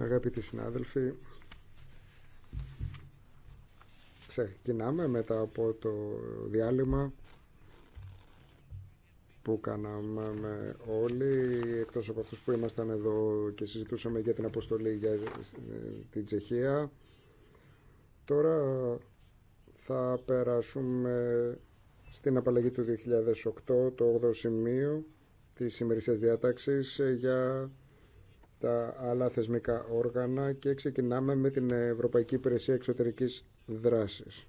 Αγαπητοί συνάδελφοι, ξεκινάμε μετά από το διάλειμμα που κάναμε όλοι, εκτός από αυτούς που ήμασταν εδώ και συζητούσαμε για την αποστολή για την Τσεχία. Τώρα θα περάσουμε στην απαλλαγή του 2008, το 8ο σημείο της ημερησίας διάταξης για τα άλλα θεσμικά όργανα και ξεκινάμε με την Ευρωπαϊκή Υπηρεσία Εξωτερικής Δράσης.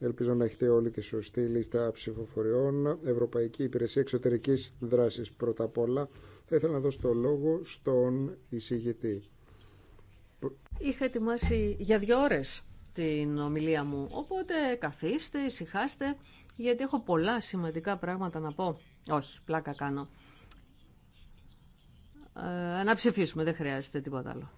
Ελπίζω να έχετε όλη τη σωστή λίστα ψηφοφοριών. Ευρωπαϊκή Υπηρεσία Εξωτερικής Δράσης. Πρώτα απ' όλα θα ήθελα να δώσω το λόγο στον εισηγητή. Είχα ετοιμάσει για δύο ώρες την ομιλία μου, οπότε καθίστε, ησυχάστε, γιατί έχω πολλά σημαντικά πράγματα να πω. Όχι, πλάκα κάνω. Ε, να ψηφίσουμε, δεν χρειάζεται τίποτα άλλο.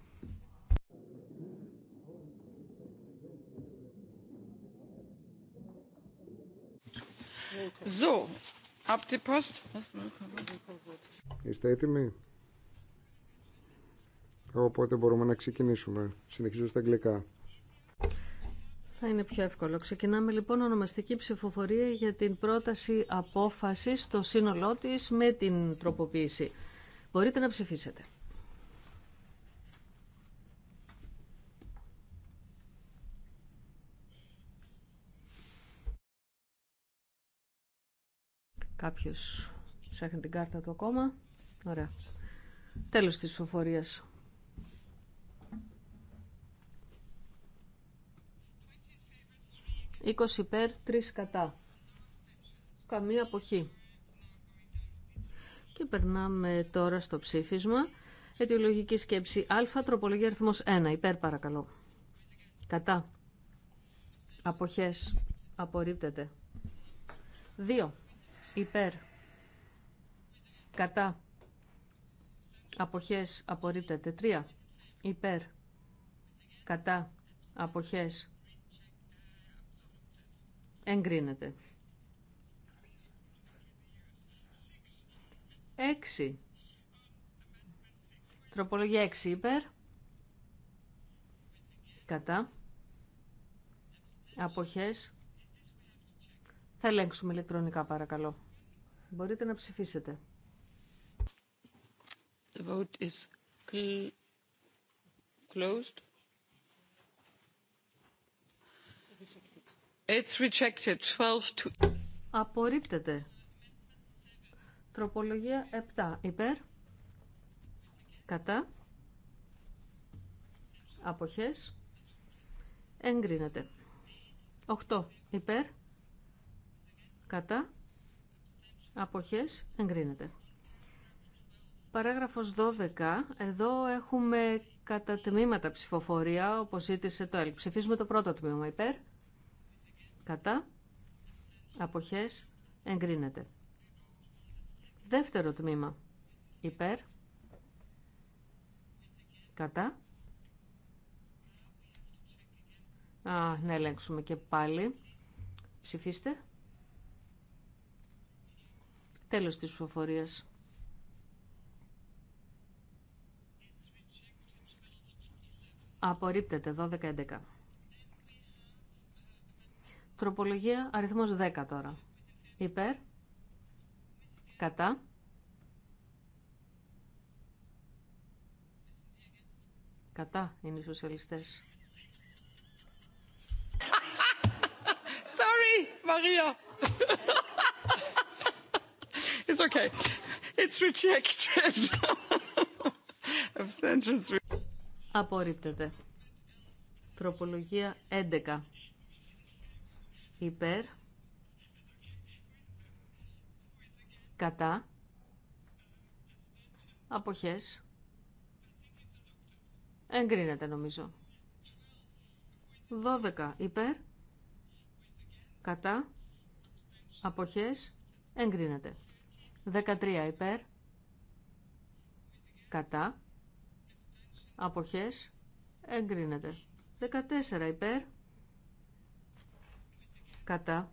Είστε έτοιμοι. Οπότε μπορούμε να ξεκινήσουμε. Συνεχίζω στα αγγλικά. Θα είναι πιο εύκολο. Ξεκινάμε λοιπόν ονομαστική ψηφοφορία για την πρόταση απόφαση στο σύνολό τη με την τροποποίηση. Μπορείτε να ψηφίσετε. Κάποιος ψάχνει την κάρτα του ακόμα. Ωραία. Τέλος της ψηφοφορίας. 20 υπέρ, 3 κατά. Καμία αποχή. Και περνάμε τώρα στο ψήφισμα. Αιτιολογική σκέψη Α, τροπολογία αριθμός 1. Υπέρ παρακαλώ. Κατά. Αποχές. Απορρίπτεται. 2. Υπέρ. Κατά. Αποχές. Απορρίπτεται. 3. Υπέρ. Κατά. Αποχές. Εγκρίνεται. Έξι. Τροπολογία 6 υπέρ. Κατά. Αποχές. Θα ελέγξουμε ηλεκτρονικά παρακαλώ. Μπορείτε να ψηφίσετε. The vote is closed. It's Απορρίπτεται. Τροπολογία 7. Υπέρ. Κατά. Αποχές. Εγκρίνεται. 8. Υπέρ. Κατά. Αποχές. Εγκρίνεται. Παράγραφος 12. Εδώ έχουμε κατά τμήματα ψηφοφορία, όπως ζήτησε το ΕΛΚ. Ψηφίζουμε το πρώτο τμήμα υπέρ κατά, αποχές, εγκρίνεται. Δεύτερο τμήμα, υπέρ, κατά. Α, να ελέγξουμε και πάλι. Ψηφίστε. Τέλος της ψηφοφορίας. Απορρίπτεται 12-11. Τροπολογία αριθμός 10 τώρα. Υπέρ. Κατά. Κατά είναι οι σοσιαλιστές. Sorry, Maria. It's okay. It's rejected. Απορρίπτεται. Τροπολογία 11 υπέρ, κατά, αποχές, εγκρίνεται νομίζω. 12 υπέρ, κατά, αποχές, εγκρίνεται. 13 υπέρ, κατά, αποχές, εγκρίνεται. 14 υπέρ, κατά.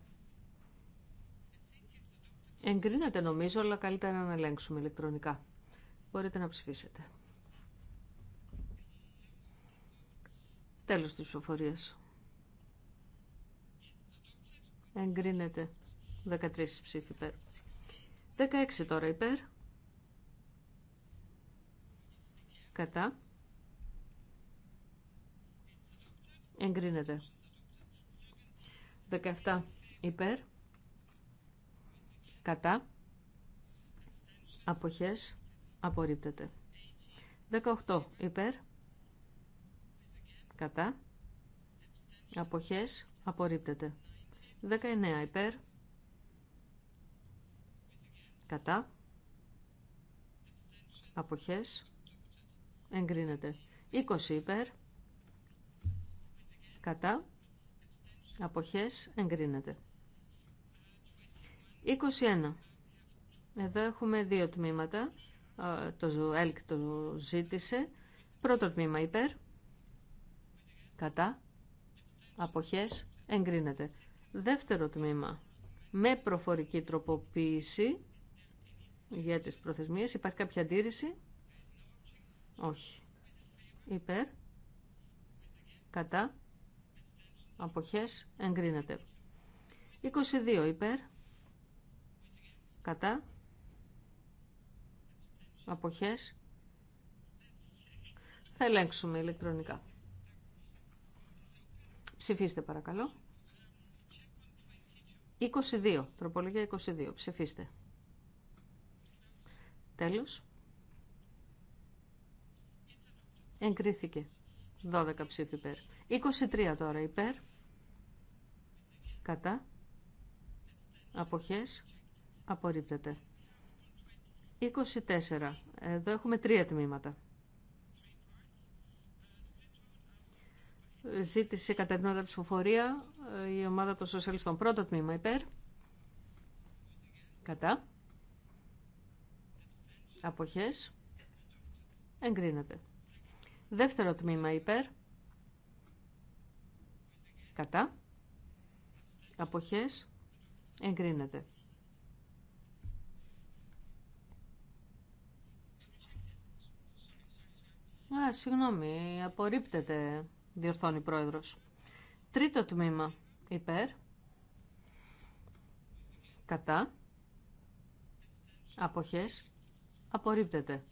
Εγκρίνεται νομίζω, αλλά καλύτερα να ελέγξουμε ηλεκτρονικά. Μπορείτε να ψηφίσετε. Τέλος της ψηφοφορίας. Εγκρίνεται 13 ψήφοι υπέρ. 16 τώρα υπέρ. Κατά. Εγκρίνεται. 17 υπέρ, κατά, αποχές, απορρίπτεται. 18 υπέρ, κατά, αποχές, απορρίπτεται. 19 υπέρ, κατά, αποχές, εγκρίνεται. 20 υπέρ, κατά, Αποχές εγκρίνεται. 21. Εδώ έχουμε δύο τμήματα. Το ΕΛΚ το ζήτησε. Πρώτο τμήμα υπέρ. Κατά. Αποχές εγκρίνεται. Δεύτερο τμήμα. Με προφορική τροποποίηση για τις προθεσμίες. Υπάρχει κάποια αντίρρηση. Όχι. Υπέρ. Κατά αποχές εγκρίνεται. 22 υπέρ, κατά, αποχές, θα ελέγξουμε ηλεκτρονικά. Ψηφίστε παρακαλώ. 22, τροπολογία 22, ψηφίστε. Τέλος. Εγκρίθηκε. 12 ψήφι υπέρ. 23 τώρα υπέρ κατά, αποχές, απορρίπτεται. 24. Εδώ έχουμε τρία τμήματα. Ζήτησε κατά ψηφοφορία ε, η ομάδα των σοσιαλιστών. Πρώτο τμήμα υπέρ. Κατά. Αποχές. Εγκρίνεται. Δεύτερο τμήμα υπέρ. Κατά. Αποχές εγκρίνεται. Α, συγγνώμη, απορρίπτεται, διορθώνει πρόεδρος. Τρίτο τμήμα, υπέρ, κατά, αποχές, απορρίπτεται.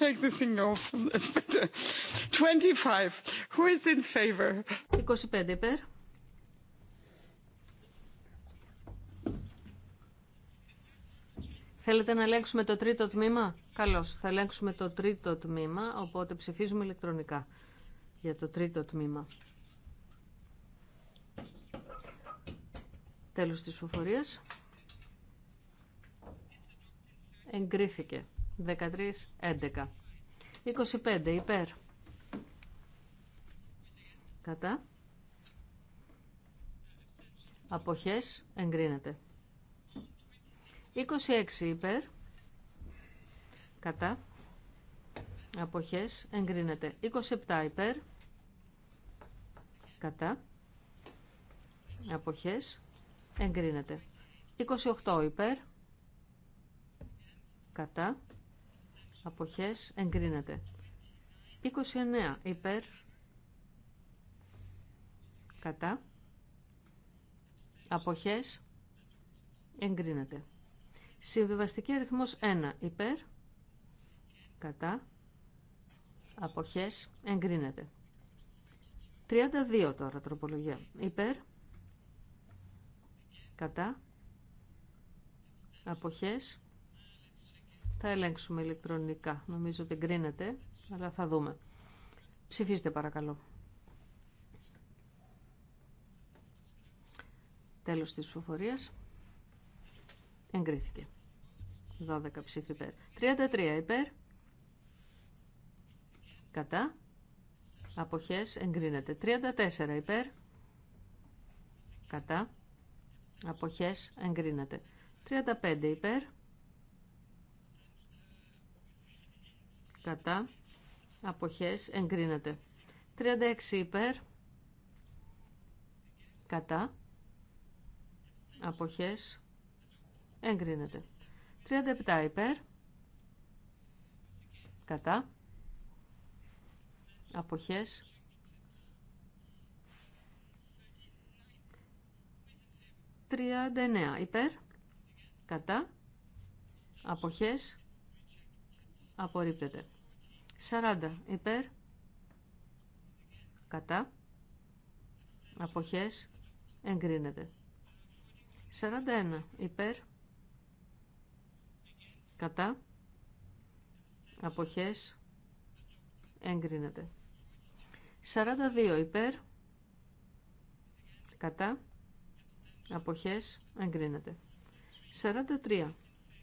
25. Who is in υπέρ. Θέλετε να ελέγξουμε το τρίτο τμήμα. Καλώς. Θα ελέγξουμε το τρίτο τμήμα, οπότε ψηφίζουμε ηλεκτρονικά για το τρίτο τμήμα. Τέλος της φοφορίας. Εγκρίθηκε. 13, 11. 25 υπέρ. Κατά. Αποχές εγκρίνεται. 26 υπέρ. Κατά. Αποχές εγκρίνεται. 27 υπέρ. Κατά. Αποχές εγκρίνεται. 28 υπέρ. Κατά αποχές εγκρίνεται. 29 υπέρ κατά αποχές εγκρίνεται. Συμβιβαστική αριθμός 1 υπέρ κατά αποχές εγκρίνεται. 32 τώρα τροπολογία. Υπέρ κατά αποχές θα ελέγξουμε ηλεκτρονικά. Νομίζω ότι εγκρίνεται, αλλά θα δούμε. Ψηφίστε παρακαλώ. Τέλος της ψηφοφορίας. Εγκρίθηκε. 12 ψήφι υπέρ. 33 υπέρ. Κατά. Αποχές εγκρίνεται. 34 υπέρ. Κατά. Αποχές εγκρίνεται. 35 υπέρ. κατά, αποχές, εγκρίνεται. 36 υπέρ, κατά, αποχές, εγκρίνεται. 37 υπέρ, κατά, αποχές, Τριάντα υπέρ, κατά, αποχές, απορρίπτεται. 40 υπέρ, κατά, αποχές, εγκρίνεται. 41 υπέρ, κατά, αποχές, εγκρίνεται. 42 υπέρ, κατά, αποχές, εγκρίνεται. 43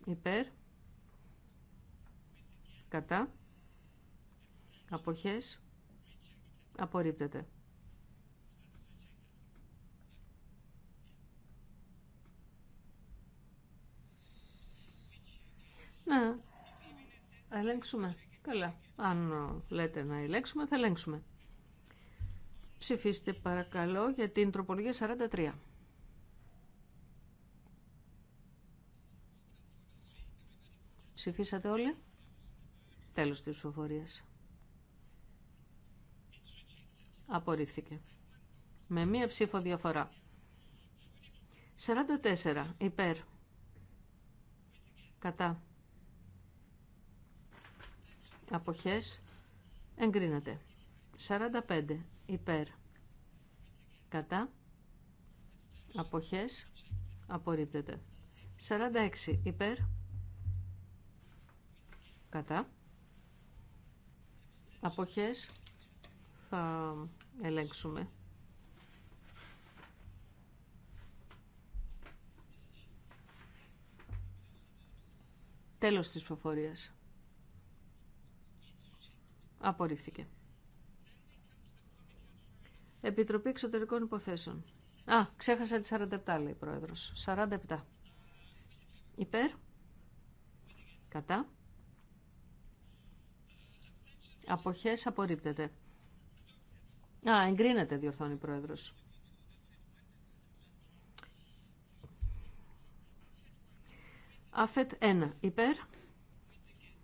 υπέρ, κατά, αποχές, απορρίπτεται. Ναι, θα ελέγξουμε. Καλά, αν λέτε να ελέγξουμε, θα ελέγξουμε. Ψηφίστε παρακαλώ για την τροπολογία 43. Ψηφίσατε όλοι. Τέλος της ψηφοφορίας. Απορρίφθηκε. Με μία ψήφο διαφορά. 44. Υπέρ. Κατά. Αποχές. Εγκρίνεται. 45. Υπέρ. Κατά. Αποχές. Απορρίπτεται. 46. Υπέρ. Κατά. Αποχές θα ελέγξουμε. Τέλος της προφορίας. Απορρίφθηκε. Επιτροπή Εξωτερικών Υποθέσεων. Α, ξέχασα τις 47 λέει η Πρόεδρος. 47. Υπέρ. Κατά. Αποχές απορρίπτεται. Α, εγκρίνεται, διορθώνει ο Πρόεδρος. Αφετ 1. Υπέρ.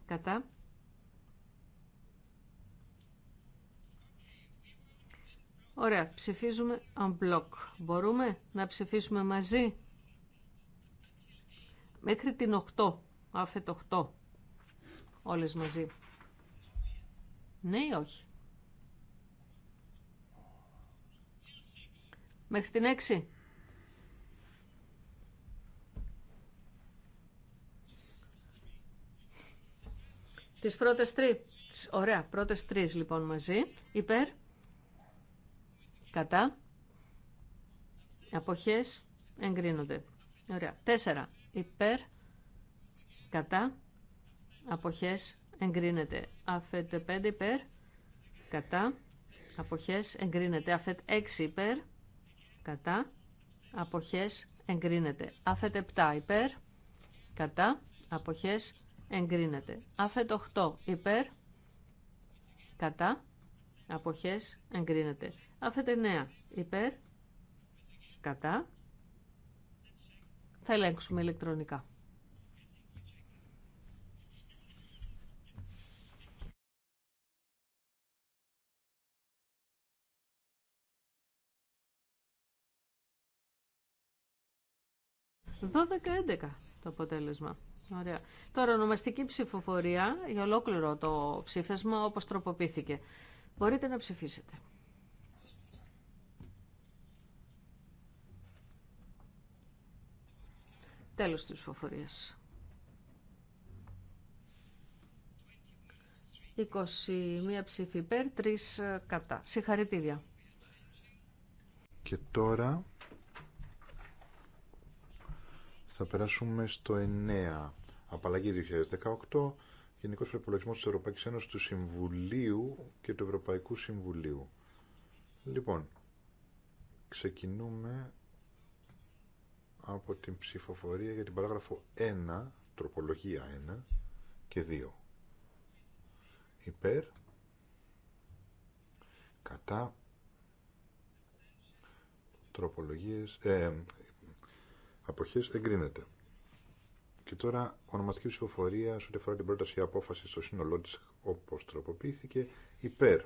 Κατά. Ωραία. Ψηφίζουμε unblock. Μπορούμε να ψηφίσουμε μαζί. Μέχρι την 8. Αφετ 8. Όλες μαζί. Ναι ή όχι. Μέχρι την έξι. Τις πρώτες τρεις. Ωραία, πρώτες τρεις λοιπόν μαζί. Υπέρ. Κατά. Αποχές εγκρίνονται. Ωραία. Τέσσερα. Υπέρ. Κατά. Αποχές εγκρίνεται. Αφέτ 5 υπέρ, κατά, αποχές εγκρίνεται. Αφέτ 6 υπέρ, κατά, αποχές εγκρίνεται. Αφέτ 7 υπέρ, κατά, αποχές εγκρίνεται. Αφέτ 8 υπέρ, κατά, αποχές εγκρίνεται. Αφέτ 9 υπέρ, κατά, θα ελέγξουμε ηλεκτρονικά. 12-11 το αποτέλεσμα. Ωραία. Τώρα ονομαστική ψηφοφορία για ολόκληρο το ψήφισμα όπως τροποποιήθηκε. Μπορείτε να ψηφίσετε. Τέλος της ψηφοφορίας. 21 ψήφι υπέρ, 3 κατά. Συγχαρητήρια. Και τώρα θα περάσουμε στο 9. Απαλλαγή 2018. Γενικός Προπολογισμός της Ευρωπαϊκής Ένωσης του Συμβουλίου και του Ευρωπαϊκού Συμβουλίου. Λοιπόν, ξεκινούμε από την ψηφοφορία για την παράγραφο 1, τροπολογία 1 και 2. Υπέρ, κατά, τροπολογίες, ε, αποχές εγκρίνεται. Και τώρα ονομαστική ψηφοφορία σε ό,τι αφορά την πρόταση απόφαση στο σύνολό τη όπω τροποποιήθηκε υπέρ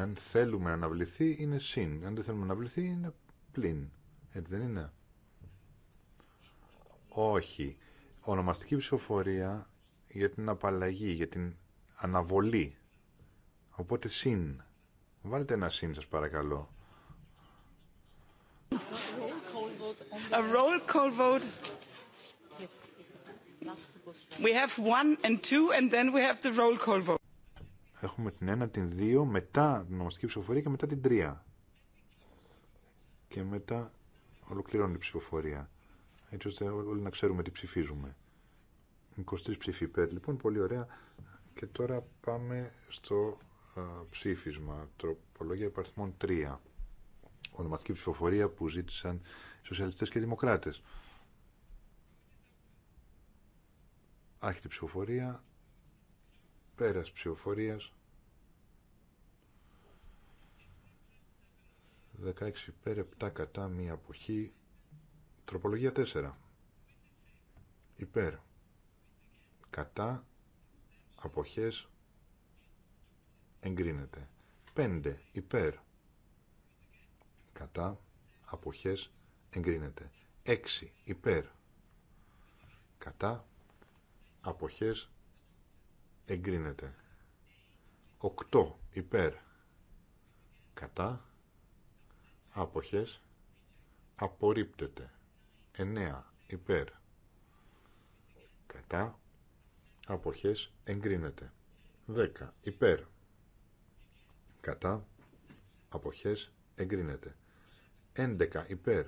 Αν θέλουμε να αναβληθεί είναι συν. Αν δεν θέλουμε να αναβληθεί είναι πλην. Έτσι δεν είναι. Όχι. Ονομαστική ψηφοφορία για την απαλλαγή, για την αναβολή. Οπότε συν. Βάλτε ένα συν σας παρακαλώ. A roll call vote. We have one and two and then we have the roll call vote. Έχουμε την 1, την 2, μετά την ονομαστική ψηφοφορία και μετά την 3. Και μετά ολοκληρώνει η ψηφοφορία. Έτσι ώστε όλοι να ξέρουμε τι ψηφίζουμε. 23 ψήφοι υπέρ. Λοιπόν, πολύ ωραία. Και τώρα πάμε στο ψήφισμα. Τροπολογία υπαριθμών 3. Ονομαστική ψηφοφορία που ζήτησαν οι σοσιαλιστές και οι δημοκράτες. Άρχεται ψηφοφορία. Πέρας ψηφοφορία. 16 πέρε 7 κατά μία αποχή. Τροπολογία 4. Υπέρ. Κατά. Αποχές. Εγκρίνεται. 5. Υπέρ. Κατά. Αποχές. Εγκρίνεται. 6. Υπέρ. Κατά. Αποχές εγκρίνεται 8 υπέρ κατά άποχες απορρίπτεται 9 υπέρ κατά αποχές εγκρίνεται 10 υπέρ κατά αποχές εγκρίνεται 11 υπέρ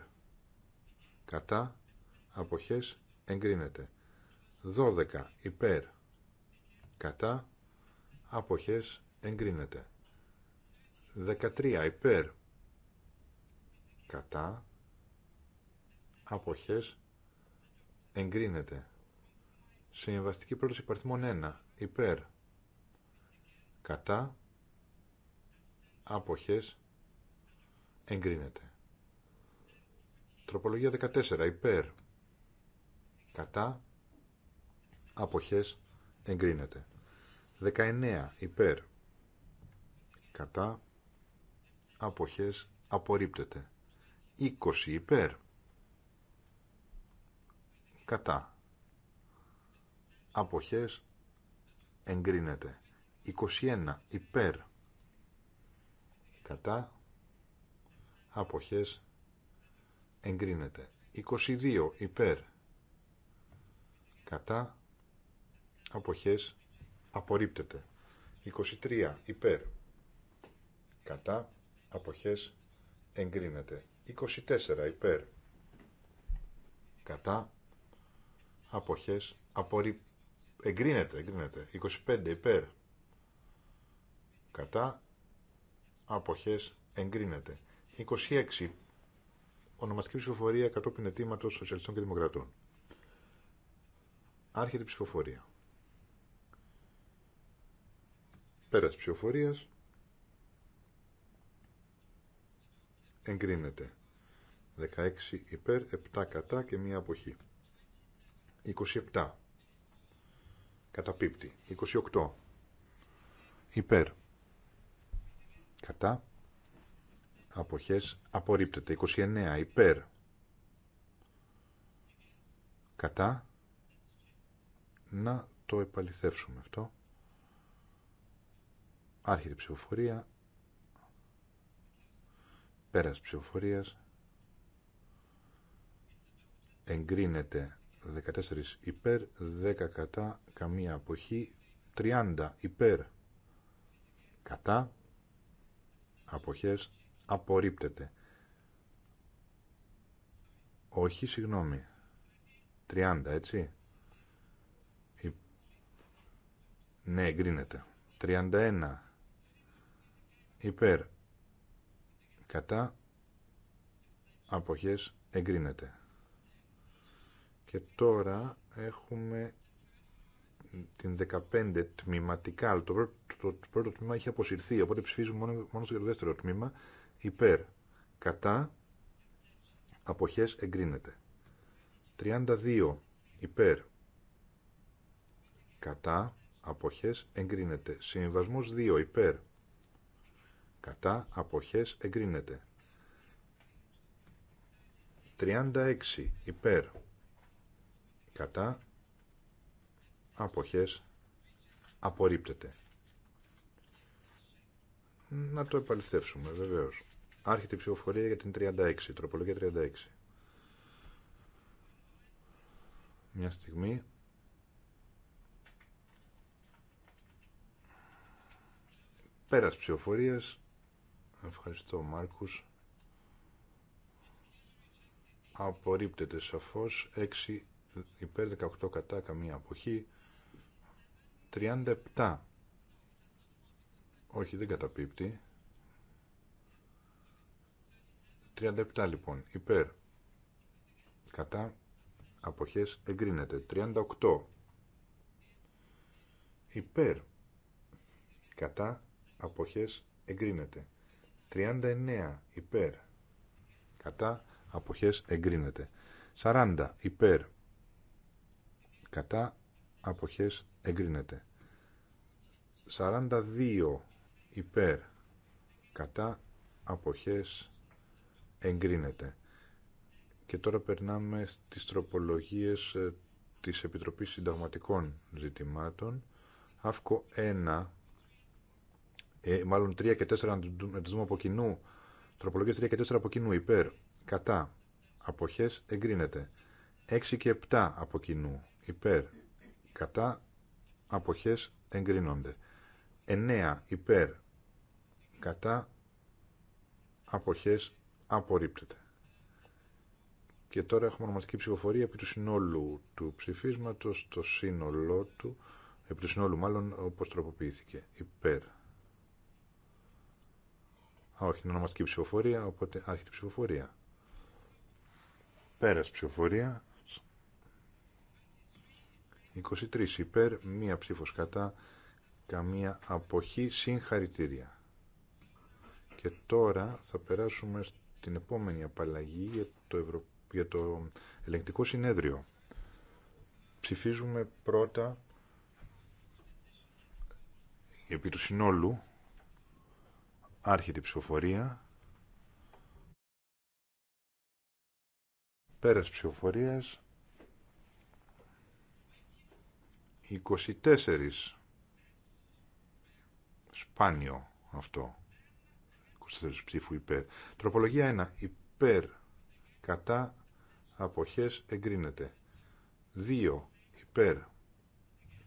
κατά αποχές εγκρίνεται 12 υπέρ κατά αποχές εγκρίνεται 13 υπέρ κατά αποχές εγκρίνεται συμβαστική πρόταση υπαριθμών 1 υπέρ κατά αποχές εγκρίνεται τροπολογία 14 υπέρ κατά αποχές εγκρίνεται 19 υπέρ κατά αποχές απορρίπτεται 20 υπέρ κατά αποχές εγκρίνεται 21 υπέρ κατά αποχές εγκρίνεται 22 υπέρ κατά αποχές απορρίπτεται. 23 υπέρ κατά αποχές εγκρίνεται. 24 υπέρ κατά αποχές Απορρίπτεται. εγκρίνεται, εγκρίνεται. 25 υπέρ κατά αποχές εγκρίνεται. 26 ονομαστική ψηφοφορία κατόπιν αιτήματος σοσιαλιστών και δημοκρατών. Άρχεται η ψηφοφορία. Πέρας ψηφοφορίας. Εγκρίνεται. 16 υπέρ, 7 κατά και μία αποχή. 27. Καταπίπτει. 28. Υπέρ. Κατά. Αποχές. Απορρίπτεται. 29. Υπέρ. Κατά. Να το επαληθεύσουμε αυτό. Άρχεται ψηφοφορία. Πέρας ψηφοφορίας. Εγκρίνεται 14 υπέρ, 10 κατά, καμία αποχή, 30 υπέρ, κατά, αποχές, απορρίπτεται. Όχι, συγγνώμη. 30, έτσι. Ναι, εγκρίνεται. 31 υπέρ κατά αποχές εγκρίνεται και τώρα έχουμε την 15 τμήματικά το πρώτο, το πρώτο τμήμα έχει αποσυρθεί οπότε ψηφίζουμε μόνο, μόνο στο δεύτερο τμήμα υπέρ κατά αποχές εγκρίνεται 32 υπέρ κατά αποχές εγκρίνεται συμβασμός 2 υπέρ κατά αποχές εγκρίνεται 36 υπέρ κατά αποχές απορρίπτεται να το επαληθεύσουμε βεβαίως άρχεται η ψηφοφορία για την 36 τροπολογία 36 μια στιγμή πέρας ψηφοφορίας Ευχαριστώ Μάρκους. Απορρίπτεται σαφώς 6 υπέρ 18 κατά καμία αποχή. 37. Όχι δεν καταπίπτει. 37 λοιπόν υπέρ κατά αποχές εγκρίνεται. 38 υπέρ κατά αποχές εγκρίνεται. 39 υπέρ κατά αποχές εγκρίνεται 40 υπέρ κατά αποχές εγκρίνεται 42 υπέρ κατά αποχές εγκρίνεται και τώρα περνάμε στις τροπολογίες ε, της Επιτροπής Συνταγματικών Ζητημάτων. Αύκο 1 ε, μάλλον 3 και 4 να τις δούμε από κοινού, τροπολογίες 3 και 4 από κοινού, υπέρ, κατά, απόχέ, εγκρίνεται. 6 και 7 από κοινού, υπέρ, κατά, απόχέ, εγκρίνονται. 9 υπέρ, κατά, αποχές, απορρίπτεται. Και τώρα έχουμε ονομαστική ψηφοφορία επί του συνόλου του ψηφίσματος, το σύνολό του, επί του συνόλου μάλλον όπω τροποποιήθηκε, υπέρ όχι, είναι ονομαστική ψηφοφορία, οπότε άρχεται ψηφοφορία. Πέρας ψηφοφορία. 23 υπέρ, μία ψήφος κατά, καμία αποχή, συγχαρητήρια. Και τώρα θα περάσουμε στην επόμενη απαλλαγή για το, Ευρω... για το ελεγκτικό συνέδριο. Ψηφίζουμε πρώτα επί του συνόλου Άρχιτη ψηφοφορία. Πέρας ψηφοφορίας. 24. Σπάνιο αυτό. 24 ψήφου υπέρ. Τροπολογία 1. Υπέρ. Κατά. Αποχές εγκρίνεται. 2. Υπέρ.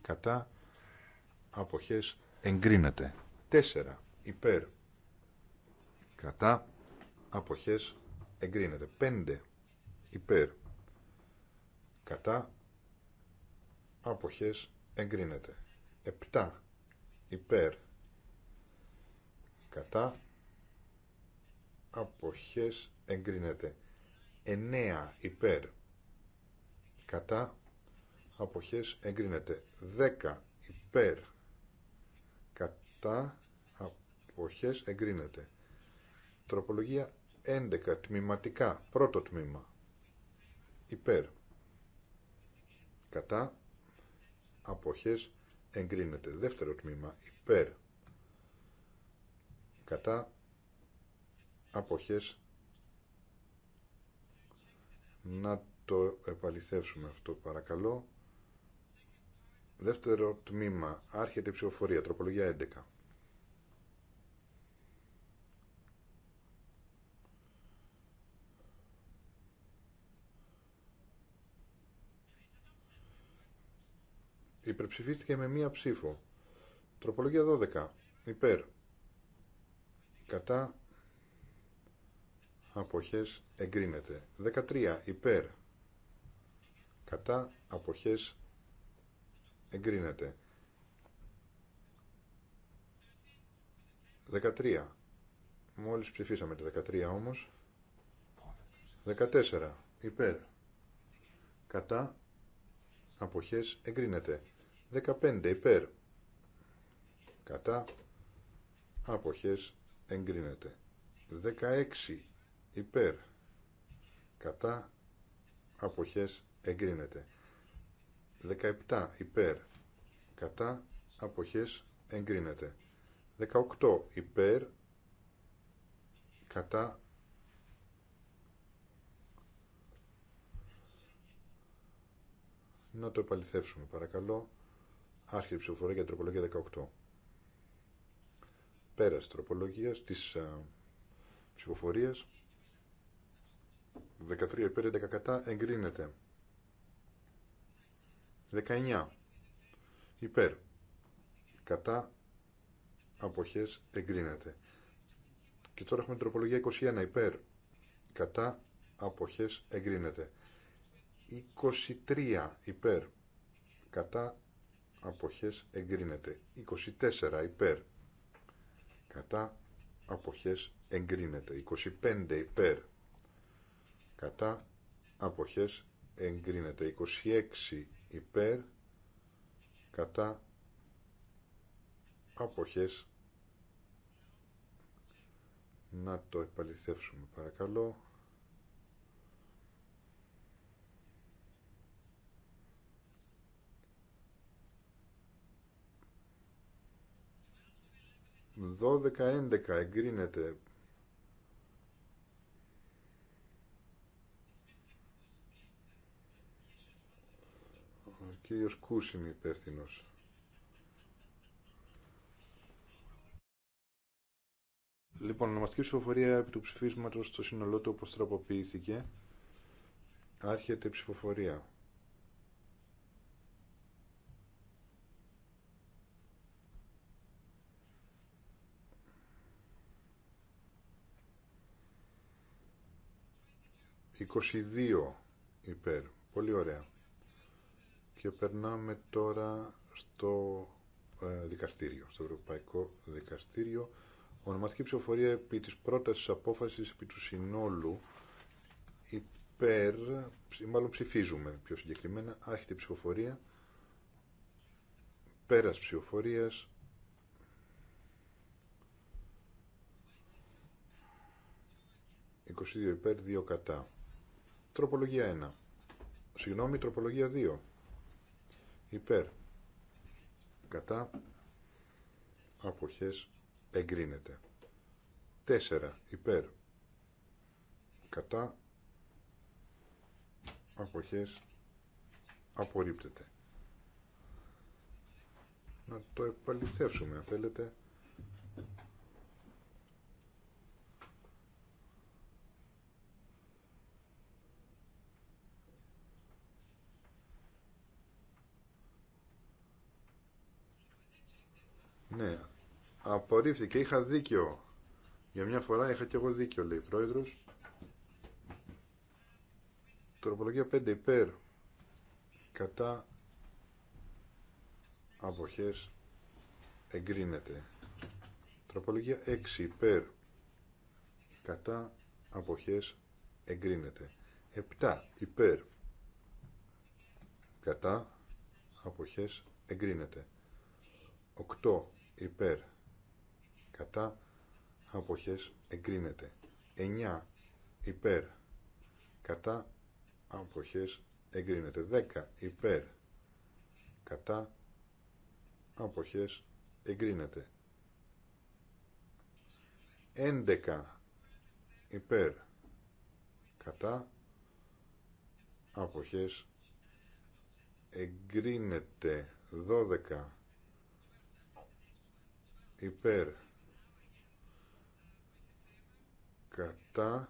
Κατά. Αποχές εγκρίνεται. 4. Υπέρ κατά αποχές εγκρίνεται 5 υπέρ κατά αποχές εγκρίνεται 7 υπέρ κατά αποχές εγκρίνεται 9 υπέρ κατά αποχές εγκρίνεται 10 υπέρ κατά αποχές εγκρίνεται Τροπολογία 11 τμηματικά. Πρώτο τμήμα. Υπέρ. Κατά. Αποχές εγκρίνεται. Δεύτερο τμήμα. Υπέρ. Κατά. Αποχές. Να το επαληθεύσουμε αυτό παρακαλώ. Δεύτερο τμήμα. Άρχεται η ψηφοφορία. Τροπολογία 11. Υπερψηφίστηκε με μία ψήφο. Τροπολογία 12. Υπέρ. Κατά αποχές εγκρίνεται. 13. Υπέρ. Κατά αποχές εγκρίνεται. 13. Μόλις ψηφίσαμε το 13 όμως. 14. Υπέρ. Κατά αποχές εγκρίνεται. 15 υπέρ κατά άποχες εγκρίνεται 16 υπέρ κατά άποχες εγκρίνεται 17 υπέρ κατά άποχες εγκρίνεται 18 υπέρ κατά να το επαληθεύσουμε παρακαλώ η ψηφοφορία για τροπολογία 18. Πέρας τροπολογίας της α, 13 υπέρ 11 κατά εγκρίνεται 19 υπέρ κατά αποχές εγκρίνεται και τώρα έχουμε τροπολογία 21 υπέρ κατά αποχές εγκρίνεται 23 υπέρ κατά αποχές εγκρίνεται. 24 υπέρ κατά αποχές εγκρίνεται. 25 υπέρ κατά αποχές εγκρίνεται. 26 υπέρ κατά αποχές να το επαληθεύσουμε παρακαλώ 12-11 εγκρίνεται. Ο κύριος Κούς είναι υπεύθυνο. Λοιπόν, ονομαστική ψηφοφορία επί του ψηφίσματος στο σύνολό του όπως τροποποιήθηκε. Άρχεται η ψηφοφορία. 22 υπέρ. Πολύ ωραία. Και περνάμε τώρα στο ε, δικαστήριο, στο Ευρωπαϊκό Δικαστήριο. Ονομαστική ψηφοφορία επί της πρότασης απόφασης επί του συνόλου υπέρ, μάλλον ψηφίζουμε πιο συγκεκριμένα, άρχεται ψηφοφορία, πέρας ψηφοφορίας, ...22 υπέρ, 2 κατά. Τροπολογία 1. Συγγνώμη, τροπολογία 2. Υπέρ. Κατά. Αποχές. Εγκρίνεται. 4. Υπέρ. Κατά. Αποχές. Απορρίπτεται. Να το επαληθεύσουμε αν θέλετε. Απορρίφθηκε. Είχα δίκιο. Για μια φορά είχα και εγώ δίκιο, λέει η πρόεδρος. Τροπολογία 5 υπέρ. Κατά αποχές εγκρίνεται. Τροπολογία 6 υπέρ. Κατά αποχές εγκρίνεται. 7 υπέρ. Κατά αποχές εγκρίνεται. 8 υπέρ κατά αποχές εγκρίνεται 9 υπέρ κατά αποχές εγκρίνεται 10 υπέρ κατά αποχές εγκρίνεται 11 υπέρ κατά αποχές εγκρίνεται 12 υπέρ κατά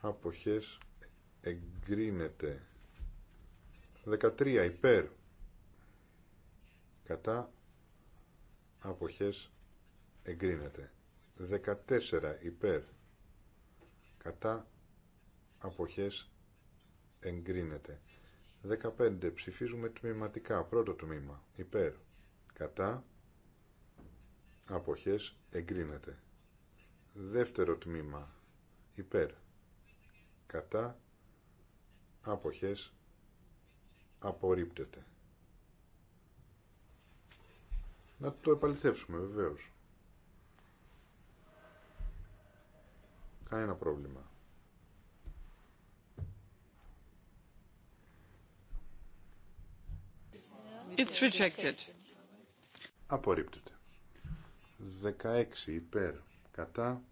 αποχές εγκρίνεται 13 υπέρ κατά αποχές εγκρίνεται 14 υπέρ κατά αποχές εγκρίνεται 15 ψηφίζουμε τμήματικά πρώτο τμήμα υπέρ κατά αποχές εγκρίνεται Δεύτερο τμήμα. Υπέρ. Κατά. Αποχές. Απορρίπτεται. Να το επαληθεύσουμε βεβαίως. Κανένα πρόβλημα. It's rejected. Απορρίπτεται. 16 υπέρ κατά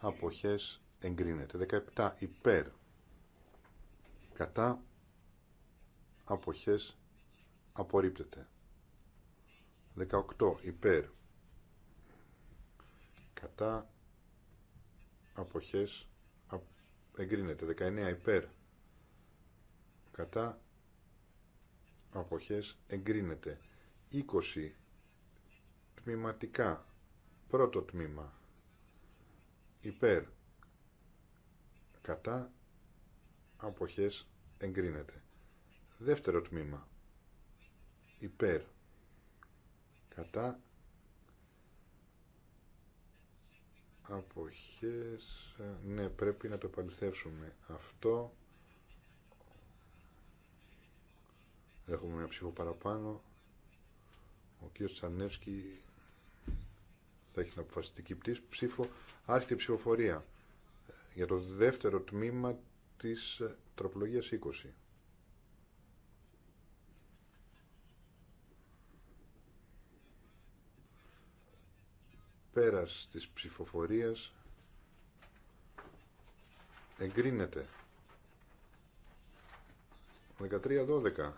αποχές εγκρίνεται 17 υπέρ κατά αποχές απορρίπτεται 18 υπέρ κατά αποχές εγκρίνεται 19 υπέρ κατά αποχές εγκρίνεται 20 τμηματικά Πρώτο τμήμα. Υπέρ. Κατά. Αποχές εγκρίνεται. Δεύτερο τμήμα. Υπέρ. Κατά. Αποχές. Ε, ναι, πρέπει να το επαληθεύσουμε αυτό. Έχουμε μια ψήφο παραπάνω. Ο κ. Τσανεύσκη θα έχει την αποφασιστική πτήση ψήφο. Άρχεται η ψηφοφορία ε, για το δεύτερο τμήμα της ε, τροπολογίας 20. πέρας της ψηφοφορίας εγκρίνεται 13-12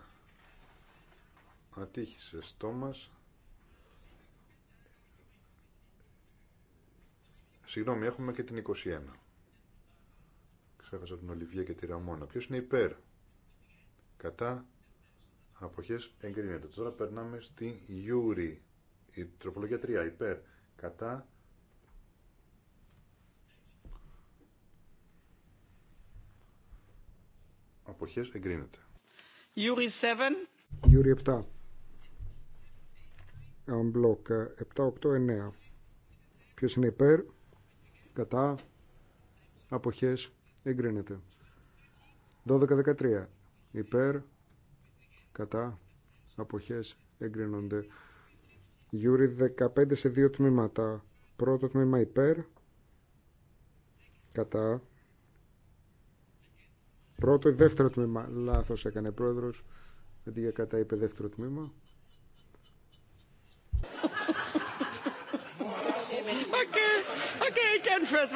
ατύχησε στόμας Συγγνώμη, έχουμε και την 21. Ξέχασα την Ολυβία και τη Ραμόνα. Ποιο είναι υπέρ. Κατά αποχέ εγκρίνεται. Τώρα περνάμε στη Γιούρι. Η τροπολογία 3. Υπέρ. Κατά Αποχέ εγκρίνεται. Γιούρι 7. Γιούρι 7. Αμπλόκ 7, 8, 9. Ποιο είναι υπέρ κατά αποχές εγκρίνεται 12-13 υπέρ κατά αποχές εγκρίνονται Γιούρι 15 σε δύο τμήματα πρώτο τμήμα υπέρ κατά πρώτο ή δεύτερο τμήμα λάθος έκανε πρόεδρος αντί για κατά είπε δεύτερο τμήμα first,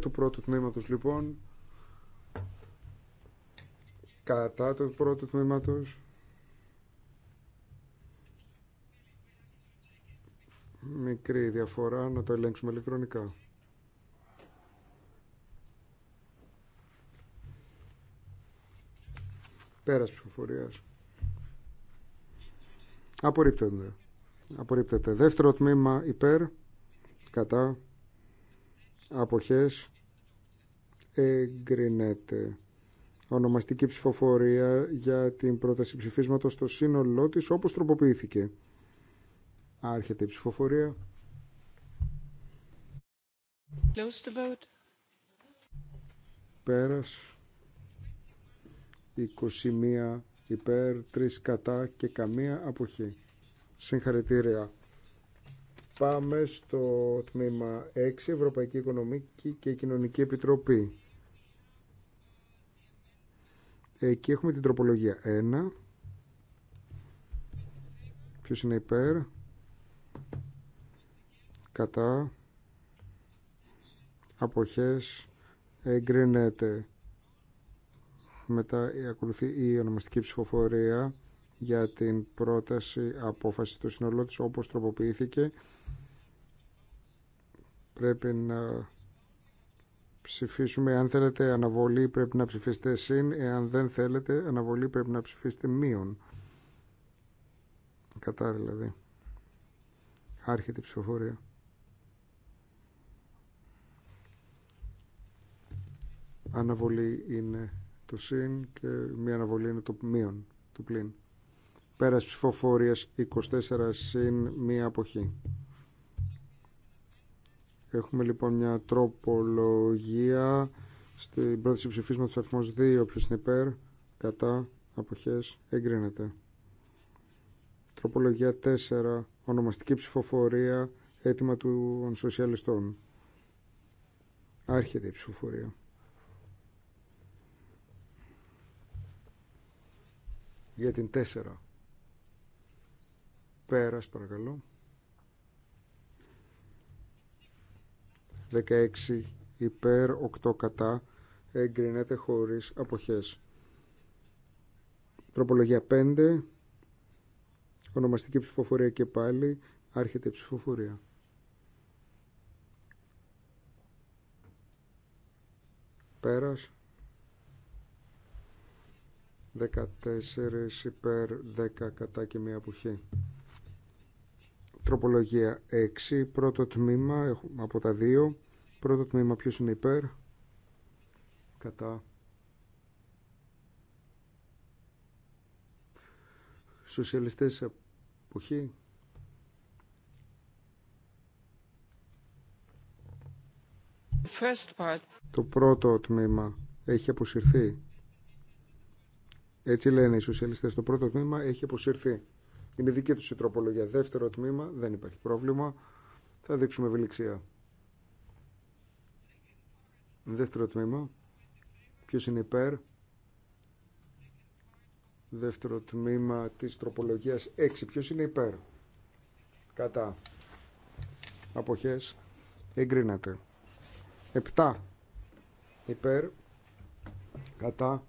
του πρώτου τμήματος, λοιπόν. Κατά του πρώτου τμήματος. Μικρή διαφορά, να το ελέγξουμε ηλεκτρονικά. Πέρας ψηφοφορίας. Απορρίπτονται απορρίπτεται. Δεύτερο τμήμα υπέρ, κατά, αποχές, εγκρινέται. Ονομαστική ψηφοφορία για την πρόταση ψηφίσματος στο σύνολό της όπως τροποποιήθηκε. Άρχεται η ψηφοφορία. Close Πέρας. 21 υπέρ, 3 κατά και καμία αποχή. Συγχαρητήρια. Πάμε στο τμήμα 6, Ευρωπαϊκή Οικονομική και Κοινωνική Επιτροπή. Εκεί έχουμε την τροπολογία 1. Ποιος είναι υπέρ. Κατά. Αποχές. Εγκρίνεται. Μετά ακολουθεί η ονομαστική ψηφοφορία για την πρόταση απόφαση του συνολό της όπως τροποποιήθηκε πρέπει να ψηφίσουμε αν θέλετε αναβολή πρέπει να ψηφίσετε συν εάν δεν θέλετε αναβολή πρέπει να ψηφίσετε μείον κατά δηλαδή άρχεται η ψηφοφορία αναβολή είναι το συν και μία αναβολή είναι το μείον, του πλήν. Πέρας ψηφοφορίας 24 συν μία αποχή. Έχουμε λοιπόν μια τροπολογία στην πρόταση ψηφίσματος αριθμός 2. οποίος είναι υπέρ, κατά, αποχές, εγκρίνεται. Τροπολογία 4. Ονομαστική ψηφοφορία, αίτημα των σοσιαλιστών. Άρχεται η ψηφοφορία. Για την 4. Πέρας παρακαλώ. 16 υπέρ 8 κατά εγκρινέται χωρίς αποχές. Τροπολογία 5. Ονομαστική ψηφοφορία και πάλι. Άρχεται η ψηφοφορία. Πέρας. 14 υπέρ 10 κατά και μία αποχή. Τροπολογία 6, πρώτο τμήμα από τα δύο. Πρώτο τμήμα ποιος είναι υπέρ. Κατά. Σοσιαλιστές εποχή. First part. Το πρώτο τμήμα έχει αποσυρθεί. Έτσι λένε οι σοσιαλιστές. Το πρώτο τμήμα έχει αποσυρθεί. Είναι δική του η τροπολογία. Δεύτερο τμήμα, δεν υπάρχει πρόβλημα. Θα δείξουμε ευελιξία. Δεύτερο τμήμα. Ποιος είναι υπέρ. Δεύτερο τμήμα της τροπολογίας 6. Ποιος είναι υπέρ. Κατά. Αποχές. Εγκρίνεται. 7. Υπέρ. Κατά.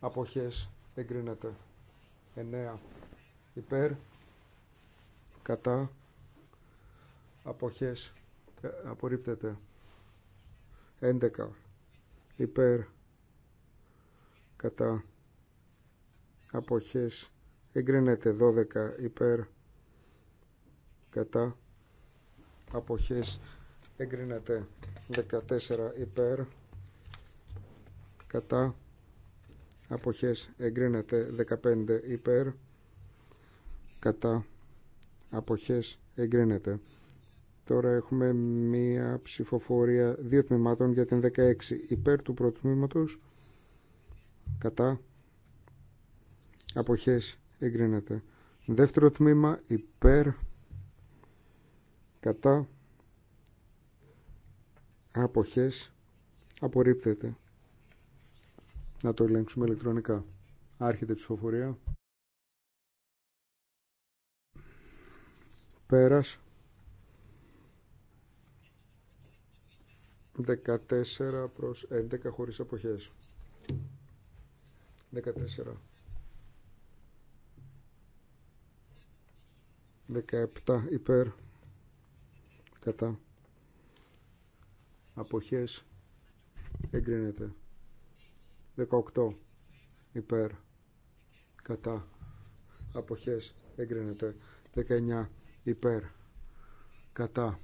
Αποχές. Εγκρίνεται. 9 υπέρ κατά αποχές ε, απορρίπτεται 11 υπέρ κατά αποχές εγκρίνεται 12 υπέρ κατά αποχές εγκρίνεται 14 υπέρ κατά αποχές εγκρίνεται 15 υπέρ κατά αποχές εγκρίνεται. Τώρα έχουμε μία ψηφοφορία δύο τμήματων για την 16 υπέρ του πρώτου τμήματος κατά αποχές εγκρίνεται. Δεύτερο τμήμα υπέρ κατά αποχές απορρίπτεται. Να το ελέγξουμε ηλεκτρονικά. Άρχεται η ψηφοφορία. Πέρας. 14 προς 11 χωρίς αποχές. 14. 17 υπέρ κατά αποχές εγκρίνεται 18 υπέρ κατά αποχές εγκρίνεται 19 υπέρ κατά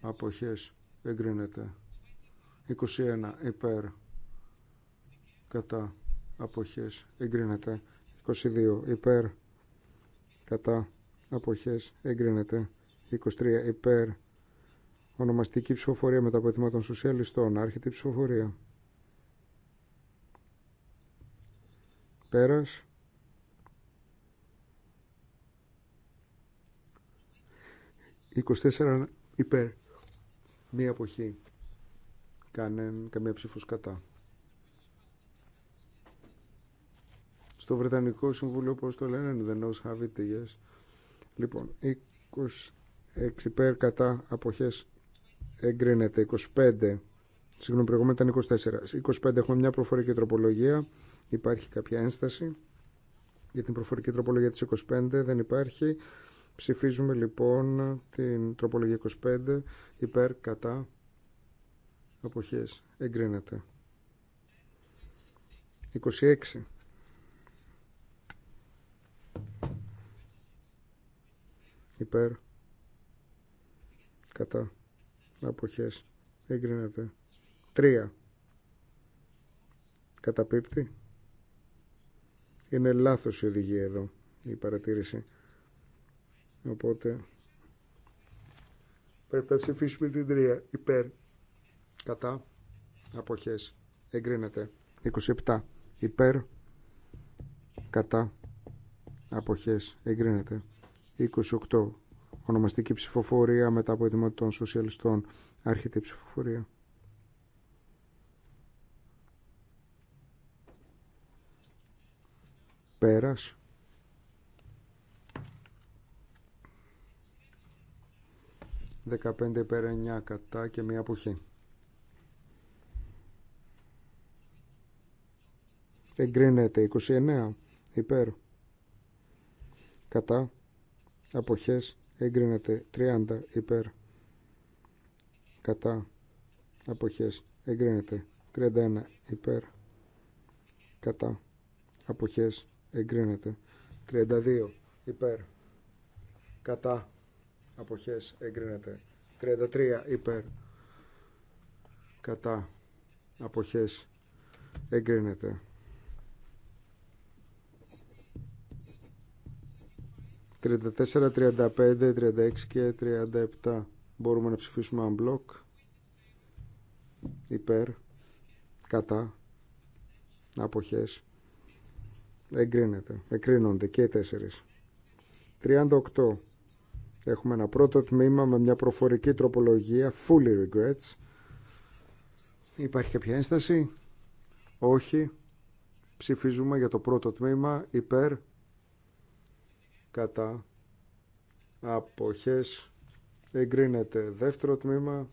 αποχές εγκρίνεται 21 υπέρ κατά αποχές εγκρίνεται 22 υπέρ κατά αποχές εγκρίνεται 23 υπέρ ονομαστική ψηφοφορία μετά τα των σοσιαλιστών άρχεται η ψηφοφορία πέρας 24 υπέρ. Μία αποχή. Κανέν, καμία ψήφος κατά. Στο Βρετανικό Συμβούλιο, όπως το λένε, δεν nose have it, Λοιπόν, 26 υπέρ κατά αποχές εγκρίνεται. 25, συγγνώμη, προηγούμενα ήταν 24. 25 έχουμε μια προφορική τροπολογία. Υπάρχει κάποια ένσταση για την προφορική τροπολογία της 25, δεν υπάρχει. Ψηφίζουμε λοιπόν την τροπολογία 25 υπέρ κατά αποχές. Εγκρίνεται. 26. Υπέρ. Κατά. Αποχές. Εγκρίνεται. 3. Καταπίπτει. Είναι λάθος η οδηγία εδώ η παρατήρηση. Οπότε πρέπει να ψηφίσουμε την τρία υπέρ κατά αποχές εγκρίνεται 27 υπέρ κατά αποχές εγκρίνεται 28 ονομαστική ψηφοφορία μετά από ετοιμότητα των σοσιαλιστών άρχεται η ψηφοφορία πέρας 15 υπέρ 9 κατά και μία αποχή. Εγκρίνεται 29 υπέρ κατά αποχές εγκρίνεται 30 υπέρ κατά αποχές εγκρίνεται 31 υπέρ κατά αποχές εγκρίνεται 32 υπέρ κατά αποχές εγκρίνεται 33 υπέρ κατά αποχές εγκρίνεται 34, 35, 36 και 37 μπορούμε να ψηφίσουμε unblock. μπλοκ υπέρ κατά αποχές εγκρίνεται, εγκρίνονται και οι τέσσερις 38 Έχουμε ένα πρώτο τμήμα με μια προφορική τροπολογία, fully regrets. Υπάρχει κάποια ένσταση. Όχι. Ψηφίζουμε για το πρώτο τμήμα, υπέρ, κατά, αποχές. Εγκρίνεται δεύτερο τμήμα,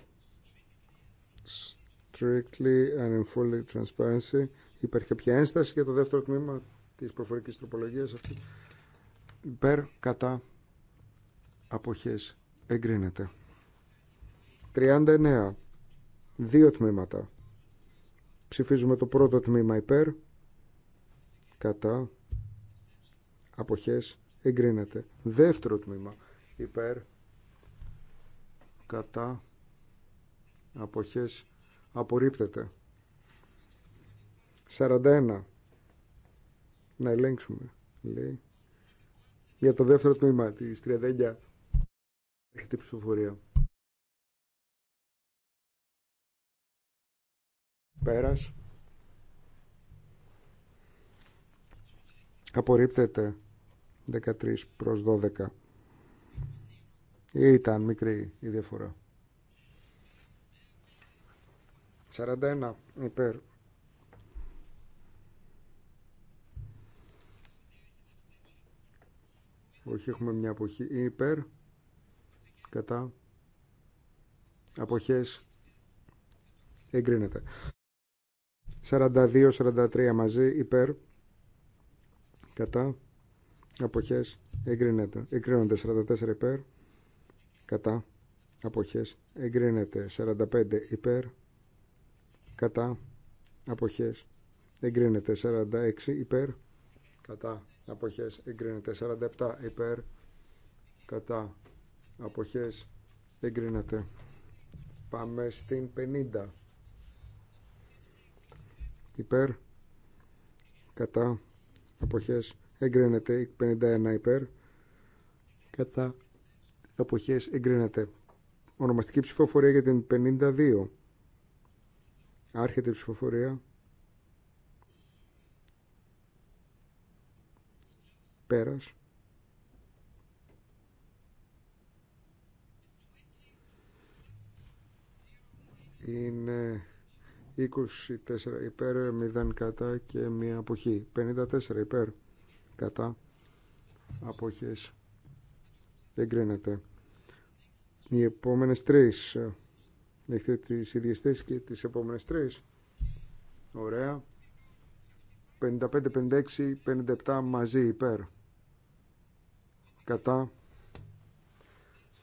strictly and in fully transparency. Υπάρχει κάποια ένσταση για το δεύτερο τμήμα της προφορικής τροπολογίας αυτή. Υπέρ, κατά, αποχές εγκρίνεται 39 δύο τμήματα ψηφίζουμε το πρώτο τμήμα υπέρ κατά αποχές εγκρίνεται δεύτερο τμήμα υπέρ κατά αποχές απορρίπτεται 41 να ελέγξουμε λέει για το δεύτερο τμήμα της 39 Έχετε την ψηφοφορία. Πέρας. Απορρίπτεται 13 προς 12. Ήταν μικρή η διαφορά. 41 υπέρ. Όχι, έχουμε μια αποχή. Υπέρ κατά αποχές εγκρίνεται 42-43 μαζί υπέρ κατά αποχές εγκρίνεται εγκρίνονται 44 υπέρ κατά αποχές εγκρίνεται 45 υπέρ κατά αποχές εγκρίνεται 46 υπέρ κατά αποχές εγκρίνεται 47 υπέρ κατά αποχές εγκρίνεται πάμε στην 50 υπέρ κατά αποχές εγκρίνεται 51 υπέρ κατά αποχές εγκρίνεται ονομαστική ψηφοφορία για την 52 άρχεται η ψηφοφορία πέρας είναι 24 υπέρ, 0 κατά και μία αποχή. 54 υπέρ, κατά, αποχές. Εγκρίνεται. Οι επόμενες τρεις. Έχετε τις ίδιες θέσεις και τις επόμενες τρεις. Ωραία. 55, 56, 57 μαζί υπέρ. Κατά.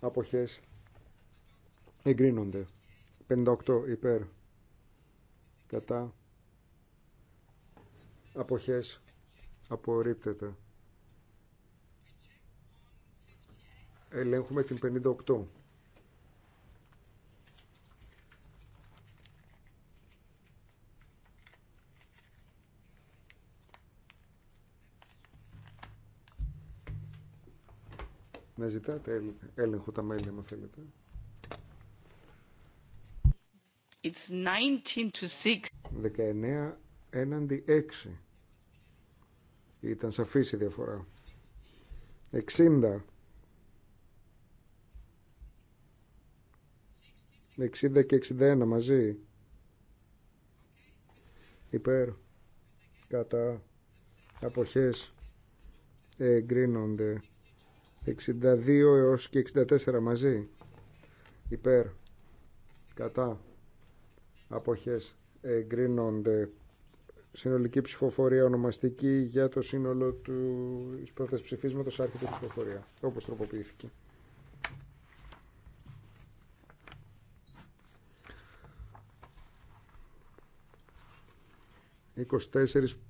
Αποχές. Εγκρίνονται. 58 υπέρ κατά αποχές απορρίπτεται ελέγχουμε την 58 Να ζητάτε έλεγχο τα μέλη, αν θέλετε. It's 19 to 6. 19 έναντι 6. Ήταν σαφής η διαφορά. 60. 60 και 61 μαζί. Υπέρ. Κατά. Αποχές. Εγκρίνονται. 62 έως και 64 μαζί. Υπέρ. Κατά αποχές εγκρίνονται συνολική ψηφοφορία ονομαστική για το σύνολο του πρώτα ψηφίσματος άρχεται ψηφοφορία όπως τροποποιήθηκε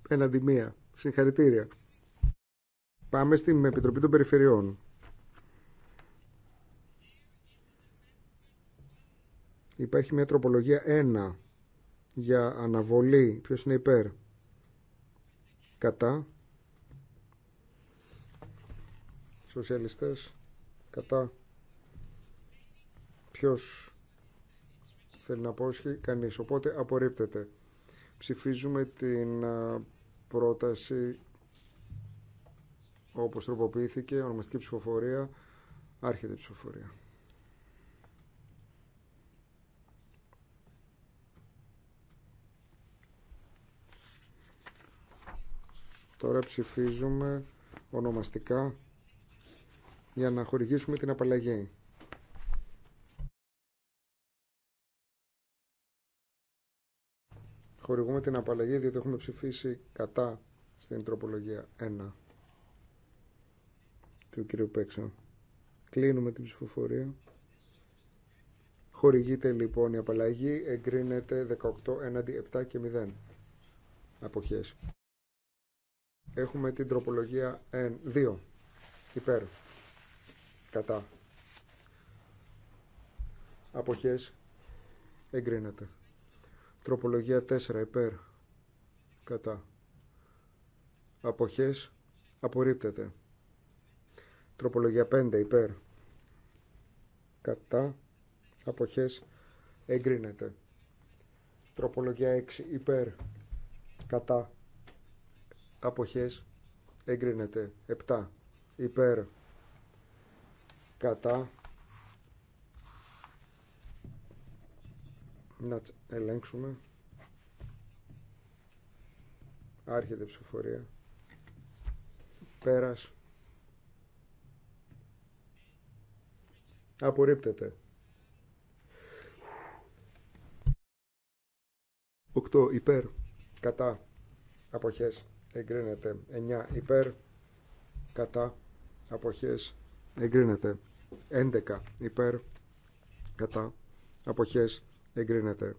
εναντί μία. Συγχαρητήρια. Πάμε στην Επιτροπή των Περιφερειών. Υπάρχει μια τροπολογία 1 για αναβολή. ποιο είναι υπέρ. Κατά. Σοσιαλιστές. Κατά. Ποιος θέλει να πόσχει, Κανείς. Οπότε απορρίπτεται. Ψηφίζουμε την πρόταση όπως τροποποιήθηκε. Ονομαστική ψηφοφορία. Άρχεται η ψηφοφορία. Τώρα ψηφίζουμε ονομαστικά για να χορηγήσουμε την απαλλαγή. Χορηγούμε την απαλλαγή διότι έχουμε ψηφίσει κατά στην τροπολογία 1 του κυρίου Πέξα. Κλείνουμε την ψηφοφορία. Χορηγείται λοιπόν η απαλλαγή, εγκρίνεται 18 έναντι 7 και 0 αποχές. Έχουμε την τροπολογία 2 ε, υπέρ κατά αποχές εγκρίνεται. Τροπολογία 4 υπέρ κατά αποχές απορρίπτεται. Τροπολογία 5 υπέρ κατά αποχές εγκρίνεται. Τροπολογία 6 υπέρ κατά αποχές εγκρίνεται 7 υπέρ κατά να ελέγξουμε άρχεται ψηφοφορία πέρας απορρίπτεται 8 υπέρ κατά αποχές εγκρίνεται 9 υπέρ κατά αποχές εγκρίνεται 11 υπέρ κατά αποχές εγκρίνεται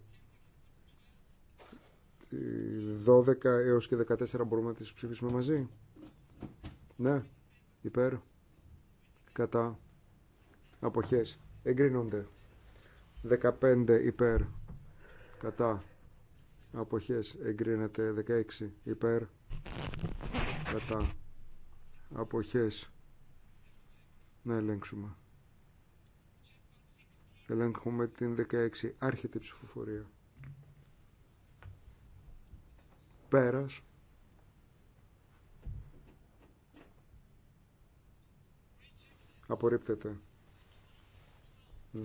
12 έως και 14 μπορούμε να τις ψηφίσουμε μαζί ναι υπέρ κατά αποχές εγκρίνονται 15 υπέρ κατά αποχές εγκρίνεται 16 υπέρ κατά αποχές να ελέγξουμε ελέγχουμε την 16 άρχεται ψηφοφορία πέρας απορρίπτεται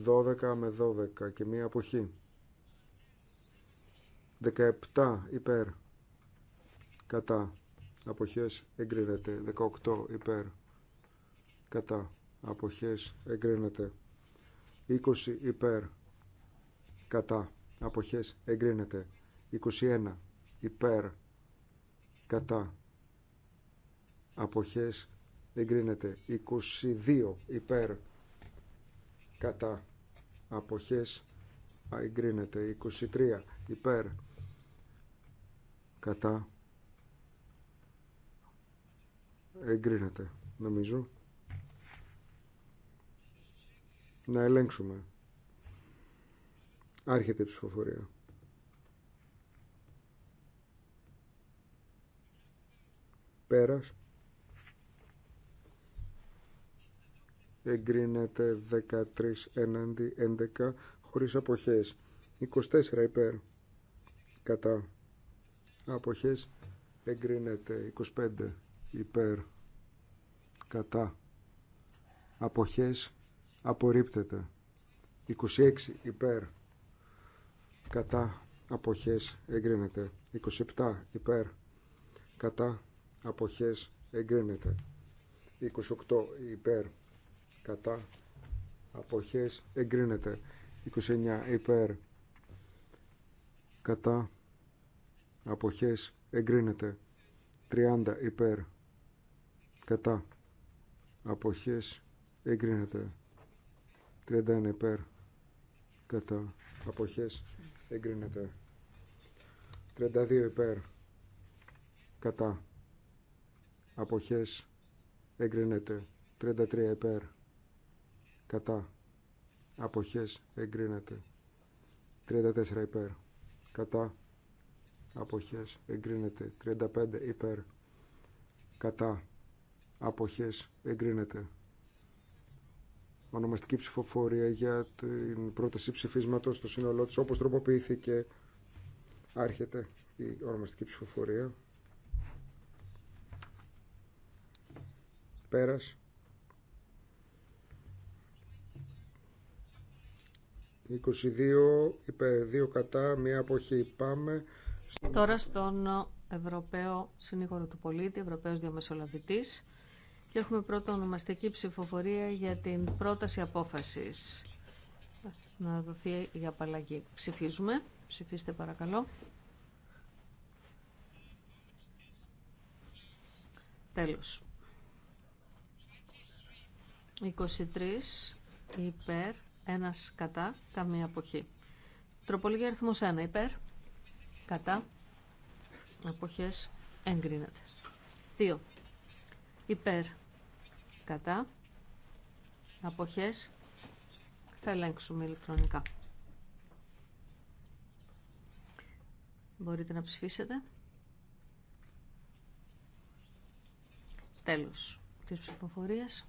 12 με 12 και μία αποχή 17 υπέρ κατά αποχές εγκρίνεται 18 υπέρ κατά αποχές εγκρίνεται 20 υπέρ κατά αποχές εγκρίνεται 21 υπέρ κατά αποχές εγκρίνεται 22 υπέρ κατά αποχές εγκρίνεται 23 υπέρ κατά Εγκρίνεται, νομίζω. Να ελέγξουμε. Άρχεται η ψηφοφορία. Πέρας. Εγκρίνεται 13 έναντι 11 χωρίς αποχές. 24 υπέρ. Κατά. Αποχές εγκρίνεται 25 υπέρ κατά αποχές απορρίπτεται 26 υπέρ κατά αποχές εγκρίνεται 27 υπέρ κατά αποχές εγκρίνεται 28 υπέρ κατά αποχές εγκρίνεται 29 υπέρ κατά αποχές εγκρίνεται 30 υπέρ κατά αποχές εγκρίνεται 31 υπέρ κατά αποχές εγκρίνεται 32 υπέρ κατά αποχές εγκρίνεται 33 υπέρ κατά αποχές εγκρίνεται 34 υπέρ κατά αποχές εγκρίνεται 35 υπέρ κατά αποχές εγκρίνεται. Ονομαστική ψηφοφορία για την πρόταση ψηφίσματος στο σύνολό της όπως τροποποιήθηκε άρχεται η ονομαστική ψηφοφορία. Πέρας. 22 υπέρ 2 κατά, μία αποχή. Πάμε. Τώρα στον Ευρωπαίο Συνήγορο του Πολίτη, Ευρωπαίος Διαμεσολαβητής. Και έχουμε πρώτα ονομαστική ψηφοφορία για την πρόταση απόφασης να δοθεί η απαλλαγή. Ψηφίζουμε. Ψηφίστε παρακαλώ. Τέλος. 23 υπέρ, ένας κατά, καμία αποχή. Τροπολογία αριθμός 1 υπέρ, κατά, αποχές εγκρίνεται. 2. Υπέρ, κατά αποχές θα ελέγξουμε ηλεκτρονικά. Μπορείτε να ψηφίσετε. Τέλος της ψηφοφορίας.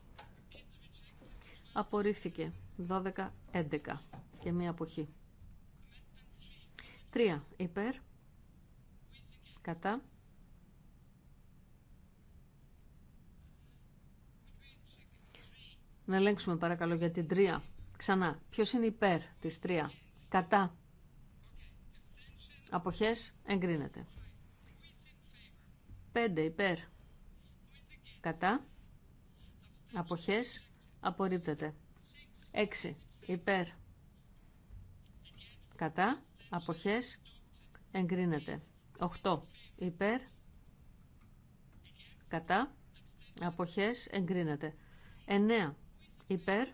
Απορρίφθηκε 12-11 και μία αποχή. 3. Υπέρ. Κατά. Να ελέγξουμε παρακαλώ για την τρία. Ξανά. Ποιο είναι υπέρ τη τρία. Κατά. Αποχές εγκρίνεται. Πέντε. υπέρ. Κατά. Αποχές απορρίπτεται. Έξι. υπέρ. Κατά. Αποχές εγκρίνεται. Οχτώ. υπέρ. Κατά. Αποχές εγκρίνεται. Εννέα υπέρ,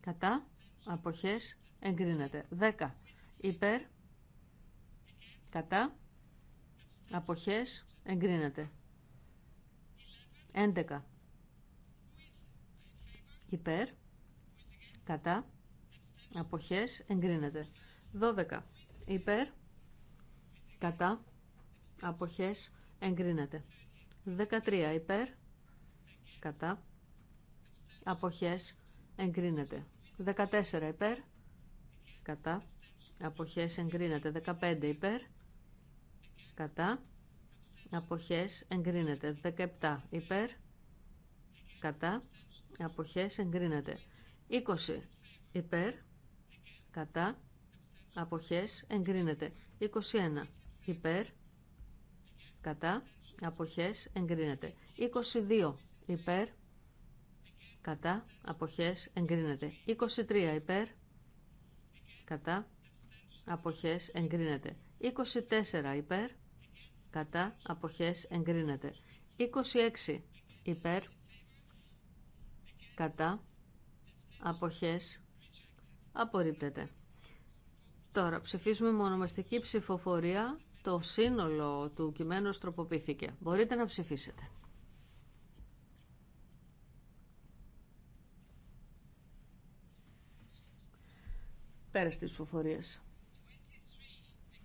κατά, αποχές, εγκρίνεται. 10. Υπέρ, κατά, αποχές, εγκρίνεται. 11. Υπέρ, κατά, αποχές, εγκρίνεται. 12. Υπέρ, κατά, αποχές, εγκρίνεται. 13. Υπέρ, κατά, αποχές εγκρίνεται. 14 υπέρ, κατά, αποχές εγκρίνεται. 15 υπέρ, κατά, αποχές εγκρίνεται. 17 υπέρ, κατά, αποχές εγκρίνεται. 20 υπέρ, κατά, αποχές εγκρίνεται. 21 υπέρ, κατά, αποχές εγκρίνεται. 22 υπέρ, κατά αποχές εγκρίνεται. 23 υπέρ κατά αποχές εγκρίνεται. 24 υπέρ κατά αποχές εγκρίνεται. 26 υπέρ κατά αποχές απορρίπτεται. Τώρα ψηφίζουμε μονομαστική ψηφοφορία. Το σύνολο του κειμένου τροποποιήθηκε. Μπορείτε να ψηφίσετε. Πέρας της ψηφοφορίας.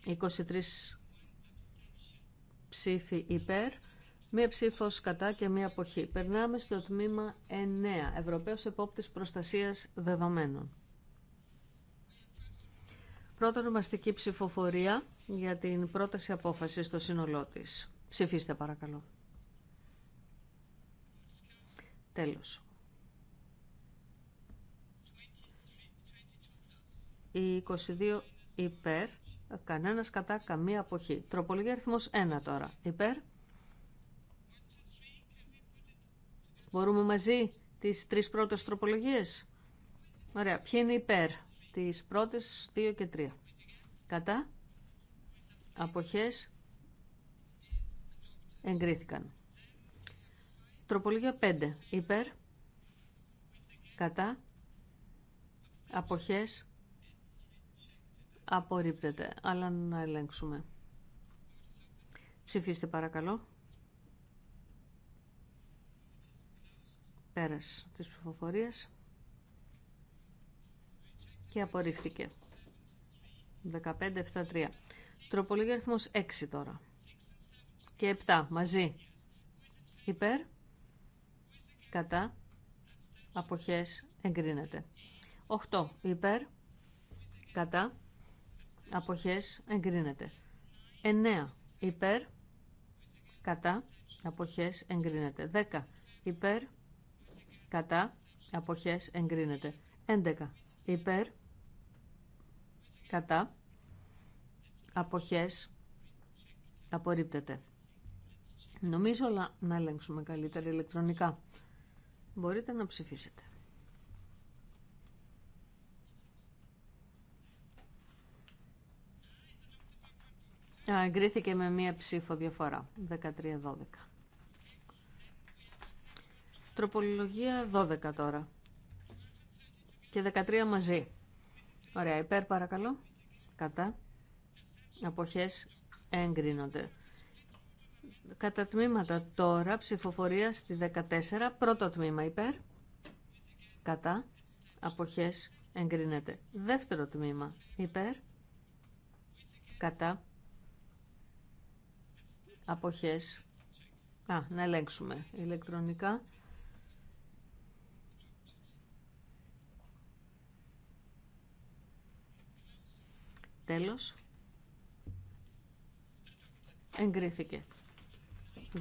23 ψήφοι υπέρ, μία ψήφος κατά και μία αποχή. Περνάμε στο τμήμα 9, Ευρωπαίος Επόπτης Προστασίας Δεδομένων. Πρώτα ονομαστική ψηφοφορία για την πρόταση απόφαση στο σύνολό της. Ψηφίστε παρακαλώ. Τέλος. Η 22 υπέρ, κανένας κατά καμία αποχή. Τροπολογία αριθμός 1 τώρα. Υπέρ. Μπορούμε μαζί τις τρεις πρώτες τροπολογίες. Ωραία. Ποιοι είναι υπέρ τις πρώτες 2 και 3. Κατά. Αποχές εγκρίθηκαν. Τροπολογία 5. Υπέρ. Κατά. Αποχές Απορρίπτεται, αλλά να ελέγξουμε. Ψηφίστε παρακαλώ. Πέρας της ψηφοφορίας. Και απορρίφθηκε. 15-7-3. Τροπολογία αριθμός 6 τώρα. Και 7 μαζί. Υπέρ. Κατά. Αποχές εγκρίνεται. 8 υπέρ. Κατά αποχές εγκρίνεται. 9 υπέρ, κατά, αποχές εγκρίνεται. 10 υπέρ, κατά, αποχές εγκρίνεται. 11 υπέρ, κατά, αποχές απορρίπτεται. Νομίζω να ελέγξουμε καλύτερα ηλεκτρονικά. Μπορείτε να ψηφίσετε. Εγκρίθηκε με μία ψήφο διαφορά. 13-12. Τροπολογία 12 τώρα. Και 13 μαζί. Ωραία. Υπέρ παρακαλώ. Κατά. Αποχές εγκρίνονται. Κατά τμήματα τώρα ψηφοφορία στη 14. Πρώτο τμήμα υπέρ. Κατά. Αποχές εγκρίνεται. Δεύτερο τμήμα υπέρ. Κατά αποχές. Α, να ελέγξουμε ηλεκτρονικά. Τέλος. Εγκρίθηκε.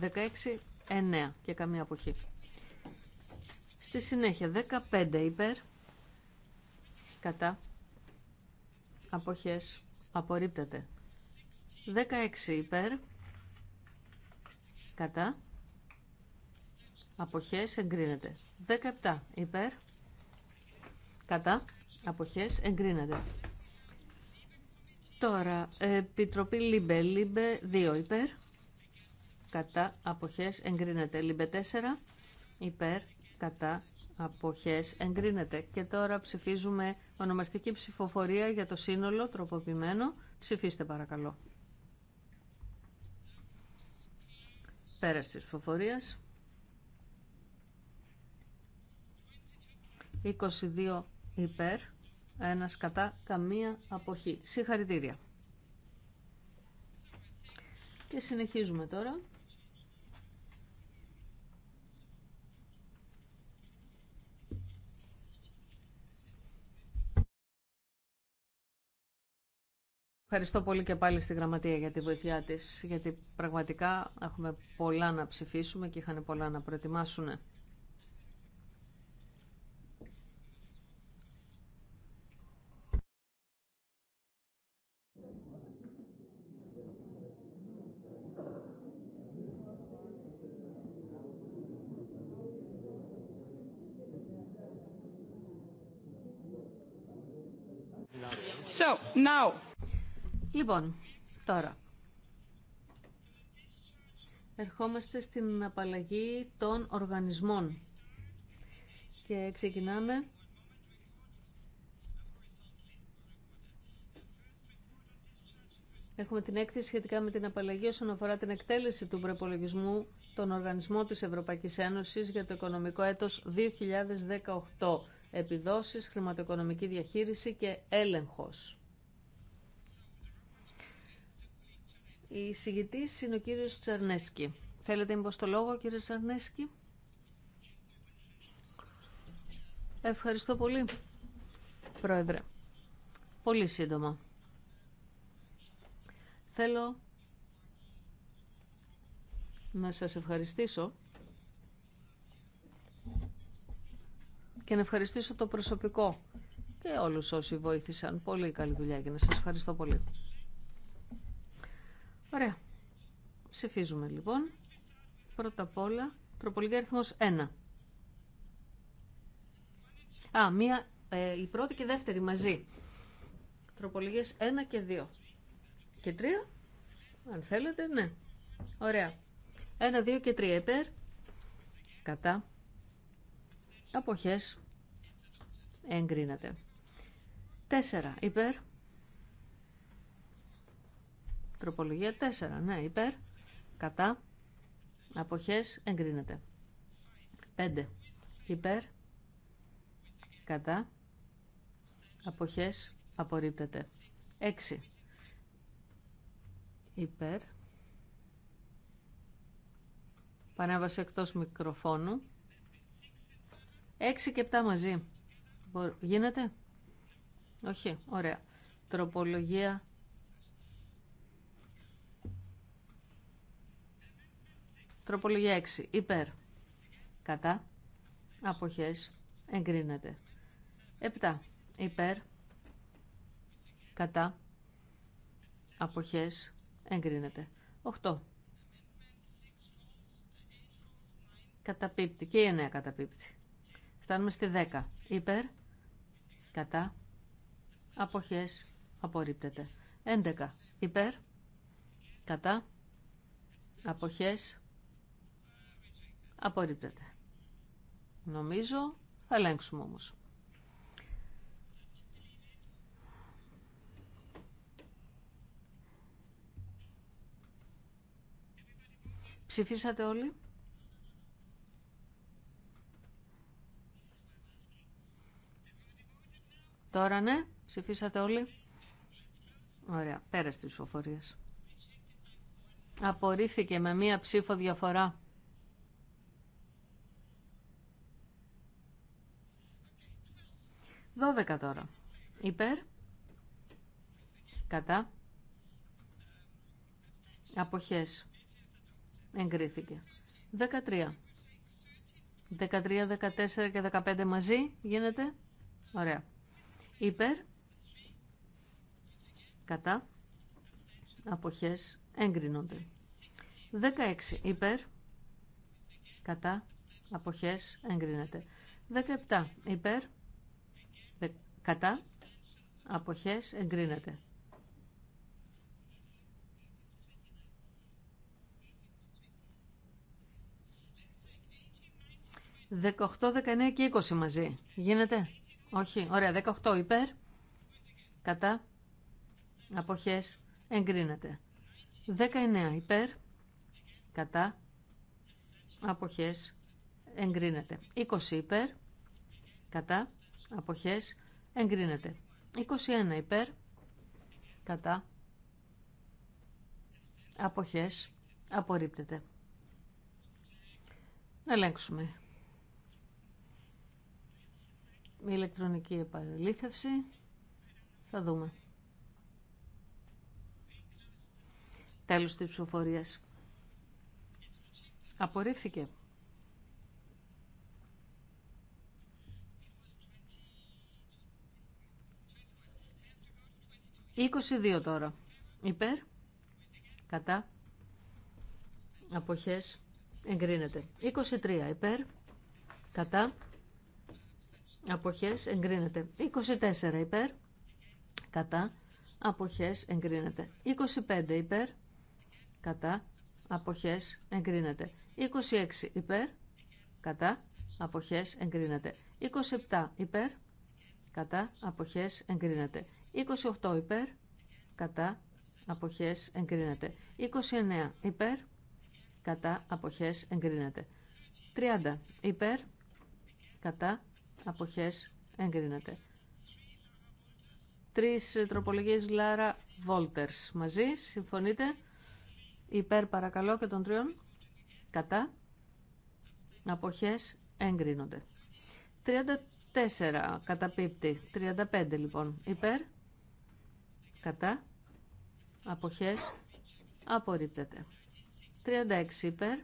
16, 9 και καμία αποχή. Στη συνέχεια 15 υπέρ, κατά, αποχές, απορρίπτεται. 16 υπέρ, Κατά. Αποχές εγκρίνεται. 17 υπέρ. Κατά. Αποχές εγκρίνεται. Τώρα, Επιτροπή Λίμπε. Λίμπε 2 υπέρ. Κατά. Αποχές εγκρίνεται. Λίμπε 4 υπέρ. Κατά. Αποχές εγκρίνεται. Και τώρα ψηφίζουμε ονομαστική ψηφοφορία για το σύνολο τροποποιημένο. Ψηφίστε παρακαλώ. Πέρας τη 22 υπέρ, ένας κατά, καμία αποχή. Συγχαρητήρια. Και συνεχίζουμε τώρα. Ευχαριστώ πολύ και πάλι στη Γραμματεία για τη βοήθειά της, γιατί πραγματικά έχουμε πολλά να ψηφίσουμε και είχαν πολλά να προετοιμάσουν. So, now Λοιπόν, τώρα. Ερχόμαστε στην απαλλαγή των οργανισμών. Και ξεκινάμε Έχουμε την έκθεση σχετικά με την απαλλαγή όσον αφορά την εκτέλεση του προπολογισμού των οργανισμών της Ευρωπαϊκής Ένωσης για το οικονομικό έτος 2018. Επιδόσεις, χρηματοοικονομική διαχείριση και έλεγχος. Η συγητή είναι ο κύριο Τσαρνέσκι. Θέλετε μήπως το λόγο κύριε Τσαρνέσκι. Ευχαριστώ πολύ, Πρόεδρε. Πολύ σύντομα. Θέλω να σας ευχαριστήσω και να ευχαριστήσω το προσωπικό και όλους όσοι βοήθησαν. Πολύ καλή δουλειά και να σας ευχαριστώ πολύ. Ωραία. Ψηφίζουμε λοιπόν. Πρώτα απ' όλα, τροπολογία αριθμό 1. Α, μία, ε, η πρώτη και η δεύτερη μαζί. Τροπολογίες 1 και 2. Και 3, αν θέλετε, ναι. Ωραία. 1, 2 και 3 υπέρ. Κατά. Αποχές. Εγκρίνατε. 4 υπέρ. Τροπολογία 4, ναι, υπέρ, κατά, αποχές, εγκρίνεται. 5, υπέρ, κατά, αποχές, απορρίπτεται. 6, υπέρ, Πανέβασε εκτός μικροφώνου. 6 και 7 μαζί. Γίνεται. Όχι. Ωραία. Τροπολογία Τροπολογία 6. Υπέρ. Κατά. Αποχές. Εγκρίνεται. 7. Υπέρ. Κατά. Αποχές. Εγκρίνεται. 8. Καταπίπτει. Και η 9 καταπίπτει. Φτάνουμε στη 10. Υπέρ. Κατά. Αποχές. Απορρίπτεται. 11. Υπέρ. Κατά. Αποχές. Απορρίπτεται. Νομίζω θα ελέγξουμε όμως. Ψηφίσατε όλοι. Τώρα ναι, ψηφίσατε όλοι. Ωραία, πέρασε τις ψηφοφορίες. Απορρίφθηκε με μία ψήφο διαφορά. 12 τώρα. Υπέρ. Κατά. Αποχές. Εγκρίθηκε. 13. 13, 14 και 15 μαζί γίνεται. Ωραία. Υπέρ. Κατά. Αποχές εγκρίνονται. 16. Υπέρ. Κατά. Αποχές εγκρίνεται. 17. Υπέρ. Κατά. Αποχές εγκρίνεται. 18, 19 και 20 μαζί. Γίνεται. Όχι. Ωραία. 18 υπέρ. Κατά. Αποχές. Εγκρίνεται. 19 υπέρ. Κατά. Αποχές. Εγκρίνεται. 20 υπέρ. Κατά. Αποχές εγκρίνεται. 21 υπέρ, κατά, αποχές, απορρίπτεται. Να ελέγξουμε. Η ηλεκτρονική επαλήθευση. Θα δούμε. Τέλος της ψηφοφορίας. Απορρίφθηκε. 22 τώρα. Υπέρ, κατά, αποχές, εγκρίνεται. 23 υπέρ, κατά, αποχές, εγκρίνεται. 24 υπέρ, κατά, αποχές, εγκρίνεται. 25 υπέρ, κατά, αποχές, εγκρίνεται. 26 υπέρ, κατά, αποχές, εγκρίνεται. 27 υπέρ, κατά, αποχές, εγκρίνεται. 28 υπέρ, κατά, αποχές εγκρίνεται. 29 υπέρ, κατά, αποχές εγκρίνεται. 30 υπέρ, κατά, αποχές εγκρίνεται. Τρεις τροπολογίες Λάρα Βόλτερς μαζί, συμφωνείτε. Υπέρ παρακαλώ και των τριών, κατά, αποχές εγκρίνονται. 34 καταπίπτει, 35 λοιπόν, υπέρ, κατά, αποχές, απορρίπτεται. 36 υπέρ,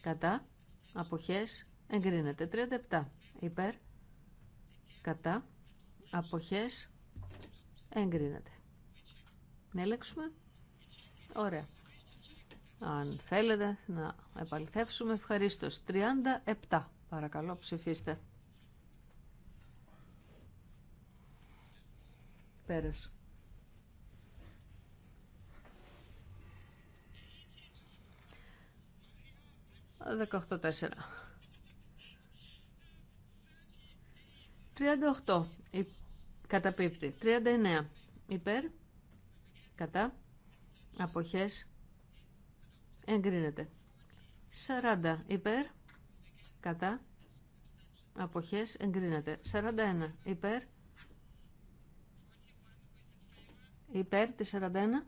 κατά, αποχές, εγκρίνεται. 37 υπέρ, κατά, αποχές, εγκρίνεται. Να έλεξουμε. Ωραία. Αν θέλετε να επαληθεύσουμε, ευχαρίστως. 37, παρακαλώ, ψηφίστε. Πέρασε. 18-4. 38 καταπίπτει. 39 υπέρ. Κατά. Αποχές. Εγκρίνεται. 40 υπέρ. Κατά. Αποχές. Εγκρίνεται. 41 υπέρ. Υπέρ τη 41.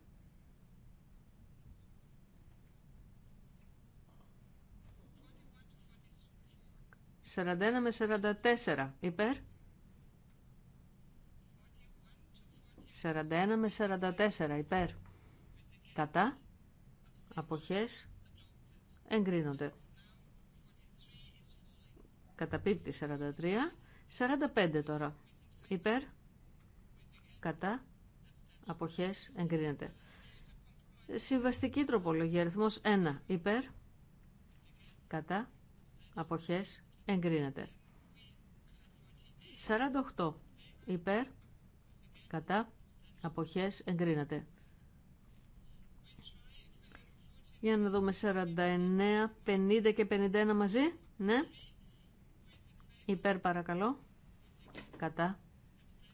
41 με 44 υπέρ. 41 με 44 υπέρ. Κατά. Αποχές. Εγκρίνονται. Καταπίπτει 43. 45 τώρα. Υπέρ. Κατά. Αποχές. Εγκρίνεται. Συμβαστική τροπολογία. Αριθμός 1. Υπέρ. Κατά. Αποχές εγκρίνεται. 48 υπέρ, κατά, αποχές, εγκρίνεται. Για να δούμε 49, 50 και 51 μαζί, ναι. Υπέρ παρακαλώ, κατά,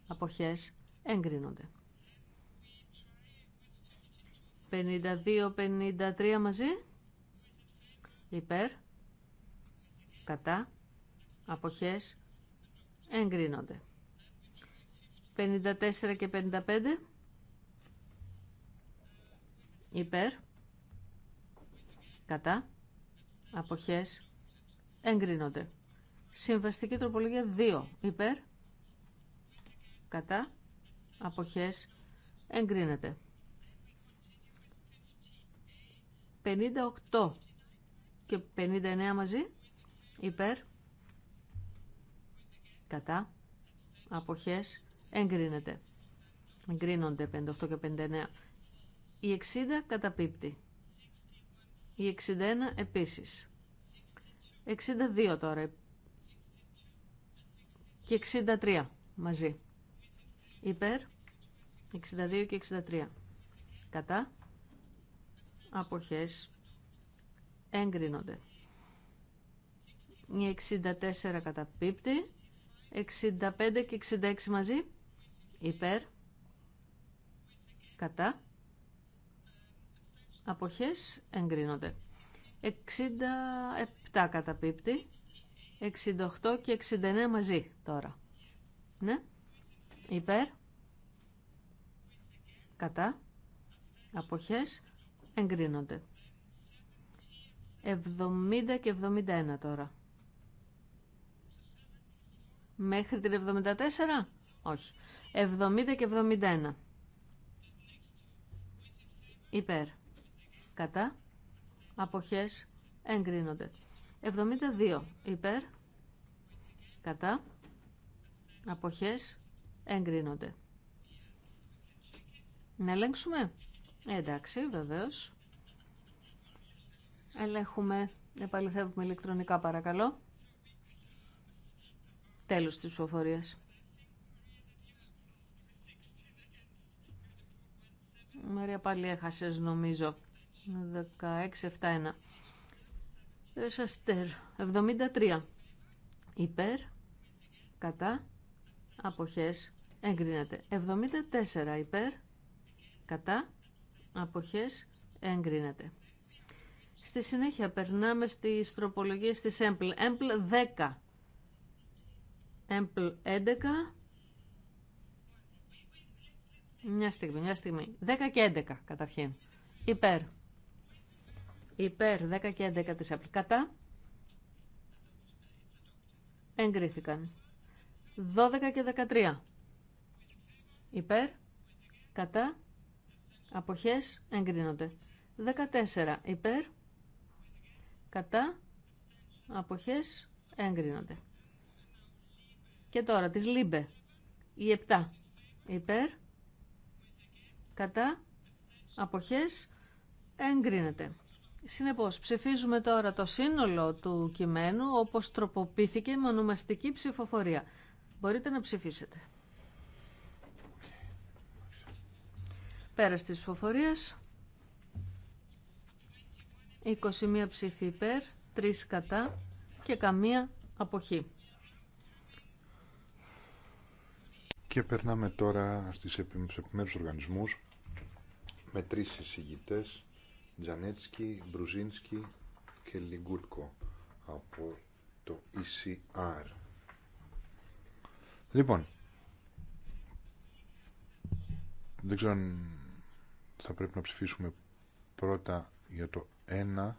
αποχές, εγκρίνονται. 52, 53 μαζί, υπέρ, κατά, αποχές εγκρίνονται. 54 και 55 υπέρ κατά αποχές εγκρίνονται. Συμβαστική τροπολογία 2 υπέρ κατά αποχές εγκρίνεται. 58 και 59 μαζί υπέρ κατά, αποχές, εγκρίνεται. Εγκρίνονται 58 και 59. Η 60 καταπίπτει. Η 61 επίσης. 62 τώρα. Και 63 μαζί. Υπέρ. 62 και 63. Κατά. Αποχές. Έγκρινονται. Η 64 καταπίπτει. 65 και 66 μαζί. Υπέρ. Κατά. Αποχές εγκρίνονται. 67 καταπίπτει. 68 και 69 μαζί τώρα. Ναι. Υπέρ. Κατά. Αποχές εγκρίνονται. 70 και 71 τώρα. Μέχρι την 74? Όχι. 70 και 71. Υπέρ. Κατά. Αποχές. Εγκρίνονται. 72. Υπέρ. Κατά. Αποχές. Εγκρίνονται. Να ελέγξουμε. Ε, εντάξει, βεβαίως. Ελέγχουμε. Επαληθεύουμε ηλεκτρονικά παρακαλώ. Τέλος της ψηφοφορίας. Μαρία πάλι έχασες νομίζω. 16-7-1. Σαστέρ. 73. Υπέρ. Κατά. Αποχές. Εγκρίνεται. 74 υπέρ. Κατά. Αποχές. Εγκρίνεται. Στη συνέχεια περνάμε στις τροπολογίες της ΕΜΠΛ. ΕΜΠΛ 10 Έμπλ 11. Μια στιγμή, μια στιγμή. 10 και 11 καταρχήν. Υπέρ. Υπέρ 10 και 11 της Apple. Κατά. Εγκρίθηκαν. 12 και 13. Υπέρ. Κατά. Αποχές εγκρίνονται. 14. Υπέρ. Κατά. Αποχές εγκρίνονται. Και τώρα τις Λίμπε. Η 7. Υπέρ. Κατά. Αποχές. Εγκρίνεται. Συνεπώς, ψηφίζουμε τώρα το σύνολο του κειμένου όπως τροποποιήθηκε με ονομαστική ψηφοφορία. Μπορείτε να ψηφίσετε. Πέρα της ψηφοφορίας, 21 ψηφί υπέρ, 3 κατά και καμία αποχή. Και περνάμε τώρα στις επιμέρους οργανισμούς με τρεις εισηγητές, Τζανέτσκι, Μπρουζίνσκι και Λιγκούλκο από το ECR. Λοιπόν, δεν ξέρω αν θα πρέπει να ψηφίσουμε πρώτα για το 1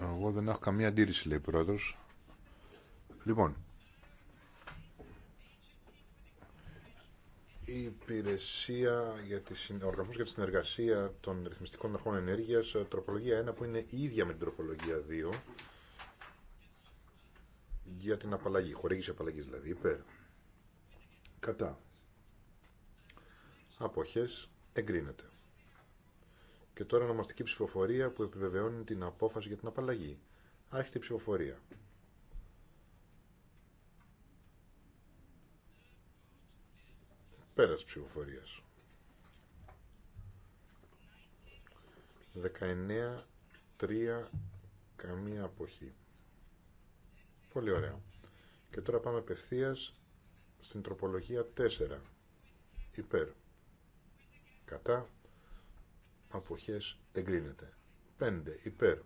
Εγώ δεν έχω καμία αντίρρηση, λέει πρόεδρο. Λοιπόν, η υπηρεσία για τη για τη συνεργασία των ρυθμιστικών αρχών ενέργειας, ε, τροπολογία 1 που είναι ίδια με την τροπολογία 2, για την απαλλαγή, χορήγηση απαλλαγή δηλαδή, υπέρ. Κατά. Αποχές εγκρίνεται. Και τώρα ονομαστική ψηφοφορία που επιβεβαιώνει την απόφαση για την απαλλαγή. Άρχεται η ψηφοφορία. Πέρας ψηφοφορίας. 19, 3, καμία αποχή. Πολύ ωραία. Και τώρα πάμε απευθείας στην τροπολογία 4. Υπέρ. Κατά αποχές εγκρίνεται 5 υπέρ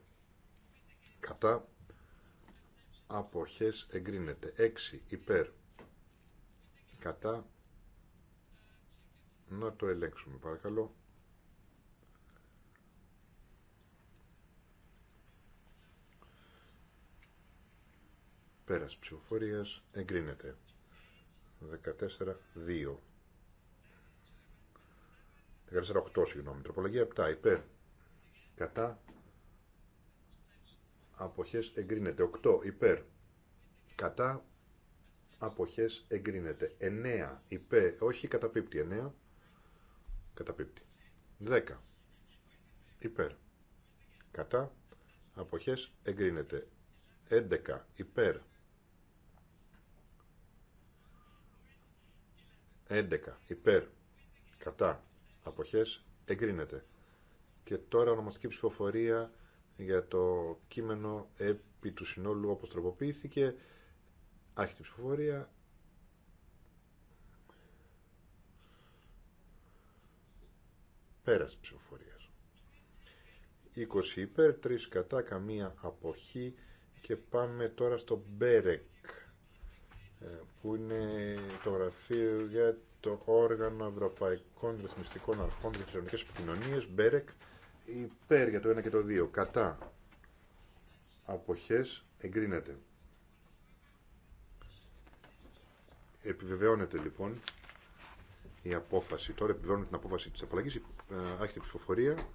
κατά αποχές εγκρίνεται 6 υπέρ κατά να το ελέγξουμε παρακαλώ πέρας ψηφοφορίας εγκρίνεται 14-2 8, συγγνώμη. Τροπολογία 7 υπέρ. Κατά. Αποχές εγκρίνεται. 8 υπέρ. Κατά. Αποχές εγκρίνεται. 9 υπέρ. Όχι καταπίπτει. 9 καταπίπτει. 10 υπέρ. Κατά. Αποχές εγκρίνεται. 11 υπέρ. 11 υπέρ. Κατά αποχές εγκρίνεται. Και τώρα ονομαστική ψηφοφορία για το κείμενο επί του συνόλου όπως τροποποιήθηκε. Άρχεται ψηφοφορία. Πέρας ψηφοφορία. 20 υπέρ, 3 κατά, καμία αποχή και πάμε τώρα στο Μπέρεκ ε, που είναι το γραφείο για το όργανο Ευρωπαϊκών Ρυθμιστικών Αρχών για κοινωνικέ επικοινωνίε Μπέρεκ, υπέρ για το 1 και το 2, κατά Αποχέ εγκρίνεται. Επιβεβαιώνεται λοιπόν η απόφαση. Τώρα επιβεβαιώνουμε την απόφαση τη απαλλαγή. Ε, άρχεται η ψηφοφορία.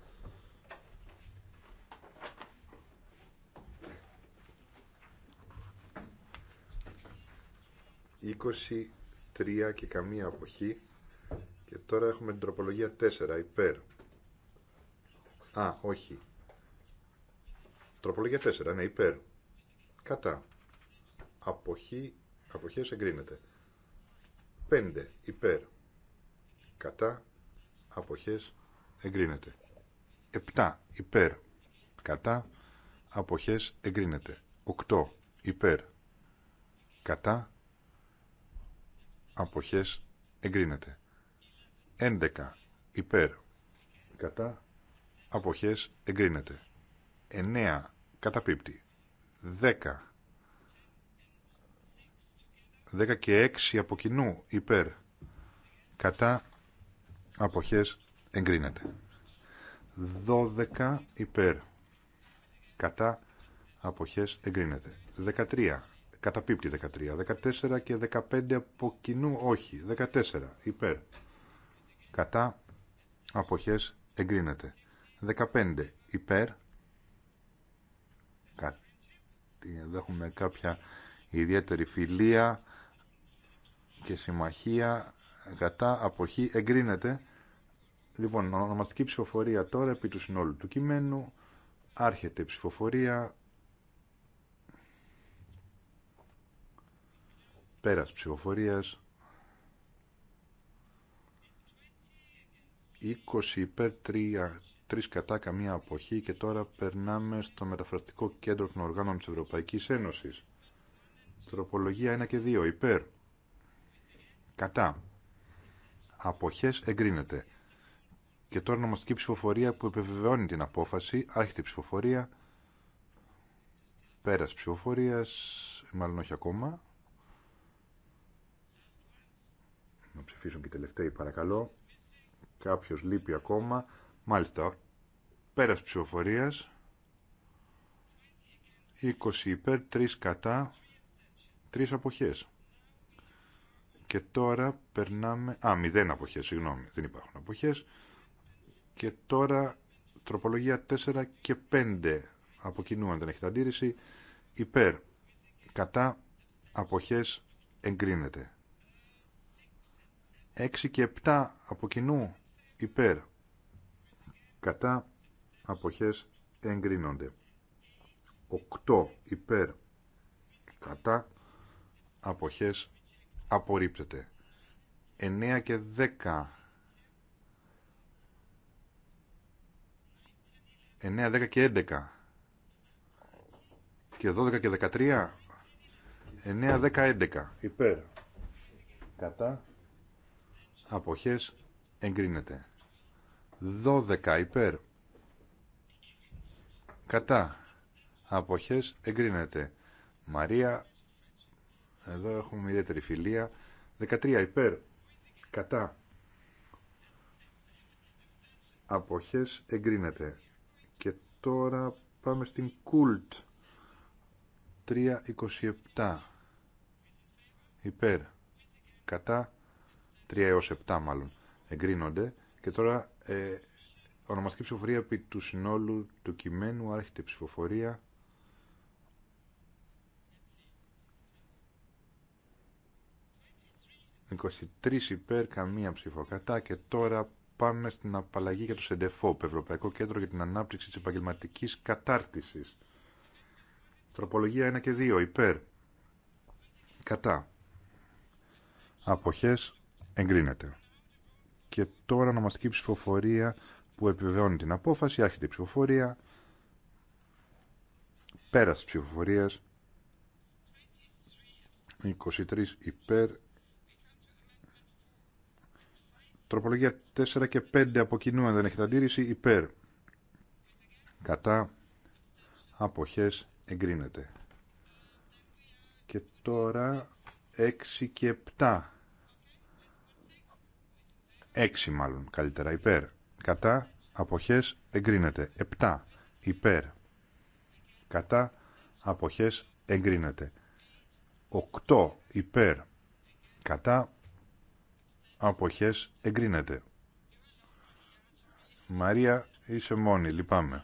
Είκοσι 3 και καμία αποχή. Και τώρα έχουμε την τροπολογία 4 υπέρ. Α, όχι. Τροπολογία 4, ναι, υπέρ. Κατά. Αποχή, αποχές εγκρίνεται. 5 υπέρ. Κατά. Αποχές εγκρίνεται. 7 υπέρ. Κατά. Αποχές εγκρίνεται. 8 υπέρ. Κατά αποχές εγκρίνεται 11 υπέρ κατά αποχές εγκρίνεται 9 καταπίπτει 10 10 και 6 από κοινού υπέρ κατά αποχές εγκρίνεται 12 υπέρ κατά αποχές εγκρίνεται 13 Καταπίπτει 13. 14 και 15 από κοινού όχι. 14 υπέρ. Κατά αποχές εγκρίνεται. 15 υπέρ. Κα... έχουμε κάποια ιδιαίτερη φιλία και συμμαχία κατά αποχή εγκρίνεται. Λοιπόν, ονομαστική ψηφοφορία τώρα επί του συνόλου του κειμένου. Άρχεται η ψηφοφορία. Πέρας ψηφοφορίας. 20 υπέρ 3, 3 κατά καμία αποχή και τώρα περνάμε στο μεταφραστικό κέντρο των οργάνων της Ευρωπαϊκής Ένωσης. Τροπολογία 1 και 2 υπέρ. Κατά. Αποχές εγκρίνεται. Και τώρα νομαστική ψηφοφορία που επιβεβαιώνει την απόφαση. Άρχεται ψηφοφορία. Πέρας ψηφοφορίας. Μάλλον όχι ακόμα. να ψηφίσουν και οι τελευταίοι παρακαλώ. Κάποιος λείπει ακόμα. Μάλιστα, πέρας ψηφοφορίας, 20 υπέρ, 3 κατά, 3 αποχές. Και τώρα περνάμε... Α, 0 αποχές, συγγνώμη, δεν υπάρχουν αποχές. Και τώρα τροπολογία 4 και 5 από κοινού, αν δεν έχετε αντίρρηση, υπέρ, κατά, αποχές, εγκρίνεται. 6 και 7 από κοινού υπέρ κατά αποχές εγκρίνονται 8 υπέρ κατά αποχές απορρίπτεται 9 και 10 9, 10 και 11 και 12 και 13 9, 10, 11 υπέρ κατά αποχές εγκρίνεται 12 υπέρ κατά αποχές εγκρίνεται Μαρία εδώ έχουμε ιδιαίτερη φιλία 13 υπέρ κατά αποχές εγκρίνεται και τώρα πάμε στην κουλτ 327 υπέρ κατά 3 έως 7 μάλλον, εγκρίνονται. Και τώρα ε, ονομαστική ψηφοφορία επί του συνόλου του κειμένου, άρχεται ψηφοφορία. «23 υπέρ, καμία ψηφοκατά και τώρα πάμε στην απαλλαγή για το ΣΕΝΤΕΦΟΠ, Ευρωπαϊκό Κέντρο για την Ανάπτυξη της Επαγγελματικής Κατάρτισης. Τροπολογία 1 και 2, υπέρ. Κατά. Αποχές Εγκρίνεται. Και τώρα ονομαστική ψηφοφορία που επιβεβαιώνει την απόφαση. Άρχεται η ψηφοφορία. Πέρας της ψηφοφορίας. 23 υπέρ. Τροπολογία 4 και 5 από κοινού, αν δεν έχετε αντίρρηση, υπέρ. Κατά αποχές εγκρίνεται. Και τώρα 6 και 7 6 μάλλον καλύτερα υπέρ κατά αποχές εγκρίνεται 7 υπέρ κατά αποχές εγκρίνεται 8 υπέρ κατά αποχές εγκρίνεται Μαρία είσαι μόνη λυπάμαι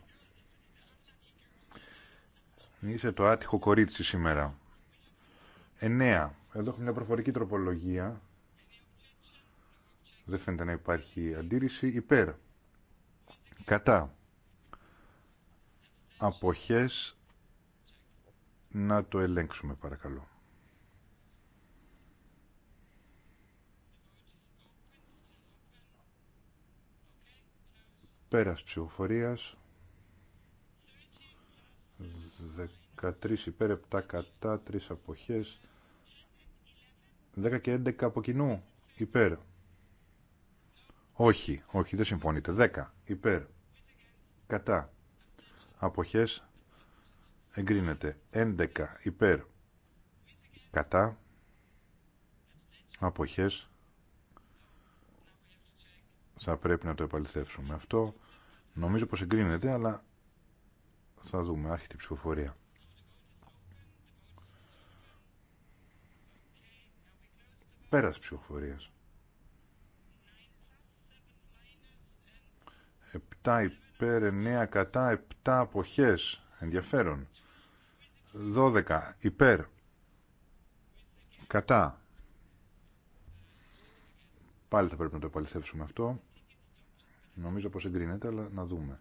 Είσαι το άτυχο κορίτσι σήμερα. 9. Εδώ έχουμε μια προφορική τροπολογία δεν φαίνεται να υπάρχει αντίρρηση. Υπέρ. Κατά. Αποχές. Να το ελέγξουμε παρακαλώ. Πέρας ψηφοφορίας. 13 υπέρ, 7 κατά, 3 αποχές. 10 και 11 από κοινού υπέρ. Όχι, όχι, δεν συμφωνείτε. 10. Υπέρ. Κατά. Αποχές. Εγκρίνεται. 11. Υπέρ. Κατά. Αποχές. Θα πρέπει να το επαληθεύσουμε αυτό. Νομίζω πως εγκρίνεται, αλλά θα δούμε. Άρχεται η ψηφοφορία. Πέρας ψηφοφορίας. 7 υπέρ, 9 κατά, 7 αποχές. Ενδιαφέρον. 12 υπέρ, κατά. Πάλι θα πρέπει να το επαληθεύσουμε αυτό. Νομίζω πως εγκρίνεται, αλλά να δούμε.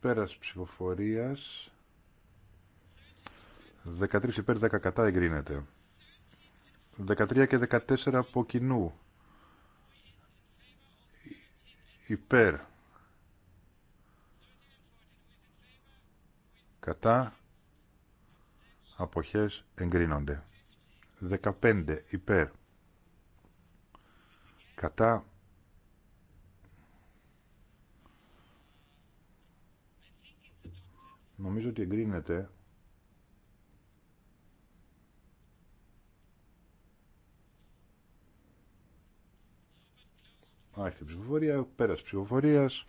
Πέρας ψηφοφορίας. 13 υπέρ 10 κατά εγκρίνεται. 13 και 14 από κοινού. Υπέρ. Κατά. Αποχές εγκρίνονται. 15 υπέρ. Κατά. Νομίζω ότι εγκρίνεται Άρχεται ψηφοφορία, πέρας ψηφοφορίας.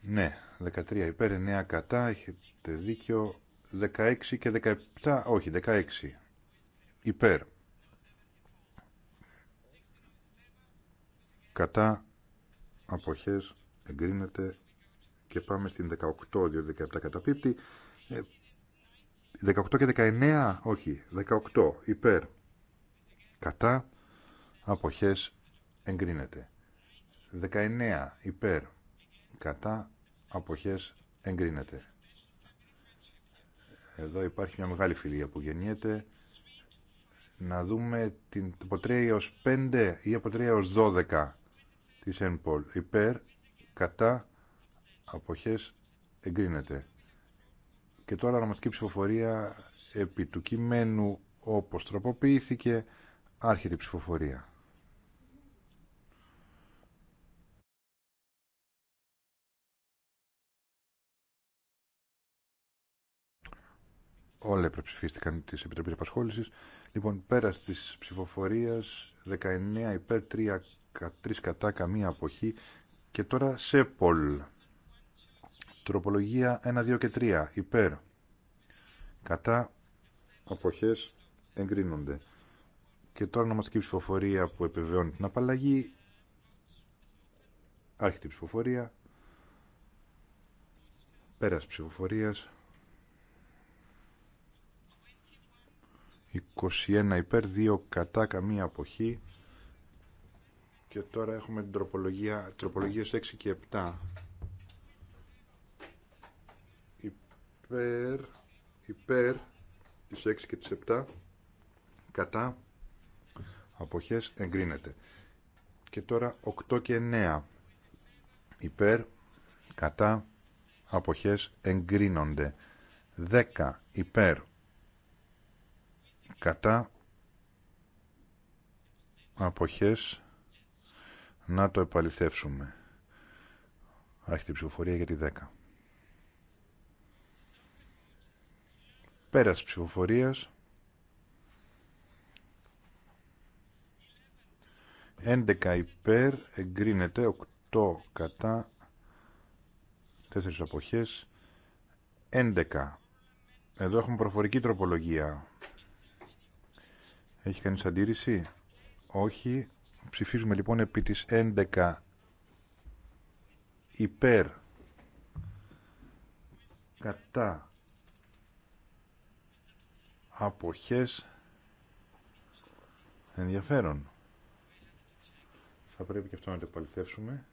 Ναι, 13 υπέρ, 9 κατά, έχετε δίκιο. 16 και 17, όχι 16 υπέρ. Κατά αποχές εγκρίνεται και πάμε στην 18, διότι 17 καταπίπτει. 18 ε, και 19, όχι, 18 υπέρ. Κατά αποχές εγκρίνεται. 19 υπέρ κατά αποχές εγκρίνεται. Εδώ υπάρχει μια μεγάλη φιλία που γεννιέται. Να δούμε την, από 3 έως 5 ή από 3 έως 12 της ΕΝΠΟΛ. Υπέρ, κατά, αποχές, εγκρίνεται. Και τώρα ονομαστική ψηφοφορία επί του κειμένου όπως τροποποιήθηκε άρχεται η ψηφοφορία. Όλα υπερψηφίστηκαν τη Επιτροπή Απασχόληση. Λοιπόν, πέρα τη ψηφοφορία, 19 υπέρ, 3, 3 κατά, καμία αποχή. Και τώρα σε πολ. Τροπολογία 1, 2 και 3. Υπέρ. Κατά. απόχέ, εγκρίνονται. Και τώρα ονομαστική ψηφοφορία που επιβεβαιώνει την απαλλαγή. Άρχεται η ψηφοφορία. Πέρας ψηφοφορία. 21 υπέρ, 2 κατά, καμία αποχή. Και τώρα έχουμε την τροπολογία, τροπολογίες 6 και 7. Υπέρ, υπέρ τις 6 και τις 7, κατά, αποχές, εγκρίνεται. Και τώρα 8 και 9. Υπέρ, κατά, αποχές, εγκρίνονται. 10 υπέρ, κατά αποχές να το επαληθεύσουμε άρχεται η ψηφοφορία για τη 10 πέρας ψηφοφορίας 11 υπέρ εγκρίνεται 8 κατά 4 αποχές 11 εδώ έχουμε προφορική τροπολογία έχει κανείς αντίρρηση. Όχι. Ψηφίζουμε λοιπόν επί της 11 υπέρ κατά αποχές ενδιαφέρον. Θα πρέπει και αυτό να το επαληθεύσουμε.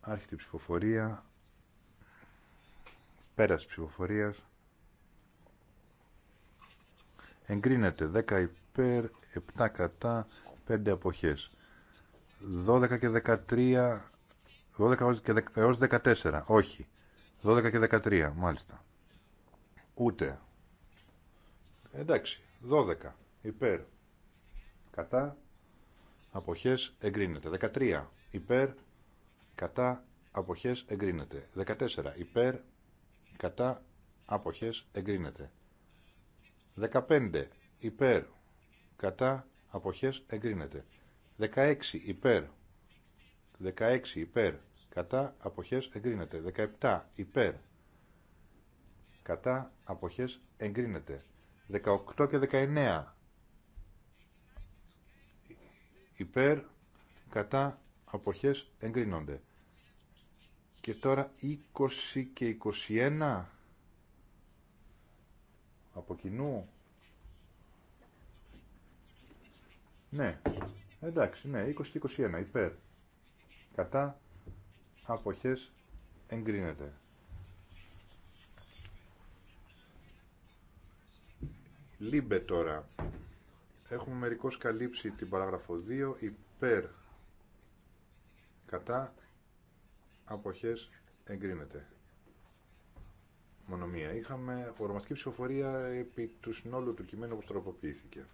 Άρχεται η ψηφοφορία. Πέρας ψηφοφορίας εγκρίνεται 10 υπέρ, 7 κατά, 5 αποχές. 12 και 13, 12 και έως 14, όχι. 12 και 13, μάλιστα. Ούτε. Εντάξει, 12 υπέρ, κατά, αποχές, εγκρίνεται. 13 υπέρ, κατά, αποχές, εγκρίνεται. 14 υπέρ, κατά, αποχές, εγκρίνεται. 15 υπέρ κατά αποχές εγκρίνεται 16 υπέρ 16 υπέρ κατά αποχές εγκρίνεται 17 υπέρ κατά αποχές εγκρίνεται 18 και 19 υπέρ κατά αποχές εγκρίνονται και τώρα 20 και 21 από κοινού. Ναι, εντάξει, ναι, 20-21, υπέρ. Κατά αποχές εγκρίνεται. Λίμπε τώρα. Έχουμε μερικώς καλύψει την παράγραφο 2 υπέρ κατά αποχές εγκρίνεται μόνο Είχαμε χωρομαστική ψηφοφορία επί του συνόλου του κειμένου όπως τροποποιήθηκε.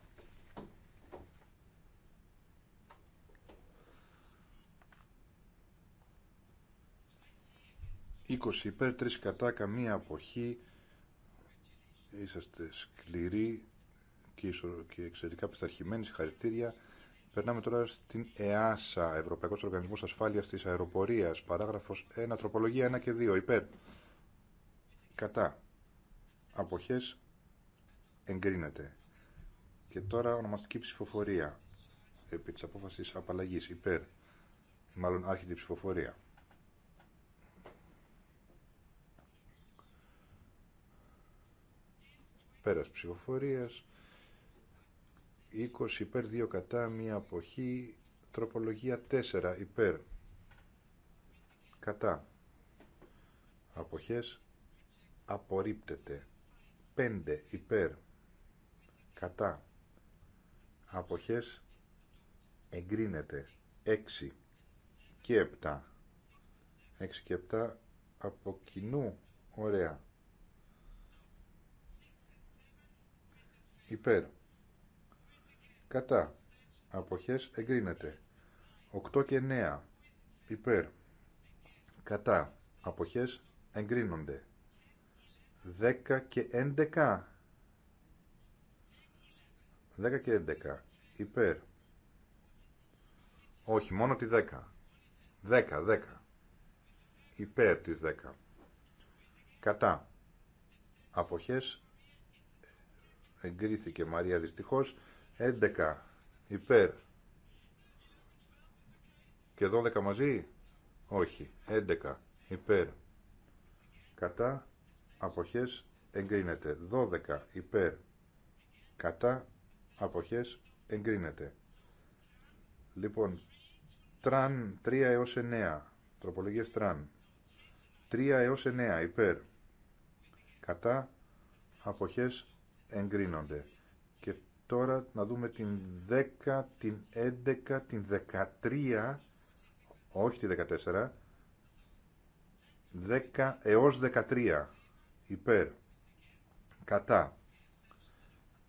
Είκοσι υπέρ, τρεις κατά, καμία αποχή. Είσαστε σκληροί και, και εξαιρετικά πειθαρχημένοι. Συγχαρητήρια. Περνάμε τώρα στην ΕΑΣΑ, Ευρωπαϊκός Οργανισμός Ασφάλειας της Αεροπορίας, παράγραφος 1, τροπολογία 1 και 2, υπέρ κατά αποχές εγκρίνεται και τώρα ονομαστική ψηφοφορία επί της απόφασης απαλλαγής υπέρ μάλλον άρχιτη ψηφοφορία πέρας ψηφοφορίας 20 υπέρ 2 κατά μία αποχή τροπολογία 4 υπέρ κατά αποχές απορρίπτεται 5 υπέρ κατά αποχές εγκρίνεται 6 και 7 6 και 7 από κοινού ωραία υπέρ κατά αποχές εγκρίνεται 8 και 9 υπέρ κατά αποχές εγκρίνονται 10 και 11. 10 και 11. Υπέρ. Όχι, μόνο τη 10. 10, 10. Υπέρ της 10. Κατά. Αποχές. Εγκρίθηκε Μαρία δυστυχώς. 11. Υπέρ. Και 12 μαζί. Όχι. 11. Υπέρ. Κατά αποχές εγκρίνεται 12 υπέρ κατά αποχές εγκρίνεται λοιπόν τραν 3 έως 9 τροπολογίες τραν 3 έως 9 υπέρ κατά αποχές εγκρίνονται και τώρα να δούμε την 10 την 11 την 13 όχι τη 14 10 έως 13 υπέρ κατά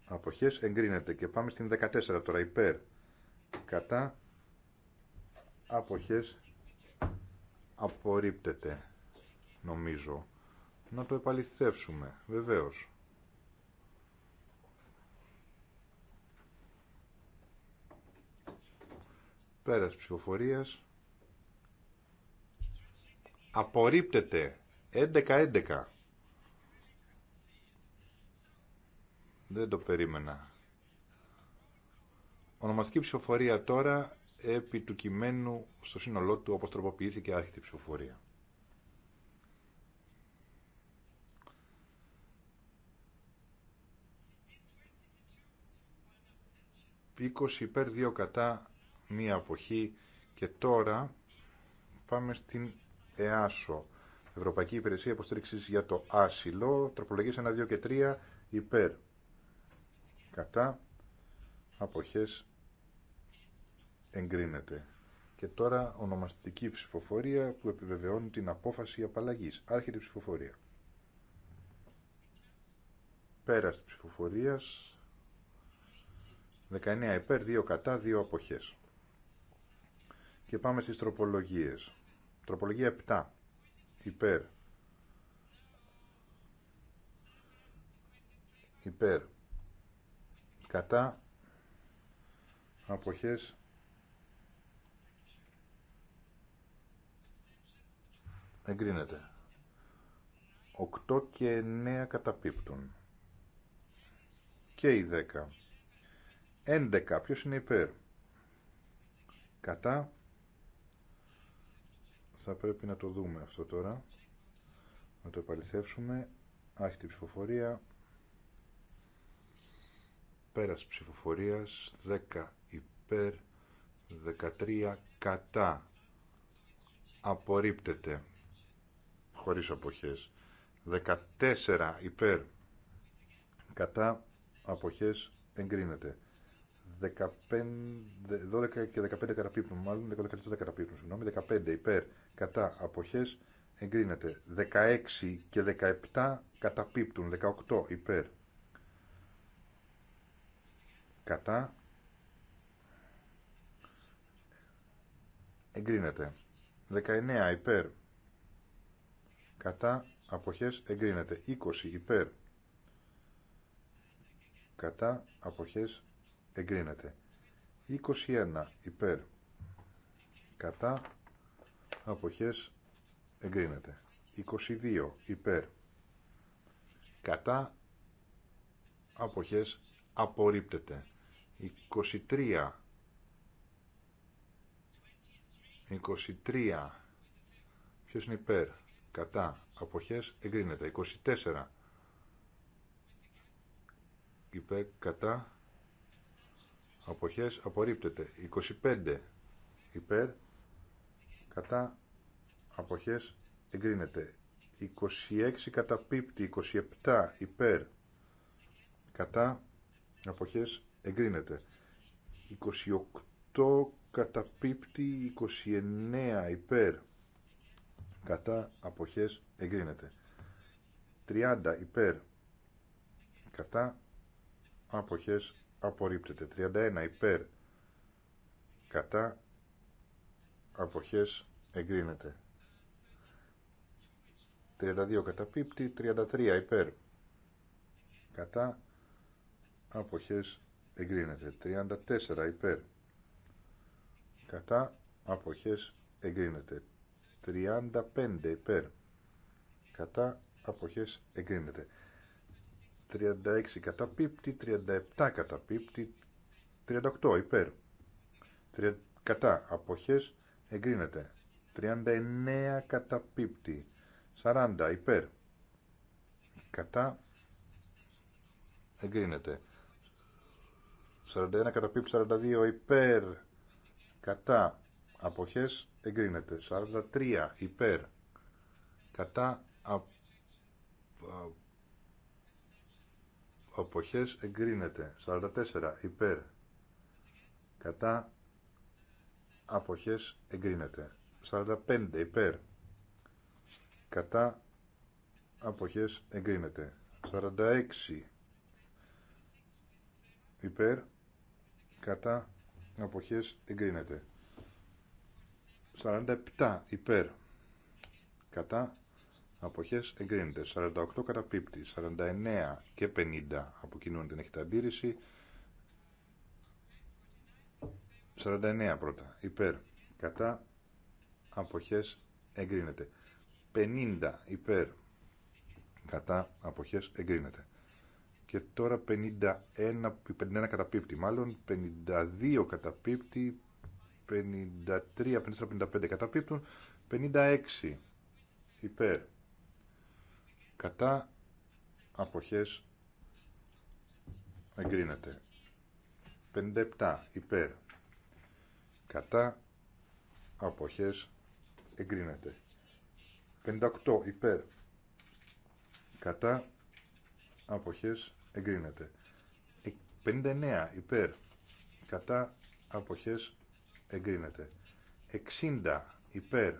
αποχές εγκρίνεται και πάμε στην 14 τώρα υπέρ κατά αποχές απορρίπτεται νομίζω να το επαληθεύσουμε βεβαίως πέρας ψηφοφορίας απορρίπτεται 11-11 Δεν το περίμενα. Ονομαστική ψηφοφορία τώρα επί του κειμένου στο σύνολό του όπως τροποποιήθηκε άρχιτη ψηφοφορία. Είκοσι υπέρ, δύο κατά, μία αποχή και τώρα πάμε στην ΕΑΣΟ. Ευρωπαϊκή Υπηρεσία Υποστήριξης για το Άσυλο, τροπολογίες 1, 2 και 3 υπέρ κατά αποχές εγκρίνεται. Και τώρα ονομαστική ψηφοφορία που επιβεβαιώνει την απόφαση απαλλαγής. Άρχεται η ψηφοφορία. Πέρας της ψηφοφορίας 19 υπέρ, 2 κατά, 2 αποχές. Και πάμε στις τροπολογίες. Τροπολογία 7 υπέρ. Υπέρ κατά αποχές εγκρίνεται 8 και 9 καταπίπτουν και η 10 11 ποιος είναι υπέρ κατά θα πρέπει να το δούμε αυτό τώρα να το επαληθεύσουμε την ψηφοφορία Πέρας ψηφοφορίας 10 υπέρ 13 κατά απορρίπτεται χωρίς αποχές 14 υπέρ κατά αποχές εγκρίνεται 15, 12 και 15 καταπίπτουν, μάλλον 14 καταπίπτουν, συγγνώμη 15 υπέρ κατά αποχές εγκρίνεται 16 και 17 καταπίπτουν 18 υπέρ Κατά. Εγκρίνεται. 19 υπέρ. Κατά. Αποχές εγκρίνεται. 20 υπέρ. Κατά. Αποχές εγκρίνεται. 21 υπέρ. Κατά. Αποχές εγκρίνεται. 22 υπέρ. Κατά. Αποχές απορρίπτεται. 23 23 ποιος είναι υπέρ κατά αποχές εγκρίνεται 24 υπέρ κατά αποχές απορρίπτεται 25 υπέρ κατά αποχές εγκρίνεται 26 κατά πίπτη 27 υπέρ κατά αποχές εγκρίνεται. 28 καταπίπτει 29 υπέρ κατά αποχές εγκρίνεται. 30 υπέρ κατά αποχές απορρίπτεται. 31 υπέρ κατά αποχές εγκρίνεται. 32 καταπίπτει, 33 υπέρ κατά αποχές εγκρίνεται. 34 υπέρ κατά αποχές εγκρίνεται. 35 υπέρ κατά αποχές εγκρίνεται. 36 πίπτη. 37 κατά πίπτη. 38 υπέρ. 3, κατά αποχές εγκρίνεται. 39 κατά πίπτη. 40 υπέρ. Κατά εγκρίνεται. 41 κατά καταπίπτει 42 υπέρ κατά αποχές εγκρίνεται 43 υπέρ κατά α... αποχές εγκρίνεται 44 υπέρ κατά αποχές εγκρίνεται 45 υπέρ κατά αποχές εγκρίνεται 46 υπέρ κατά αποχές εγκρίνεται 47 υπέρ κατά αποχές εγκρίνεται 48 κατά πίπτη 49 και 50 από κοινού την έχετε αντίρρηση 49 πρώτα υπέρ κατά αποχές εγκρίνεται 50 υπέρ κατά αποχές εγκρίνεται και τώρα 51, 51 καταπίπτει μάλλον, 52 καταπίπτει, 53, 54, 55 καταπίπτουν, 56 υπέρ. Κατά αποχές εγκρίνεται. 57 υπέρ. Κατά αποχές εγκρίνεται. 58 υπέρ. Κατά αποχές εγκρίνεται. 59 υπέρ κατά αποχές εγκρίνεται. 60 υπέρ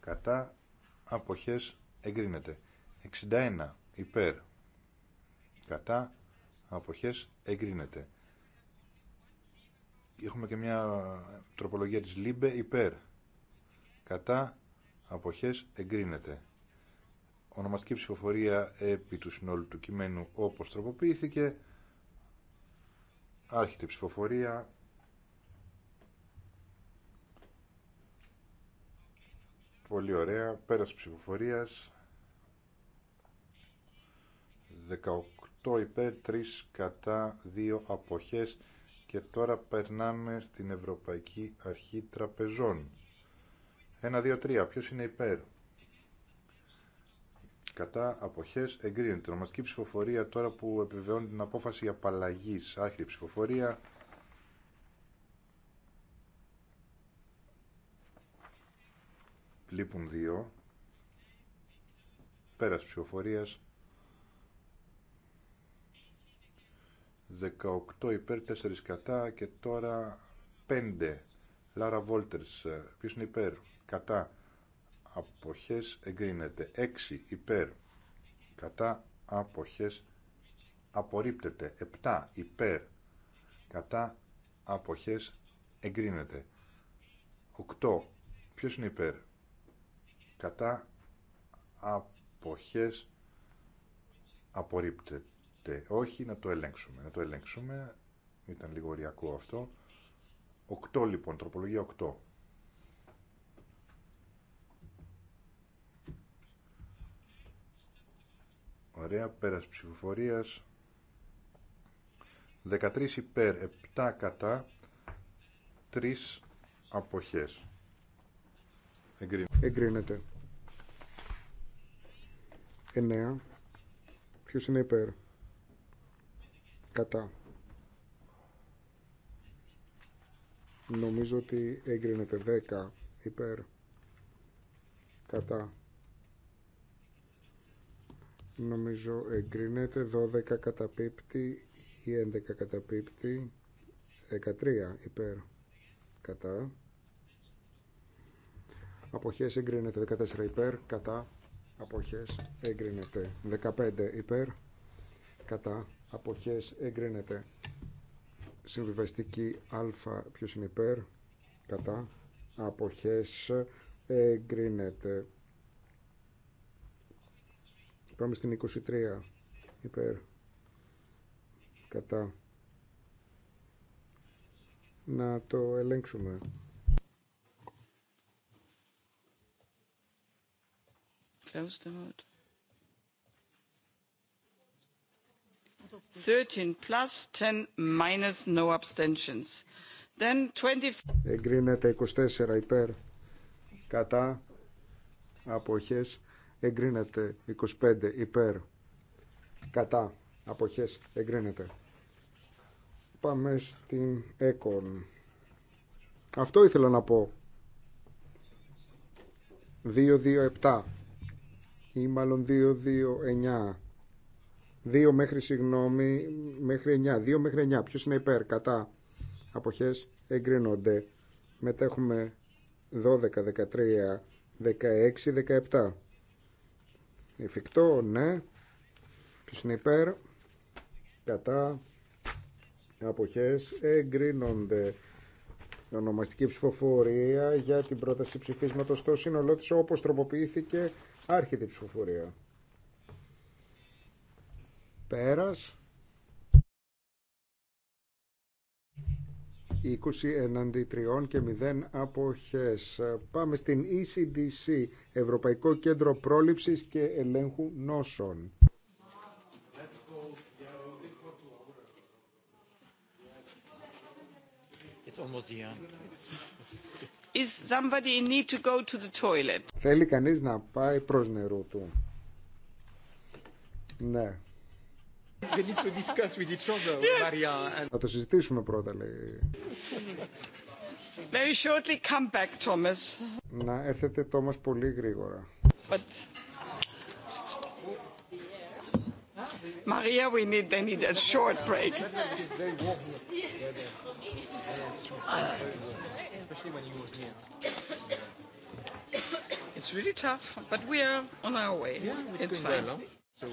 κατά αποχές εγκρίνεται. 61 υπέρ κατά αποχές εγκρίνεται. Έχουμε και μια τροπολογία της ΛΥΜΠΕ υπέρ κατά αποχές εγκρίνεται ονομαστική ψηφοφορία επί του συνόλου του κειμένου όπως τροποποιήθηκε. Άρχεται η ψηφοφορία. Πολύ ωραία. Πέρας ψηφοφορίας. 18 υπέρ, 3 κατά, 2 αποχές. Και τώρα περνάμε στην Ευρωπαϊκή Αρχή Τραπεζών. 1, 2, 3. Ποιος είναι υπέρ κατά, αποχές, εγκρίνεται. Ονομαστική ψηφοφορία τώρα που επιβεβαιώνει την απόφαση απαλλαγής. άχρη ψηφοφορία. Λείπουν δύο. Πέρας ψηφοφορίας. 18 υπέρ, 4 κατά και τώρα 5. Λάρα Βόλτερς, ε, ποιος είναι υπέρ, κατά, αποχές εγκρίνεται 6 υπέρ κατά αποχές απορρίπτεται 7 υπέρ κατά αποχές εγκρίνεται 8 ποιος είναι υπέρ κατά αποχές απορρίπτεται όχι να το ελέγξουμε να το ελέγξουμε ήταν λίγο αυτό 8 λοιπόν τροπολογία 8 Ωραία, πέρας ψηφοφορίας. 13 υπέρ, 7 κατά, 3 αποχές. Εγκρίνεται. Εγκρίνεται. 9. Ποιος είναι υπέρ. Κατά. Νομίζω ότι έγκρινεται 10 υπέρ. Κατά. Νομίζω εγκρίνεται 12 καταπίπτη ή 11 καταπίπτη 13 υπέρ κατά Αποχές εγκρίνεται 14 υπέρ κατά Αποχές εγκρίνεται 15 υπέρ κατά Αποχές εγκρίνεται Συμβιβαστική α ποιος είναι υπέρ κατά Αποχές εγκρίνεται Πάμε στην 23 υπέρ κατά να το ελέγξουμε. Close the vote. 13 plus 10 minus no abstentions. Then 20... Εγκρίνεται 24 υπέρ κατά αποχές εγκρίνεται 25 υπέρ κατά αποχές εγκρίνεται πάμε στην έκον αυτό ήθελα να πω 2-2-7 ή μάλλον 2-2-9 2 μέχρι συγγνώμη μέχρι 9 2 μέχρι 9 ποιος είναι υπέρ κατά αποχές εγκρίνονται μετά έχουμε 12, 13, 16, 17 Εφικτό, ναι. Ποιος είναι υπέρ. Κατά. Αποχές εγκρίνονται. Ονομαστική ψηφοφορία για την πρόταση ψηφίσματος στο σύνολό της όπως τροποποιήθηκε άρχιτη ψηφοφορία. Πέρας. 20 εναντί 3 και 0 αποχές. Πάμε στην ECDC, Ευρωπαϊκό Κέντρο Πρόληψης και Ελέγχου Νόσων. Θέλει κανείς να πάει προς νερού του. Ναι. Θα το συζητήσουμε πρώτα, λέει. Very shortly come back, Thomas. Να έρθετε, Τόμας, πολύ γρήγορα. But... Maria, we need, they need a short break. It's really tough, but we are on our way. Yeah, it's fine. So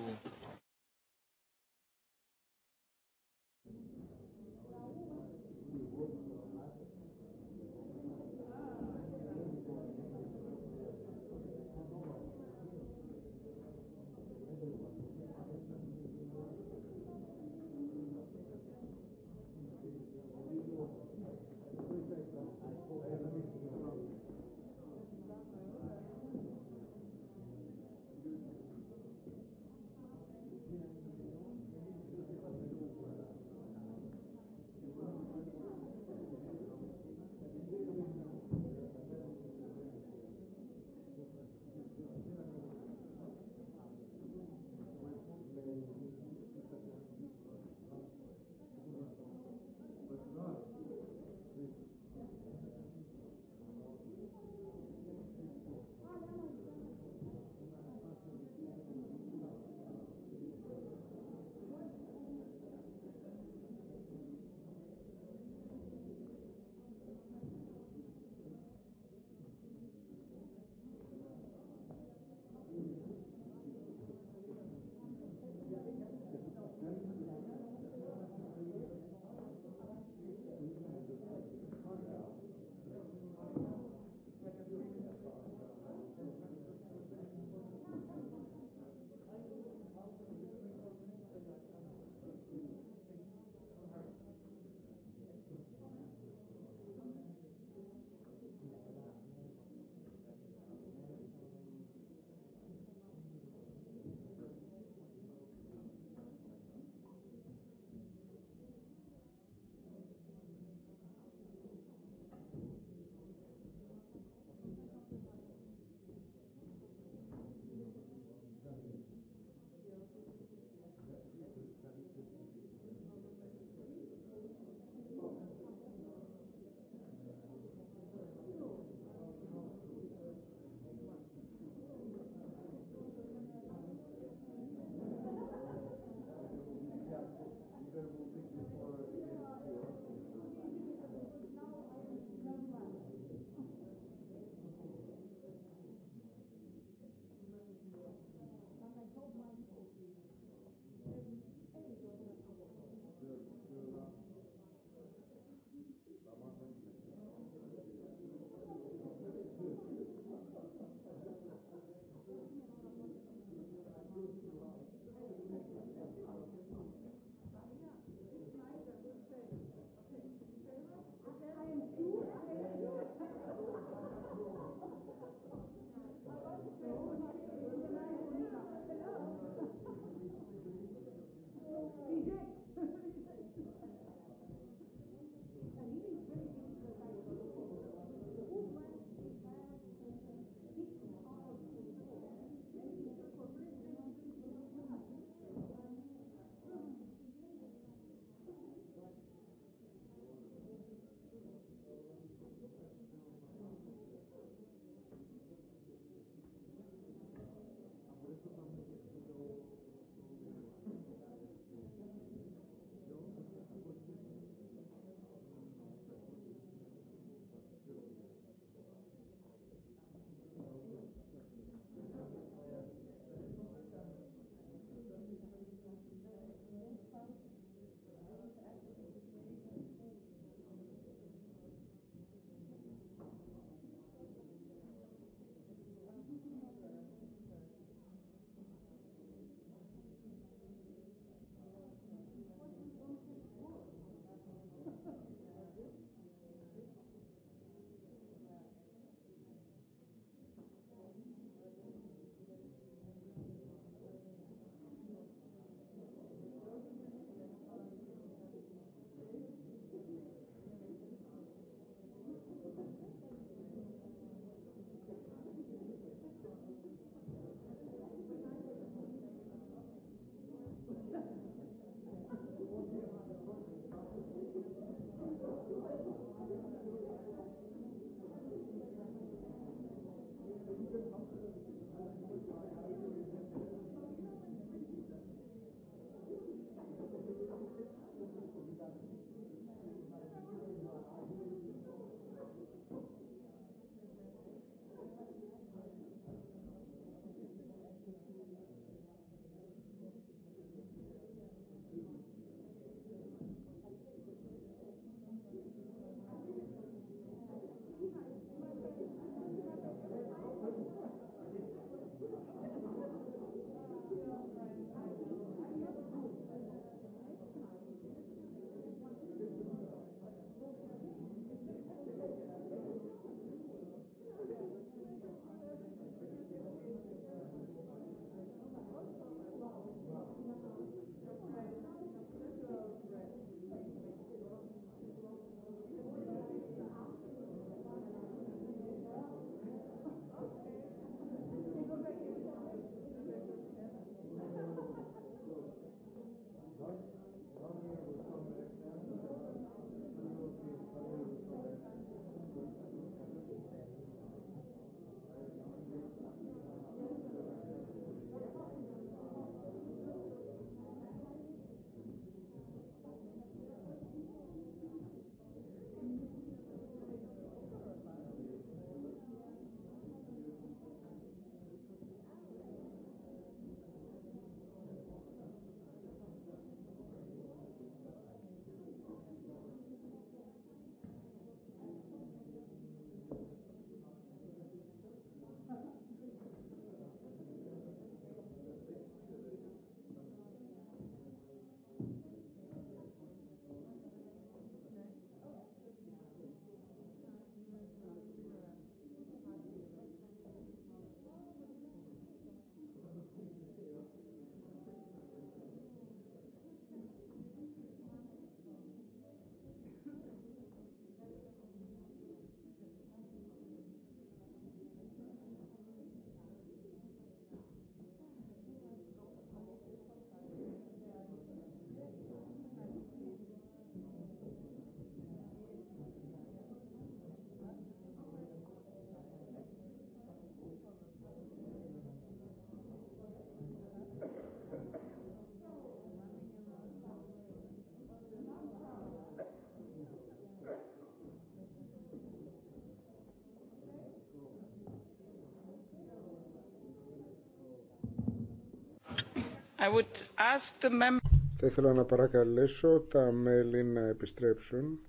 Θα ήθελα να παρακαλέσω τα μέλη να επιστρέψουν.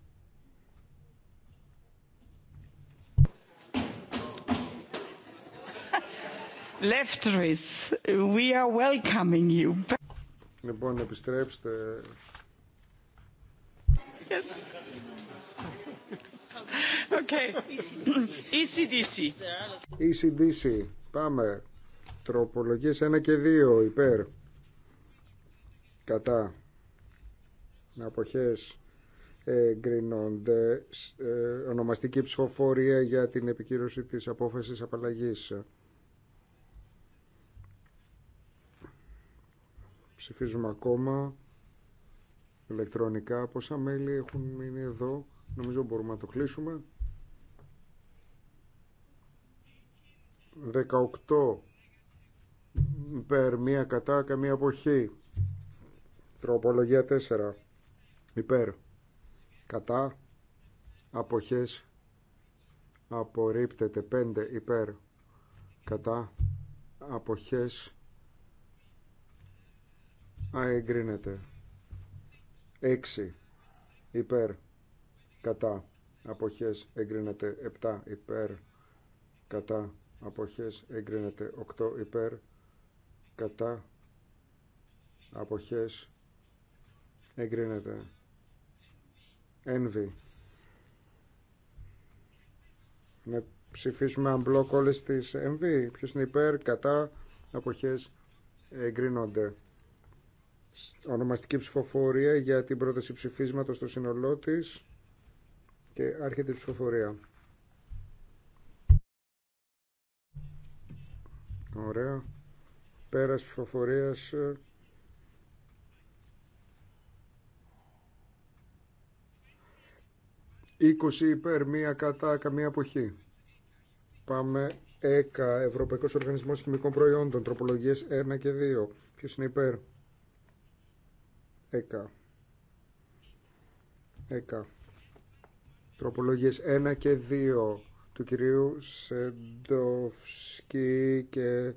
we are welcoming you. Λοιπόν, επιστρέψτε. Yes. Okay. ECDC. ECDC. Πάμε. Τροπολογίες 1 και 2 υπέρ κατά αποχές εγκρινώνται ε, ονομαστική ψηφοφορία για την επικύρωση της απόφασης απαλλαγής. Ψηφίζουμε ακόμα ηλεκτρονικά. Πόσα μέλη έχουν μείνει εδώ. Νομίζω μπορούμε να το κλείσουμε. 18 περμία μία κατά καμία αποχή. Τροπολογία 4. Υπέρ. Κατά. Αποχές. Απορρίπτεται. 5. Υπέρ. Κατά. Αποχές. Αεγκρίνεται. 6. Υπέρ. Κατά. Αποχές. Εγκρίνεται. 7. Υπέρ. Κατά. Αποχές. Εγκρίνεται. 8. Υπέρ. Κατά. Αποχές εγκρίνεται NV να ψηφίσουμε αν μπλοκ όλες τις MV ποιος είναι υπέρ, κατά, αποχές εγκρίνονται ονομαστική ψηφοφορία για την πρόταση ψηφίσματο στο σύνολό τη και άρχεται η ψηφοφορία ωραία πέρας ψηφοφορίας 20 υπέρ, μία κατά, καμία αποχή. Πάμε ΕΚΑ, Ευρωπαϊκός Οργανισμός Χημικών Προϊόντων, τροπολογίες 1 και 2. Ποιος είναι υπέρ? ΕΚΑ. ΕΚΑ. Τροπολογίες 1 και 2 του κυρίου Σεντοφσκή και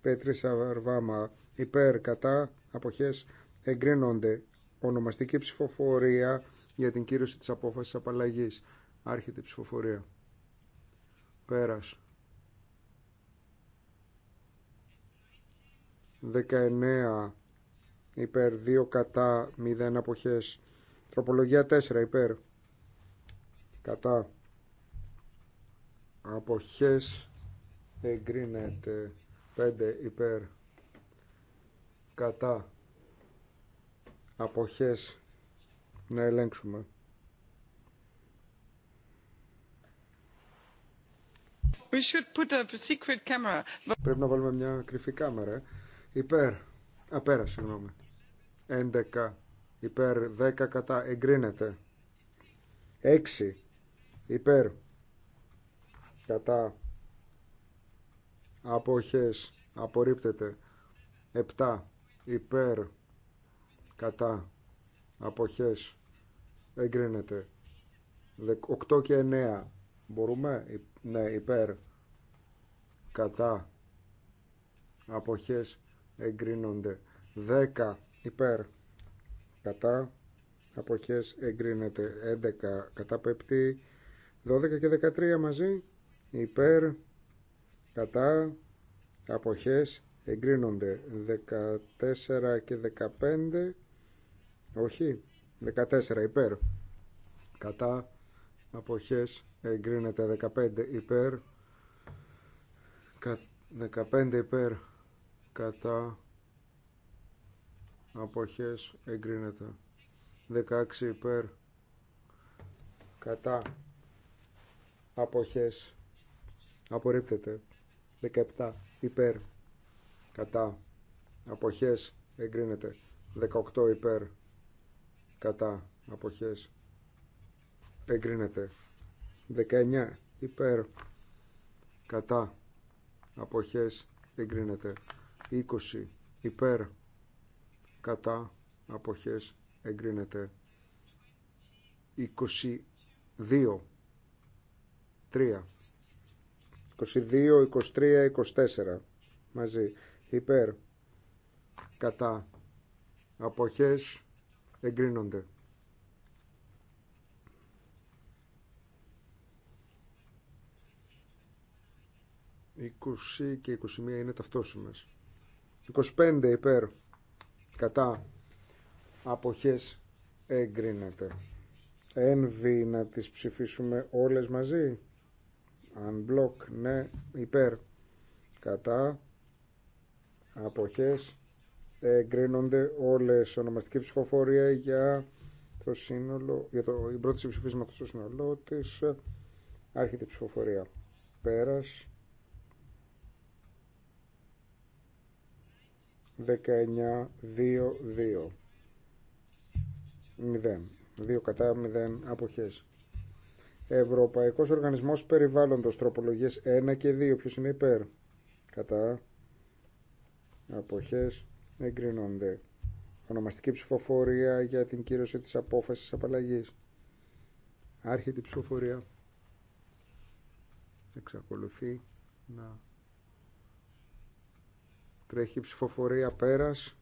Πέτρη Σαβαρβάμα. Υπέρ, κατά, αποχές εγκρίνονται ονομαστική ψηφοφορία για την κύρωση της απόφασης απαλλαγής. Άρχεται η ψηφοφορία. Πέρας. 19 υπέρ, 2 κατά, 0 αποχές. Τροπολογία 4 υπέρ, κατά. Αποχές εγκρίνεται 5 υπέρ, κατά αποχές να ελέγξουμε. Πρέπει να βάλουμε μια κρυφή κάμερα. Ε. Υπέρ. Απέρα, συγγνώμη. 11. Υπέρ 10 κατά. Εγκρίνεται. 6. Υπέρ. Κατά. Αποχές. Απορρίπτεται. 7. Υπέρ κατά αποχές εγκρίνεται 8 και 9 μπορούμε ναι υπέρ κατά αποχές εγκρίνονται 10 υπέρ κατά αποχές εγκρίνεται 11 κατά πεπτή 12 και 13 μαζί υπέρ κατά αποχές εγκρίνονται 14 και 15 όχι. 14 υπέρ. Κατά αποχές εγκρίνεται 15 υπέρ. 15 υπέρ. Κατά αποχές εγκρίνεται 16 υπέρ. Κατά αποχές απορρίπτεται 17 υπέρ. Κατά αποχές εγκρίνεται 18 υπέρ κατά αποχές εγκρίνεται 19 υπέρ κατά αποχές εγκρίνεται 20 υπέρ κατά αποχές εγκρίνεται 22 3 22, 23, 24 μαζί υπέρ κατά αποχές εγκρίνονται. Οι 20 και 21 είναι ταυτόσιμες. 25 υπέρ κατά αποχές εγκρίνεται. Ένβη να τις ψηφίσουμε όλες μαζί. Unblock, ναι, υπέρ. Κατά αποχές εγκρίνονται όλες ονομαστική ψηφοφορία για το σύνολο, για το, πρώτο ψηφίσματος στο σύνολό τη. άρχεται η ψηφοφορία πέρας 19-2-2 0 2 κατά 0 αποχές Ευρωπαϊκός Οργανισμός Περιβάλλοντος τροπολογίες 1 και 2 ποιος είναι υπέρ κατά αποχές εγκρίνονται. Ονομαστική ψηφοφορία για την κύρωση της απόφασης απαλλαγής. Άρχεται η ψηφοφορία. Εξακολουθεί να τρέχει η ψηφοφορία πέρας.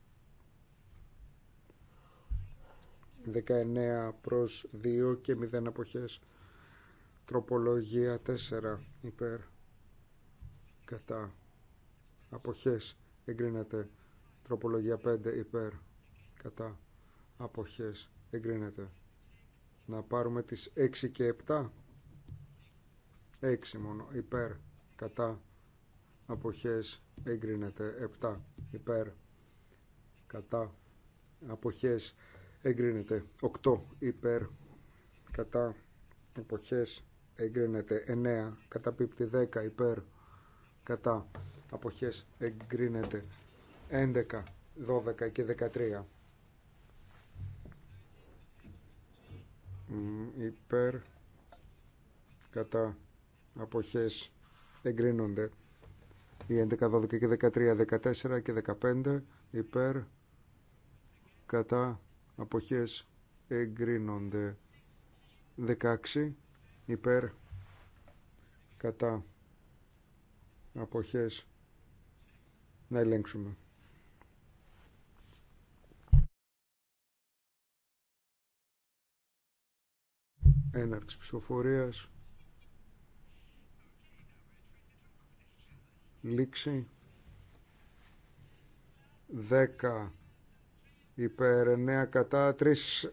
19 προς 2 και 0 αποχές. Τροπολογία 4 υπέρ κατά αποχές εγκρίνεται Τροπολογία 5 υπέρ κατά αποχές εγκρίνεται. Να πάρουμε τις 6 και 7. 6 μόνο υπέρ κατά αποχές εγκρίνεται. 7 υπέρ κατά αποχές εγκρίνεται. 8 υπέρ κατά αποχές εγκρίνεται. 9 καταπίπτει 10 υπέρ κατά αποχές εγκρίνεται. 11, 12 και 13. Υπέρ κατά αποχές εγκρίνονται οι 11, 12 και 13, 14 και 15 υπέρ κατά αποχές εγκρίνονται 16 υπέρ κατά αποχές να ελέγξουμε. έναρξη ψηφοφορίας λήξη 10 υπέρ 9 κατά 3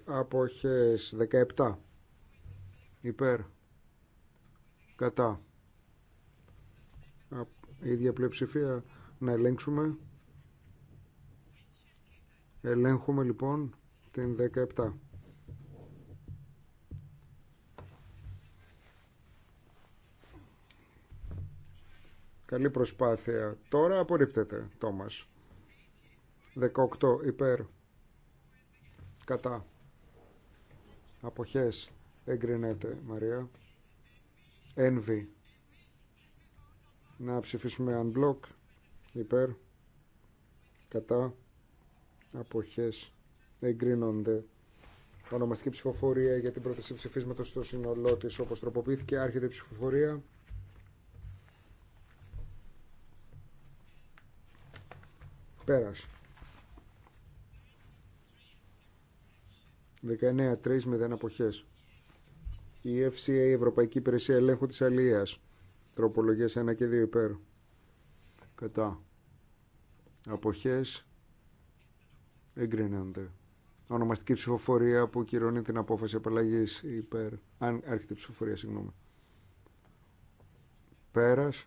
αποχές 17 υπέρ κατά η ίδια πλειοψηφία να ελέγξουμε ελέγχουμε λοιπόν την 17 Καλή προσπάθεια. Τώρα απορρίπτεται, Τόμας. 18 υπέρ. Κατά. Αποχές. Εγκρινέται, Μαρία. ένβι Να ψηφίσουμε unblock. Υπέρ. Κατά. Αποχές. Εγκρίνονται. Ονομαστική ψηφοφορία για την πρόταση ψηφίσματος στο σύνολό της όπως τροποποιήθηκε. Άρχεται η ψηφοφορία. Πέρας. 19-3 με αποχές. Η FCA, η Ευρωπαϊκή Υπηρεσία Ελέγχου της Αλίας. Τροπολογίες 1 και 2 υπέρ. Κατά. Αποχές εγκρίνονται. Ονομαστική ψηφοφορία που κυρώνει την απόφαση απαλλαγή υπέρ. Αν έρχεται ψηφοφορία, συγγνώμη. Πέρας.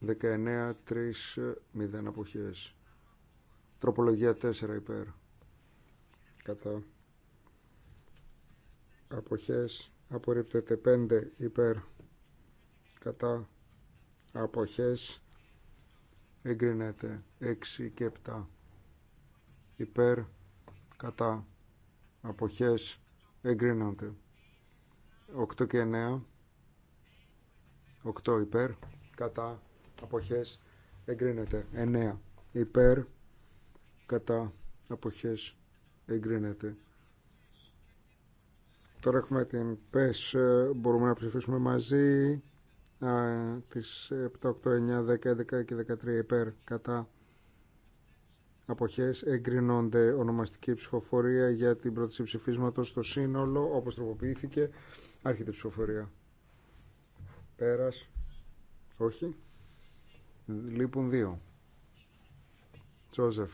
19, 3, 0 αποχές. Τροπολογία 4 υπέρ. Κατά. Αποχές. Απορρίπτεται 5 υπέρ. Κατά. Αποχές. Εγκρινέται 6 και 7. Υπέρ. Κατά. Αποχές. Εγκρίνονται. 8 και 9. 8 υπέρ. Κατά αποχές εγκρίνεται 9 υπέρ κατά αποχές εγκρίνεται τώρα έχουμε την ΠΕΣ ε, μπορούμε να ψηφίσουμε μαζί α, τις 7, 8, 9, 10, 11 και 13 υπέρ κατά αποχές εγκρίνονται ονομαστική ψηφοφορία για την πρόταση ψηφίσματος στο σύνολο όπως τροποποιήθηκε άρχεται ψηφοφορία πέρας όχι Λείπουν δύο. Τζόζεφ.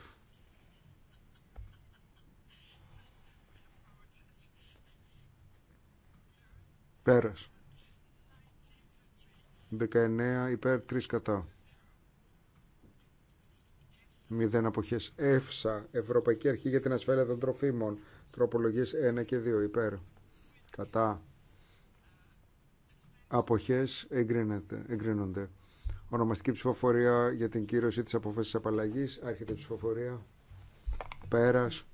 Πέρας. 19 υπέρ 3 κατά. Μηδέν αποχές. Εύσα, Ευρωπαϊκή Αρχή για την Ασφάλεια των Τροφίμων. Τροπολογίες 1 και 2 υπέρ. Κατά. Αποχές εγκρίνονται. Ονομαστική ψηφοφορία για την κύρωση της απόφασης απαλλαγής. Άρχεται η ψηφοφορία. Πέρας.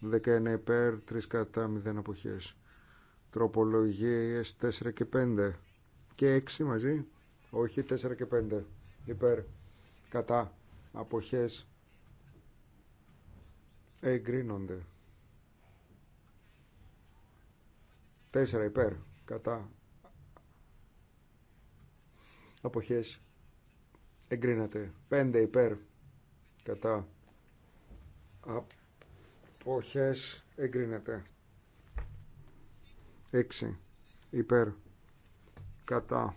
19 υπέρ, 3 κατά, 0 αποχές. Τροπολογίες 4 και 5. Και 6 μαζί. Όχι, 4 και 5. Υπέρ, κατά, αποχές. Εγκρίνονται. 4 υπέρ, κατά, αποχές εγκρίνεται 5 υπέρ κατά αποχές εγκρίνεται 6 υπέρ κατά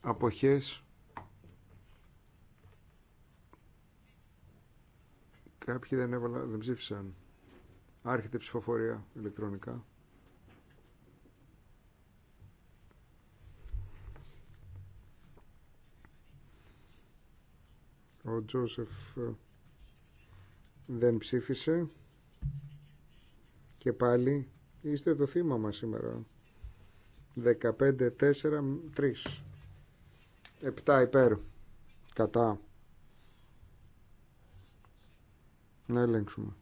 αποχές κάποιοι δεν, έβαλα, δεν ψήφισαν άρχεται ψηφοφορία ηλεκτρονικά Ο Τζόσεφ ε, δεν ψήφισε και πάλι είστε το θύμα μας σήμερα. 15-4-3. 7 υπέρ. Κατά. Να ελέγξουμε.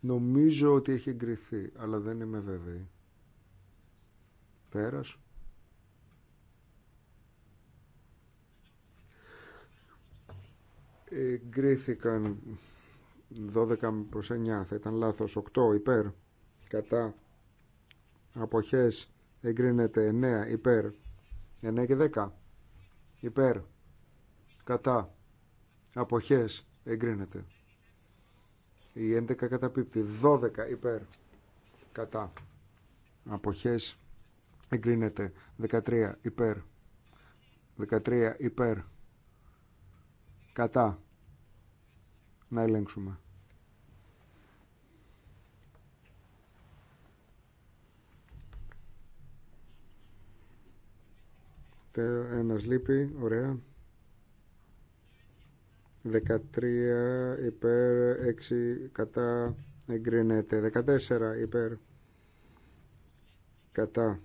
Νομίζω ότι έχει εγκριθεί, αλλά δεν είμαι βέβαιη. Πέρας. εγκρίθηκαν 12 προς 9 θα ήταν λάθος 8 υπέρ κατά αποχές εγκρίνεται 9 υπέρ 9 και 10 υπέρ κατά αποχές εγκρίνεται η 11 καταπίπτει 12 υπέρ κατά αποχές εγκρίνεται 13 υπέρ 13 υπέρ Κατά. Να ελέγξουμε. Ένας λείπει. Ωραία. 13 υπέρ, 6 κατά εγκρίνεται. 14 υπέρ, κατά.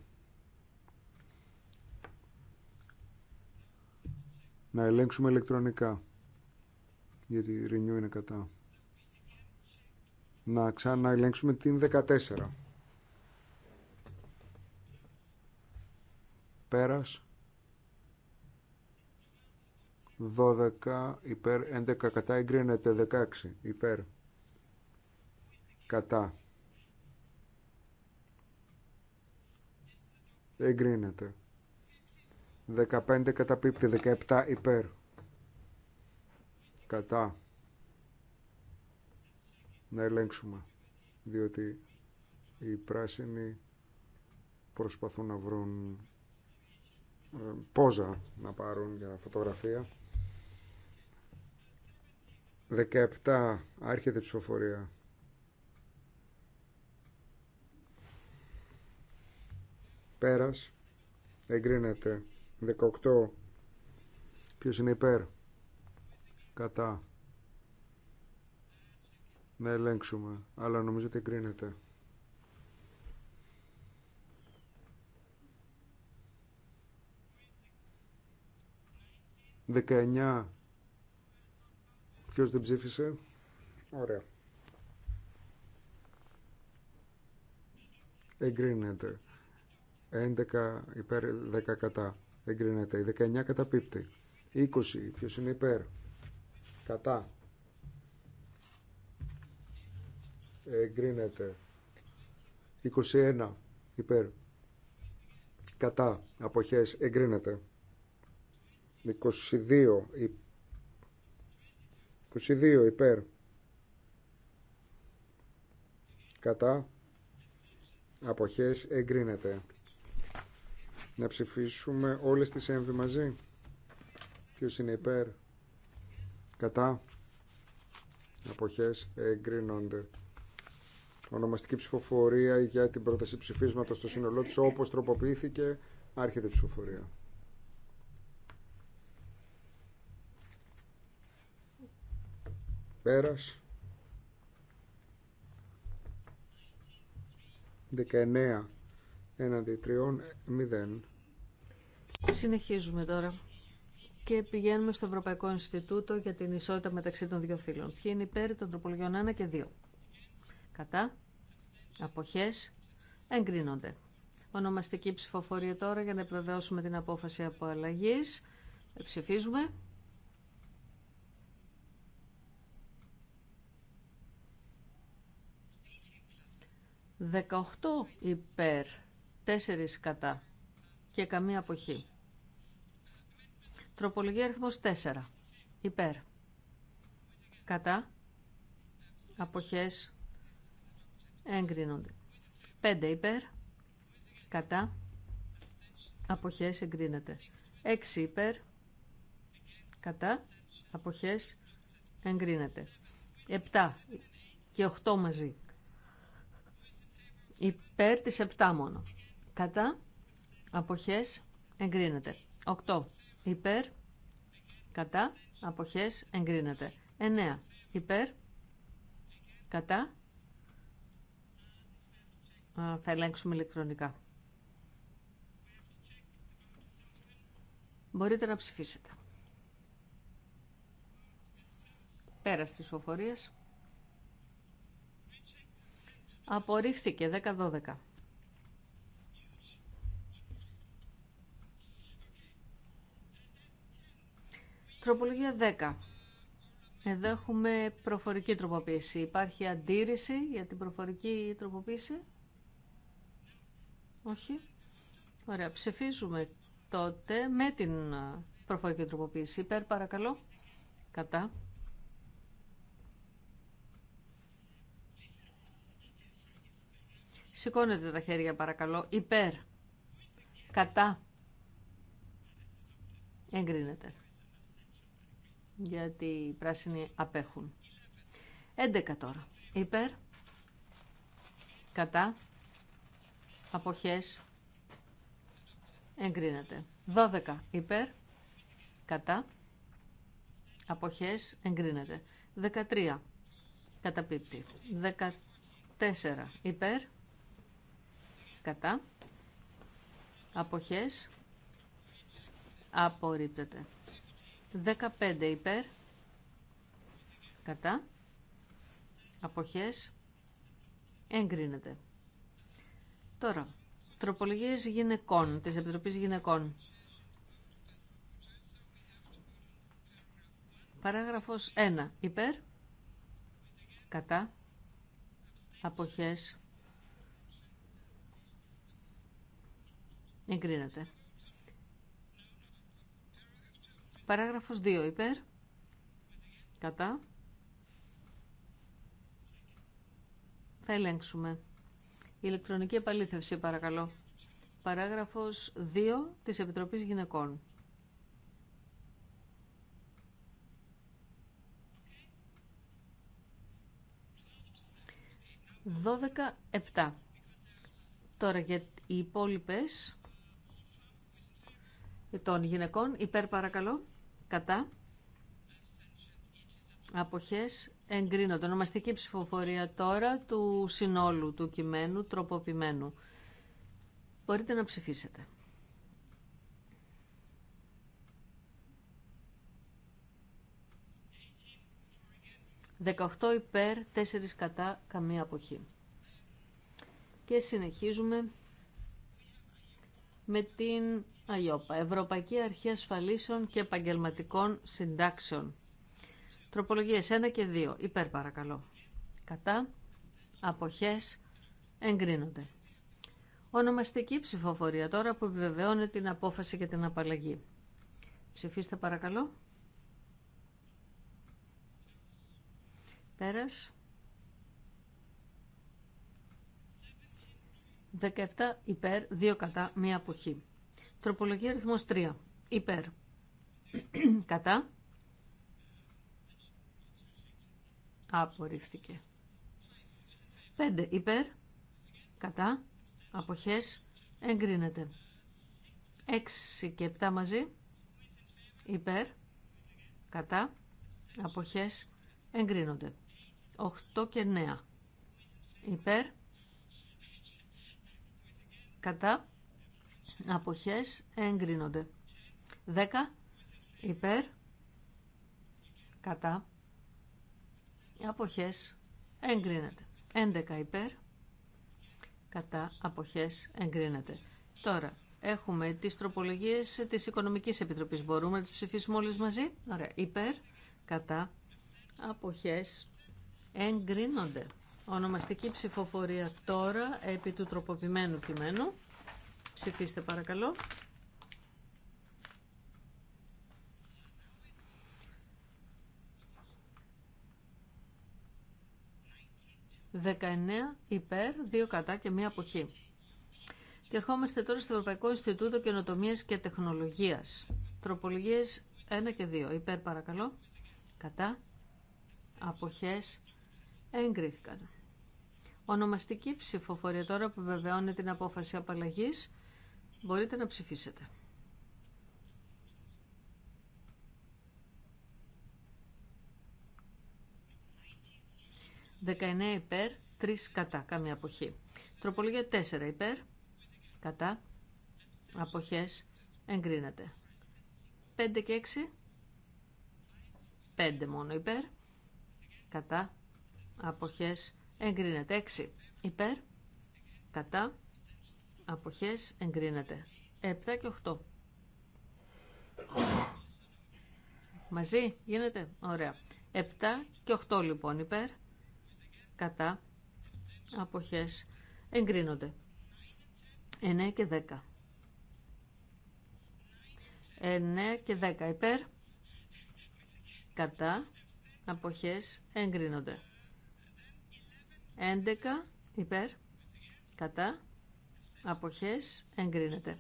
Να ελέγξουμε ηλεκτρονικά γιατί Renew είναι κατά. Να ξαναελέγξουμε την 14. Πέρας. 12 υπέρ, 11 κατά, εγκρίνεται 16 υπέρ, κατά. Εγκρίνεται. 15 πίπτη. 17 υπέρ κατά να ελέγξουμε διότι οι πράσινοι προσπαθούν να βρουν ε, πόζα να πάρουν για φωτογραφία 17 άρχεται η ψηφοφορία πέρας εγκρίνεται 18 ποιος είναι υπέρ Κατά. Να ελέγξουμε. Αλλά νομίζω ότι εγκρίνεται. 19. Ποιος δεν ψήφισε. Ωραία. Εγκρίνεται. 11 υπέρ 10 κατά. Εγκρίνεται. 19 κατά καταπίπτει. 20. Ποιος είναι υπέρ κατά εγκρίνεται 21 υπέρ κατά αποχές εγκρίνεται 22 22 υπέρ κατά αποχές εγκρίνεται να ψηφίσουμε όλες τις έμβοι μαζί ποιος είναι υπέρ κατά αποχές εγκρίνονται. Ονομαστική ψηφοφορία για την πρόταση ψηφίσματος στο σύνολό τη. Όπω τροποποιήθηκε άρχεται η ψηφοφορία. Πέρας. 19 έναντι 3 0. Συνεχίζουμε τώρα και πηγαίνουμε στο Ευρωπαϊκό Ινστιτούτο για την ισότητα μεταξύ των δύο φύλων. Ποιοι είναι υπέρ των τροπολογιών 1 και 2. Κατά. Αποχές. Εγκρίνονται. Ονομαστική ψηφοφορία τώρα για να επιβεβαιώσουμε την απόφαση από αλλαγή. Ψηφίζουμε. «18 υπέρ, 4 κατά και καμία αποχή». Τροπολογία αριθμός 4. Υπέρ. Κατά. Αποχές. Εγκρίνονται. 5 υπέρ. Κατά. Αποχές εγκρίνεται. 6 υπέρ. Κατά. Αποχές εγκρίνεται. 7 και 8 μαζί. Υπέρ τη 7 μόνο. Κατά. Αποχές εγκρίνεται. 8 υπέρ, κατά, αποχές, εγκρίνεται. 9. Υπέρ, κατά, Α, θα ελέγξουμε ηλεκτρονικά. Μπορείτε να ψηφίσετε. Πέρα στις φοφορίες. Απορρίφθηκε 10-12. Τροπολογία 10. Εδώ έχουμε προφορική τροποποίηση. Υπάρχει αντίρρηση για την προφορική τροποποίηση. Όχι. Ωραία. Ψηφίζουμε τότε με την προφορική τροποποίηση. Υπέρ παρακαλώ. Κατά. Σηκώνετε τα χέρια παρακαλώ. Υπέρ. Κατά. Εγκρίνεται γιατί οι πράσινοι απέχουν. 11 τώρα. Υπέρ, κατά, αποχές, εγκρίνεται. 12 υπέρ, κατά, αποχές, εγκρίνεται. 13 καταπίπτει. 14 υπέρ, κατά, αποχές, απορρίπτεται. 15 υπέρ, κατά, αποχές, εγκρίνεται. Τώρα, τροπολογίες γυναικών, της Επιτροπής Γυναικών. Παράγραφος 1. Υπέρ, κατά, αποχές, εγκρίνεται. Παράγραφος 2 υπέρ. Κατά. Θα ελέγξουμε. Ηλεκτρονική επαλήθευση παρακαλώ. Παράγραφος 2 της Επιτροπής Γυναικών. Δώδεκα επτά. Τώρα για οι υπόλοιπε των γυναικών, υπέρ παρακαλώ κατά αποχές εγκρίνονται. Ονομαστική ψηφοφορία τώρα του συνόλου του κειμένου τροποποιημένου. Μπορείτε να ψηφίσετε. 18 υπέρ, 4 κατά, καμία αποχή. Και συνεχίζουμε με την ΑΙΟΠΑ, Ευρωπαϊκή Αρχή Ασφαλίσεων και Επαγγελματικών Συντάξεων. Τροπολογίες 1 και 2. Υπέρ παρακαλώ. Κατά. Αποχές. Εγκρίνονται. Ονομαστική ψηφοφορία τώρα που επιβεβαιώνει την απόφαση για την απαλλαγή. Ψηφίστε παρακαλώ. Πέρας. 17 υπέρ, 2 κατά, μία αποχή. Τροπολογία αριθμός 3. Υπέρ. κατά. Απορρίφθηκε. 5 υπέρ. Κατά. Αποχές. Εγκρίνεται. 6 και 7 μαζί. Υπέρ. Κατά. Αποχές. Εγκρίνονται. 8 και 9. Υπέρ κατά, αποχές εγκρίνονται. 10 υπέρ, κατά, αποχές εγκρίνεται. 11 υπέρ, κατά, αποχές εγκρίνεται. Τώρα, έχουμε τις τροπολογίες της Οικονομικής Επιτροπής. Μπορούμε να τις ψηφίσουμε όλες μαζί. Ωραία, υπέρ, κατά, αποχές εγκρίνονται. Ονομαστική ψηφοφορία τώρα επί του τροποποιημένου κειμένου. Ψηφίστε παρακαλώ. Δεκαεννέα υπέρ, δύο κατά και μία αποχή. Και ερχόμαστε τώρα στο Ευρωπαϊκό Ινστιτούτο Καινοτομίας και Τεχνολογίας. Τροπολογίες 1 και 2. Υπέρ παρακαλώ. Κατά. Αποχές. Εγκρίθηκαν. Ονομαστική ψηφοφορία τώρα που βεβαιώνει την απόφαση απαλλαγής. Μπορείτε να ψηφίσετε. «19 υπέρ, 3 κατά, καμία αποχή». Τροπολογία 4 υπέρ, κατά, αποχές, εγκρίνατε. 5 και 6, 5 μόνο υπέρ, κατά, αποχές, εγκρίνεται. 6 υπέρ, κατά, αποχές, εγκρίνεται. 7 και 8. Μαζί γίνεται, ωραία. 7 και 8 λοιπόν υπέρ, κατά, αποχές, εγκρίνονται. 9 και 10. 9 και 10 υπέρ, κατά, αποχές, εγκρίνονται. 11 υπέρ, κατά, αποχές, εγκρίνεται.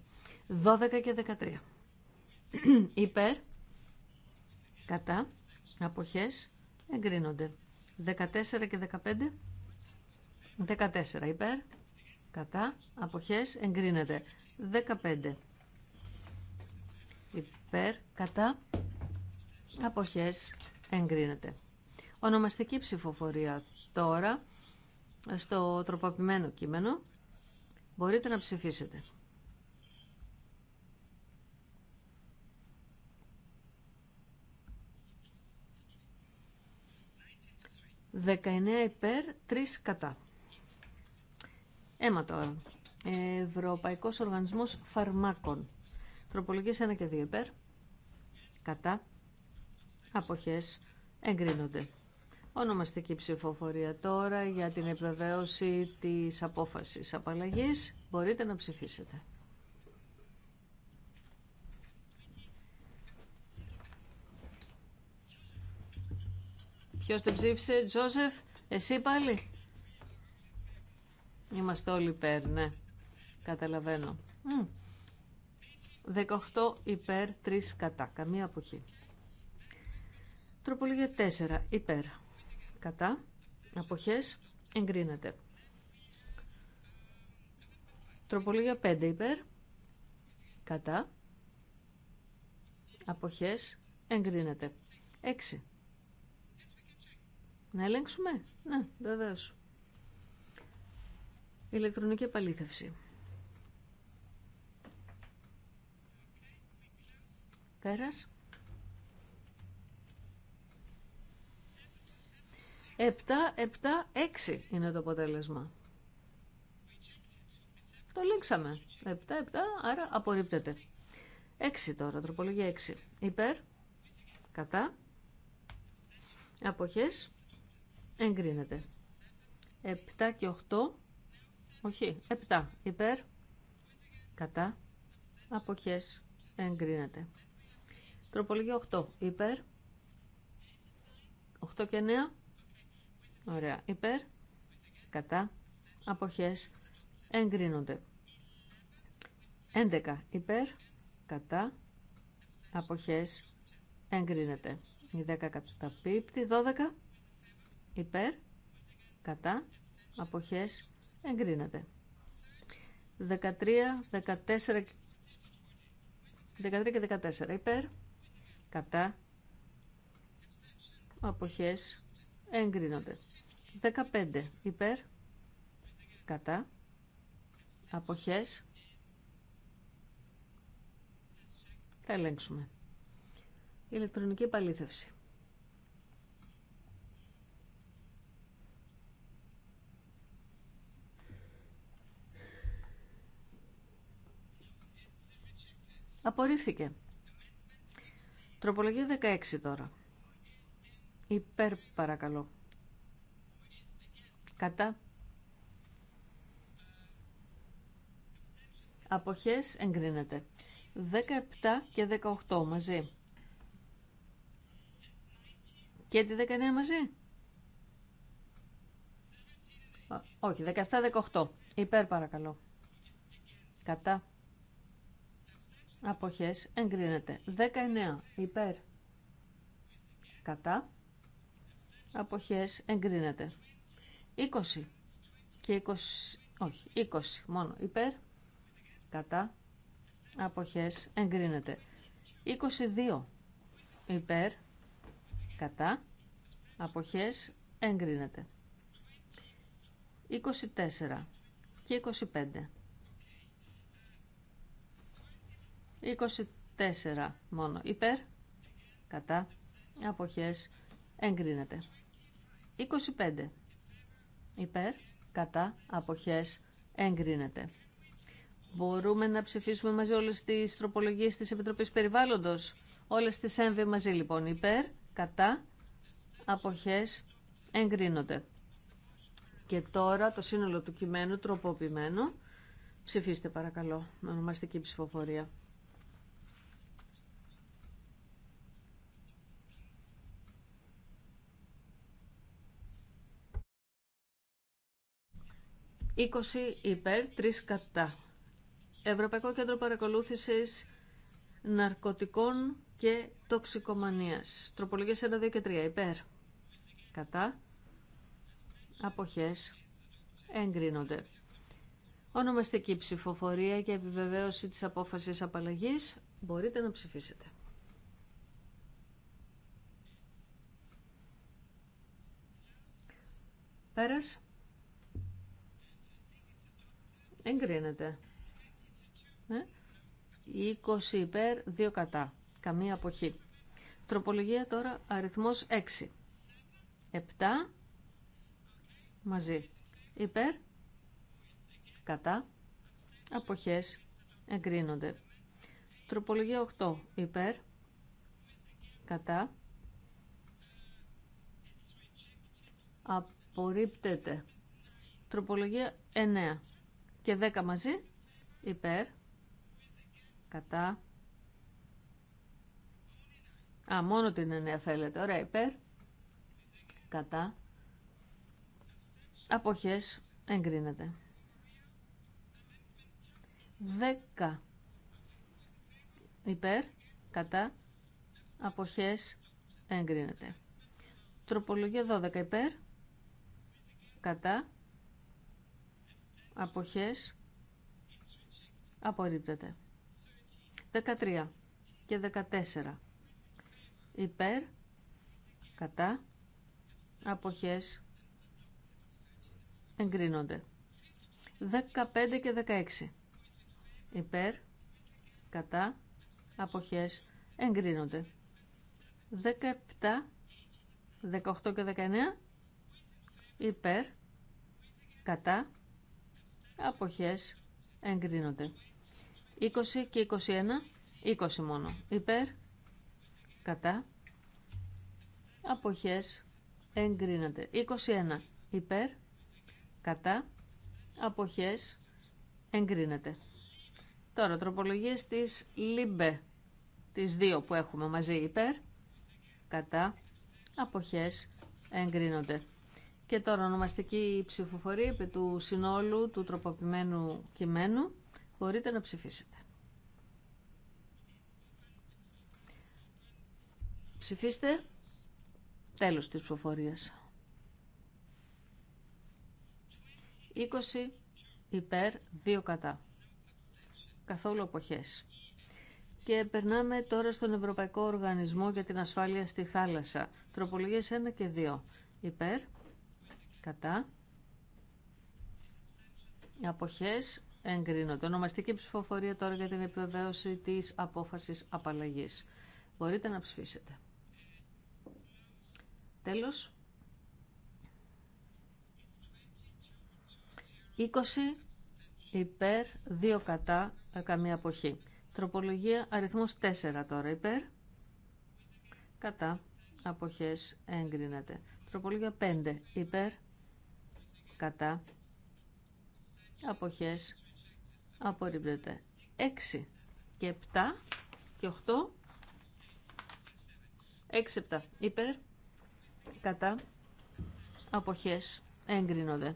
12 και 13 υπέρ, κατά, αποχές, εγκρίνονται. 14 και 15, 14 υπέρ, κατά, αποχές, εγκρίνεται. 15 υπέρ, κατά, αποχές, εγκρίνεται. Ονομαστική ψηφοφορία τώρα στο τροποποιημένο κείμενο μπορείτε να ψηφίσετε. 19 υπέρ, 3 κατά. Έμα τώρα. Ευρωπαϊκός Οργανισμός Φαρμάκων. Τροπολογίες 1 και 2 υπέρ. Κατά. Αποχές εγκρίνονται. Ονομαστική ψηφοφορία τώρα για την επιβεβαίωση της απόφασης απαλλαγής. Μπορείτε να ψηφίσετε. Ποιος το ψήφισε, Τζόσεφ, εσύ πάλι. Είμαστε όλοι υπέρ, ναι. Καταλαβαίνω. 18 υπέρ, 3 κατά. Καμία αποχή. Τροπολογία 4 υπέρ κατά, αποχές, εγκρίνεται. Τροπολογία 5 υπέρ, κατά, αποχές, εγκρίνεται. 6. Να ελέγξουμε. Ναι, βεβαίω. Ηλεκτρονική επαλήθευση. Πέρας. 7-7-6 είναι το αποτέλεσμα. Το λήξαμε. 7-7, άρα απορρίπτεται. 6 τώρα, τροπολογία 6. Υπέρ, κατά, αποχές, εγκρίνεται. 7 και 8, όχι, 7. Υπέρ, κατά, αποχές, εγκρίνεται. Τροπολογία 8. Υπέρ, 8 και 9 Ωραία. Υπέρ, κατά, αποχές, εγκρίνονται. 11. Υπέρ, κατά, αποχές, εγκρίνεται. Η 10 καταπίπτει. 12. Υπέρ, κατά, αποχές, εγκρίνεται. 13, 14, 13 και 14 υπέρ, κατά, αποχές, εγκρίνονται. 15 υπέρ, κατά, αποχές, θα ελέγξουμε. Ηλεκτρονική επαλήθευση. Απορρίφθηκε. Τροπολογία 16 τώρα. Υπέρ παρακαλώ κατά αποχές εγκρίνεται 17 και 18 μαζί και τη 19 μαζί όχι 17-18 υπέρ παρακαλώ κατά αποχές εγκρίνεται 19 υπέρ κατά αποχές εγκρίνεται 20 και 20, όχι, 20 μόνο υπέρ, κατά, αποχές, εγκρίνεται. 22 υπέρ, κατά, αποχές, εγκρίνεται. 24 και 25. 24 μόνο υπέρ, κατά, αποχές, εγκρίνεται. 25 υπέρ, κατά, αποχές, εγκρίνεται. Μπορούμε να ψηφίσουμε μαζί όλες τις τροπολογίες της Επιτροπής Περιβάλλοντος. Όλες τις έμβε μαζί λοιπόν, υπέρ, κατά, αποχές, εγκρίνονται. Και τώρα το σύνολο του κειμένου τροποποιημένο. Ψηφίστε παρακαλώ με ονομαστική ψηφοφορία. 20 υπέρ, 3 κατά. Ευρωπαϊκό Κέντρο Παρακολούθησης Ναρκωτικών και Τοξικομανίας. Τροπολογίες 1, 2 και 3 υπέρ. Κατά. Αποχές. Εγκρίνονται. Ονομαστική ψηφοφορία και επιβεβαίωση της απόφασης απαλλαγής. Μπορείτε να ψηφίσετε. Πέρας. Εγκρίνεται. 20 ε, υπέρ, 2 κατά. Καμία αποχή. Τροπολογία τώρα αριθμός 6. 7 μαζί. Υπέρ, κατά, αποχές, εγκρίνονται. Τροπολογία 8. Υπέρ, κατά, απορρίπτεται. Τροπολογία 9 και 10 μαζί υπέρ κατά Α, μόνο την 9 θέλετε. Ωραία, υπέρ. Κατά. Αποχές εγκρίνεται. 10 υπέρ. Κατά. Αποχές εγκρίνεται. Τροπολογία 12 υπέρ. Κατά αποχές απορρίπτεται. 13 και 14 υπέρ, κατά, αποχές εγκρίνονται. 15 και 16 υπέρ, κατά, αποχές εγκρίνονται. 17, 18 και 19 υπέρ, κατά, αποχές εγκρίνονται. 20 και 21, 20 μόνο. Υπέρ, κατά, αποχές εγκρίνονται. 21 υπέρ, κατά, αποχές εγκρίνεται. Τώρα τροπολογίες της ΛΥΜΠΕ, τις δύο που έχουμε μαζί υπέρ, κατά, αποχές εγκρίνονται. Και τώρα ονομαστική ψηφοφορία επί του συνόλου του τροποποιημένου κειμένου. Μπορείτε να ψηφίσετε. Ψηφίστε. Τέλος της ψηφοφορίας. 20 υπέρ, 2 κατά. Καθόλου αποχές. Και περνάμε τώρα στον Ευρωπαϊκό Οργανισμό για την Ασφάλεια στη Θάλασσα. Τροπολογίες 1 και 2. Υπέρ κατά αποχές εγκρίνονται. Ονομαστική ψηφοφορία τώρα για την επιβεβαίωση της απόφασης απαλλαγής. Μπορείτε να ψηφίσετε. Τέλος. 20 υπέρ, 2 κατά, ε, καμία αποχή. Τροπολογία αριθμός 4 τώρα υπέρ, κατά, αποχές εγκρίνεται. Τροπολογία 5 υπέρ, κατά αποχές απορρίπτεται 6 και 7 και 8 6-7 υπέρ κατά αποχές εγκρίνονται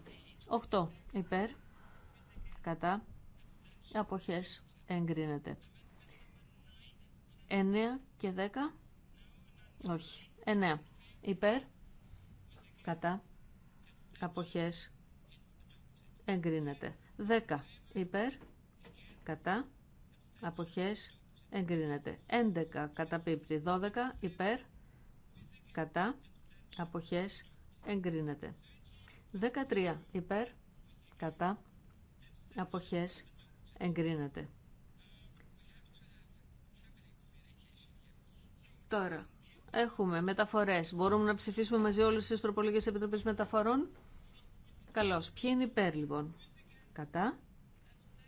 8 υπέρ κατά αποχές εγκρίνεται 9 και 10 όχι 9 υπέρ κατά αποχές εγκρίνεται. 10 υπέρ, κατά, αποχές εγκρίνεται. 11 πίπτη, 12 υπέρ, κατά, αποχές εγκρίνεται. 13 υπέρ, κατά, αποχές εγκρίνεται. Τώρα, έχουμε μεταφορές. Μπορούμε να ψηφίσουμε μαζί όλες τις τροπολογικές επιτροπές μεταφορών. Καλώς. Ποιοι είναι υπέρ λοιπόν. Κατά.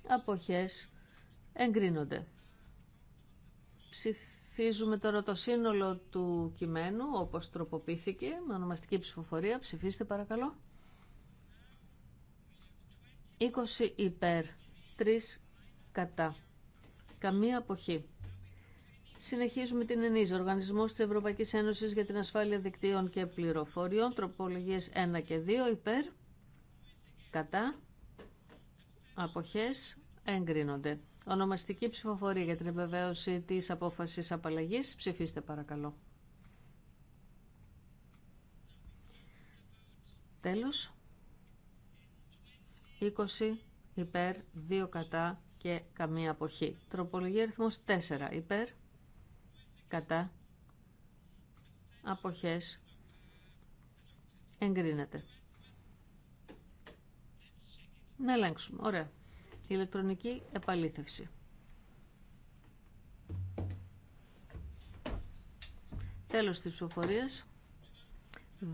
Αποχές εγκρίνονται. Ψηφίζουμε τώρα το σύνολο του κειμένου όπως τροποποιήθηκε με ονομαστική ψηφοφορία. Ψηφίστε παρακαλώ. 20 υπέρ, 3 κατά. Καμία αποχή. Συνεχίζουμε την ενίζα. Οργανισμό τη Ευρωπαϊκή Ένωση για την Ασφάλεια Δικτύων και Πληροφοριών, τροπολογίε 1 και 2 υπέρ κατά, αποχές, εγκρίνονται. Ονομαστική ψηφοφορία για την επιβεβαίωση της απόφασης απαλλαγής. Ψηφίστε παρακαλώ. Τέλος. 20 υπέρ, 2 κατά και καμία αποχή. Τροπολογία αριθμός 4 υπέρ, κατά, αποχές, εγκρίνεται. Να ελέγξουμε. Ωραία. Ηλεκτρονική επαλήθευση. Τέλος της ψηφοφορίας.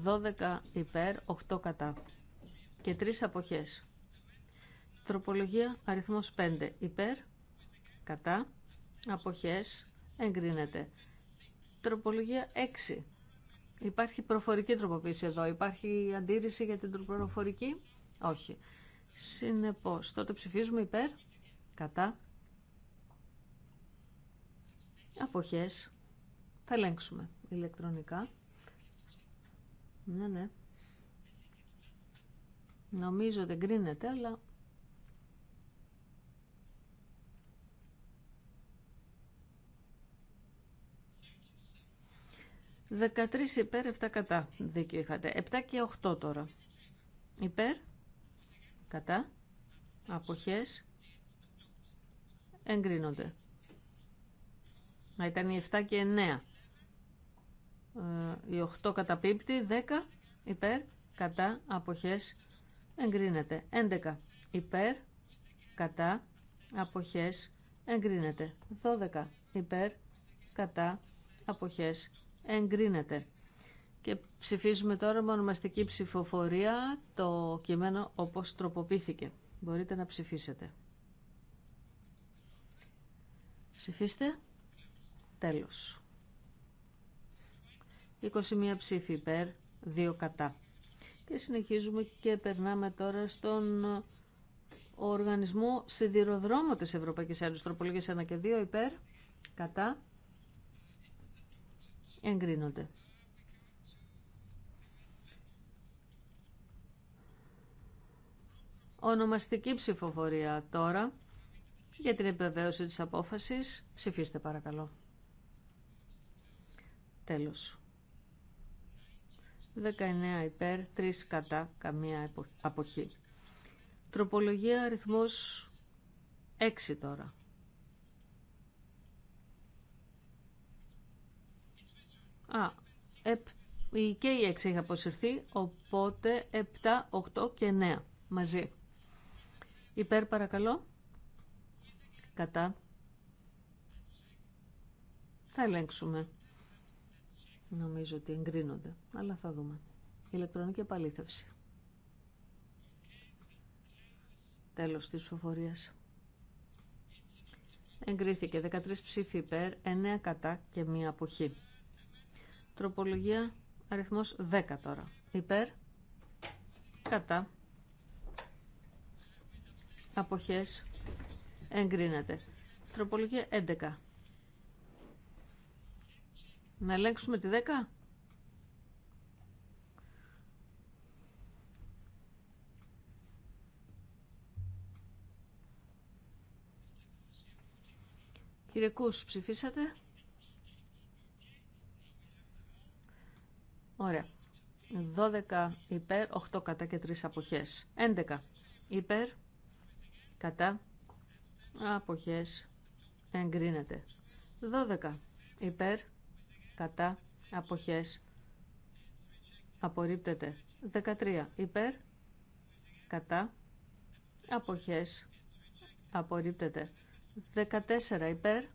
12 υπέρ, 8 κατά και 3 αποχές. Τροπολογία αριθμός 5 υπέρ, κατά, αποχές, εγκρίνεται. Τροπολογία 6. Υπάρχει προφορική τροποποίηση εδώ. Υπάρχει αντίρρηση για την προφορική. Όχι. Συνεπώς, τότε ψηφίζουμε υπέρ, κατά, αποχές. Θα ελέγξουμε ηλεκτρονικά. Ναι, ναι. Νομίζω ότι εγκρίνεται, αλλά... 13 υπέρ, 7 κατά. Δίκιο είχατε. 7 και 8 τώρα. Υπέρ κατά, αποχές, εγκρίνονται. Να ήταν οι 7 και 9. Ε, οι 8 καταπίπτει, 10 υπέρ, κατά, αποχές, εγκρίνεται. 11 υπέρ, κατά, αποχές, εγκρίνεται. 12 υπέρ, κατά, αποχές, εγκρίνεται. Και ψηφίζουμε τώρα με ονομαστική ψηφοφορία το κείμενο όπως τροποποιήθηκε. Μπορείτε να ψηφίσετε. Ψηφίστε. Τέλος. 21 ψήφοι υπέρ, 2 κατά. Και συνεχίζουμε και περνάμε τώρα στον Οργανισμό Σιδηροδρόμου της Ευρωπαϊκής Ένωσης. Τροπολογίες 1 και 2 υπέρ, κατά. Εγκρίνονται. Ονομαστική ψηφοφορία τώρα για την επιβεβαίωση της απόφασης. Ψηφίστε παρακαλώ. Τέλος. 19 υπέρ, 3 κατά, καμία αποχή. Τροπολογία αριθμός 6 τώρα. Α, και η 6 έχει αποσυρθεί, οπότε 7, 8 και 9 μαζί. Υπέρ παρακαλώ. Κατά. Θα ελέγξουμε. Νομίζω ότι εγκρίνονται, αλλά θα δούμε. Ηλεκτρονική επαλήθευση. Τέλος της ψηφοφορίας. Εγκρίθηκε 13 ψήφοι υπέρ, 9 κατά και μία αποχή. Τροπολογία αριθμός 10 τώρα. Υπέρ, κατά, αποχές εγκρίνεται. Τροπολογία 11. Να ελέγξουμε τη 10. Κύριε Κούς, ψηφίσατε. Ωραία. 12 υπέρ, 8 κατά και 3 αποχές. 11 υπέρ, κατά αποχές εγκρίνεται. 12 υπέρ κατά αποχές απορρίπτεται. 13 υπέρ κατά αποχές απορρίπτεται. 14 υπέρ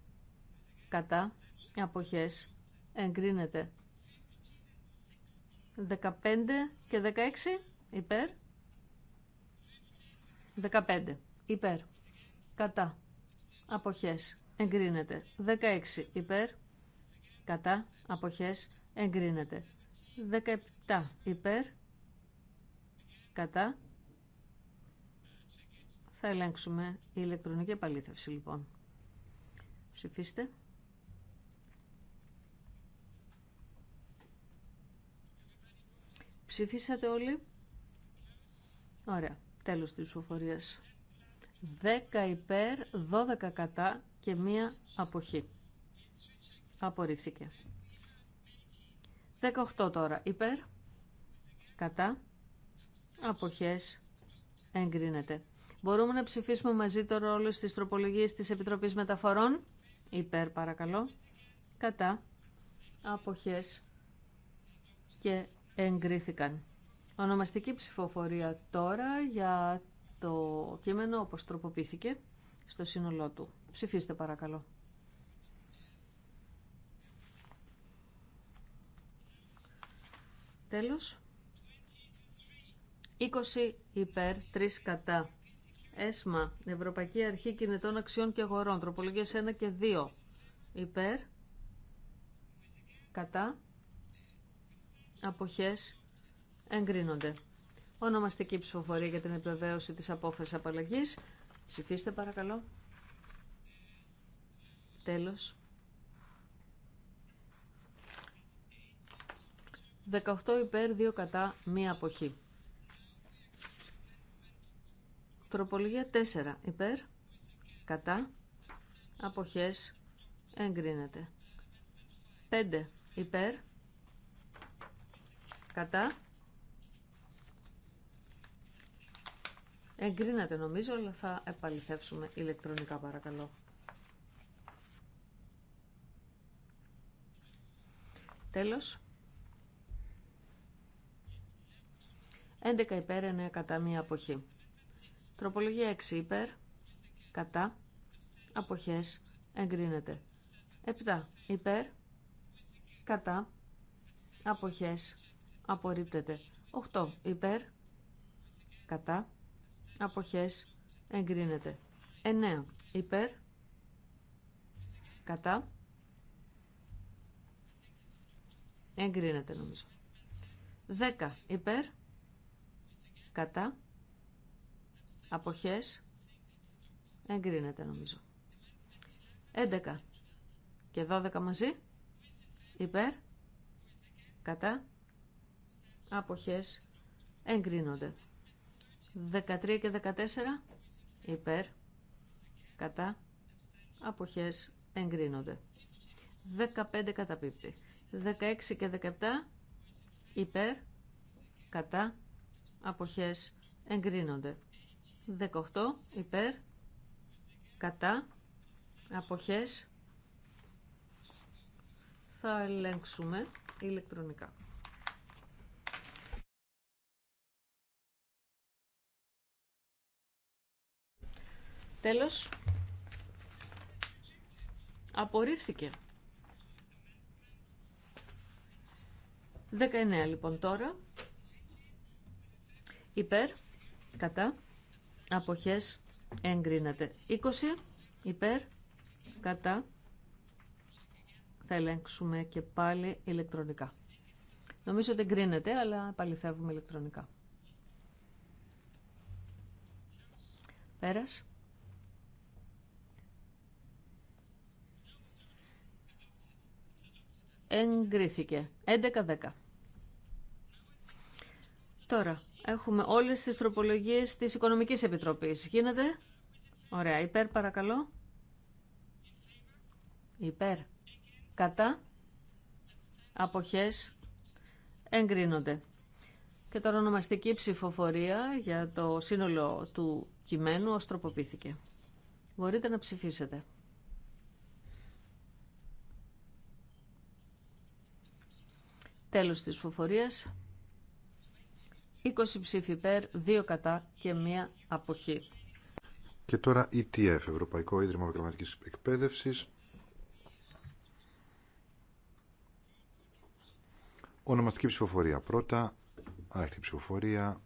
κατά αποχές εγκρίνεται. 15 και 16 υπέρ 15 υπέρ, κατά, αποχές, εγκρίνεται. 16 υπέρ, κατά, αποχές, εγκρίνεται. 17 υπέρ, κατά. Θα ελέγξουμε η ηλεκτρονική επαλήθευση λοιπόν. Ψηφίστε. Ψηφίσατε όλοι. Ωραία. Τέλος της ψηφοφορίας. 10 υπέρ, 12 κατά και μία αποχή. Απορρίφθηκε. 18 τώρα υπέρ, κατά, αποχές, εγκρίνεται. Μπορούμε να ψηφίσουμε μαζί το όλες τις τροπολογίες της Επιτροπής Μεταφορών. Υπέρ παρακαλώ. Κατά. Αποχές. Και εγκρίθηκαν. Ονομαστική ψηφοφορία τώρα για το κείμενο όπως τροποποιήθηκε στο σύνολό του. Ψηφίστε παρακαλώ. Τέλος. 20 υπέρ, 3 κατά. ΕΣΜΑ, Ευρωπαϊκή Αρχή Κινητών Αξιών και Αγορών, τροπολογίες 1 και 2. Υπέρ, κατά, αποχές, εγκρίνονται. Ονομαστική ψηφοφορία για την επιβεβαίωση της απόφασης απαλλαγής. Ψηφίστε παρακαλώ. Τέλος. 18 υπέρ, 2 κατά, 1 αποχή. Τροπολογία 4 υπέρ, κατά, αποχές, εγκρίνεται. 5 υπέρ, κατά, Εγκρίνατε νομίζω, αλλά θα επαληθεύσουμε ηλεκτρονικά παρακαλώ. Τέλος. 11 υπέρ, 9 κατά μία αποχή. Τροπολογία 6 υπέρ, κατά, αποχές, εγκρίνεται. 7 υπέρ, κατά, αποχές, απορρίπτεται. 8 υπέρ, κατά, αποχές εγκρίνεται. 9 υπέρ, κατά, εγκρίνεται νομίζω. 10 υπέρ, κατά, αποχές, εγκρίνεται νομίζω. 11 και 12 μαζί, υπέρ, κατά, αποχές, εγκρίνονται. 13 και 14 υπέρ, κατά, αποχές εγκρίνονται. 15 καταπίπτει. 16 και 17 υπέρ, κατά, αποχές εγκρίνονται. 18 υπέρ, κατά, αποχές θα ελέγξουμε ηλεκτρονικά. Τέλος, απορρίφθηκε. 19 λοιπόν τώρα. Υπέρ, κατά, αποχές, εγκρίνεται. 20, υπέρ, κατά, θα ελέγξουμε και πάλι ηλεκτρονικά. Νομίζω ότι εγκρίνεται, αλλά παληθεύουμε ηλεκτρονικά. Πέρας. εγκρίθηκε. 11-10. Τώρα, έχουμε όλες τις τροπολογίες της Οικονομικής Επιτροπής. Γίνεται. Ωραία. Υπέρ, παρακαλώ. Υπέρ. Κατά. Αποχές. Εγκρίνονται. Και τώρα ονομαστική ψηφοφορία για το σύνολο του κειμένου ως τροποποιήθηκε. Μπορείτε να ψηφίσετε. Τέλος της ψηφοφορία 20 ψήφοι υπέρ, 2 κατά και 1 αποχή. Και τώρα ETF, Ευρωπαϊκό Ίδρυμα Επαγγελματικής Εκπαίδευσης. Ονομαστική ψηφοφορία πρώτα, άρχιτη ψηφοφορία,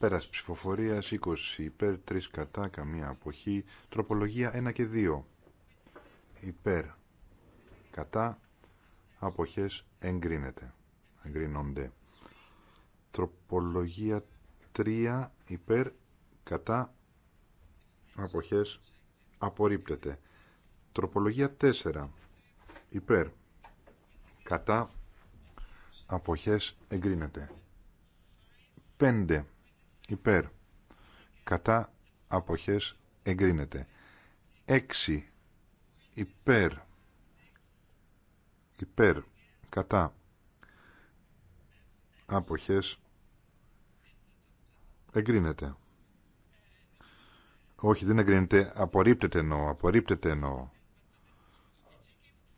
Πέρας ψηφοφορίας 20 υπέρ, 3 κατά, καμία αποχή. Τροπολογία 1 και 2 υπέρ, κατά, αποχές εγκρίνεται. Εγκρίνονται. Τροπολογία 3 υπέρ, κατά, αποχές απορρίπτεται. Τροπολογία 4 υπέρ, κατά, αποχές εγκρίνεται. 5 υπέρ κατά αποχές εγκρίνεται 6 υπέρ υπέρ κατά αποχές εγκρίνεται όχι δεν εγκρίνεται απορρίπτεται εννοώ απορρίπτεται εννοώ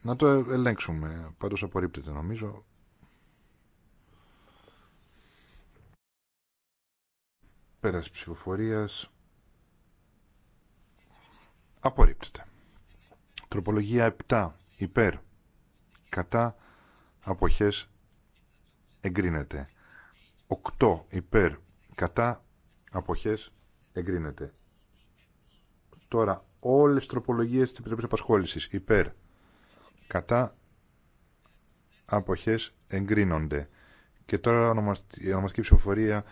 να το ελέγξουμε πάντως απορρίπτεται νομίζω Πέρας ψηφοφορίας. Απορρίπτεται. Τροπολογία 7. Υπέρ. Κατά. Αποχές. Εγκρίνεται. 8. Υπέρ. Κατά. Αποχές. Εγκρίνεται. Τώρα όλες τις τροπολογίες της Επιτροπής Απασχόλησης. Υπέρ. Κατά. Αποχές. Εγκρίνονται. Και τώρα η ονομαστική ψηφοφορία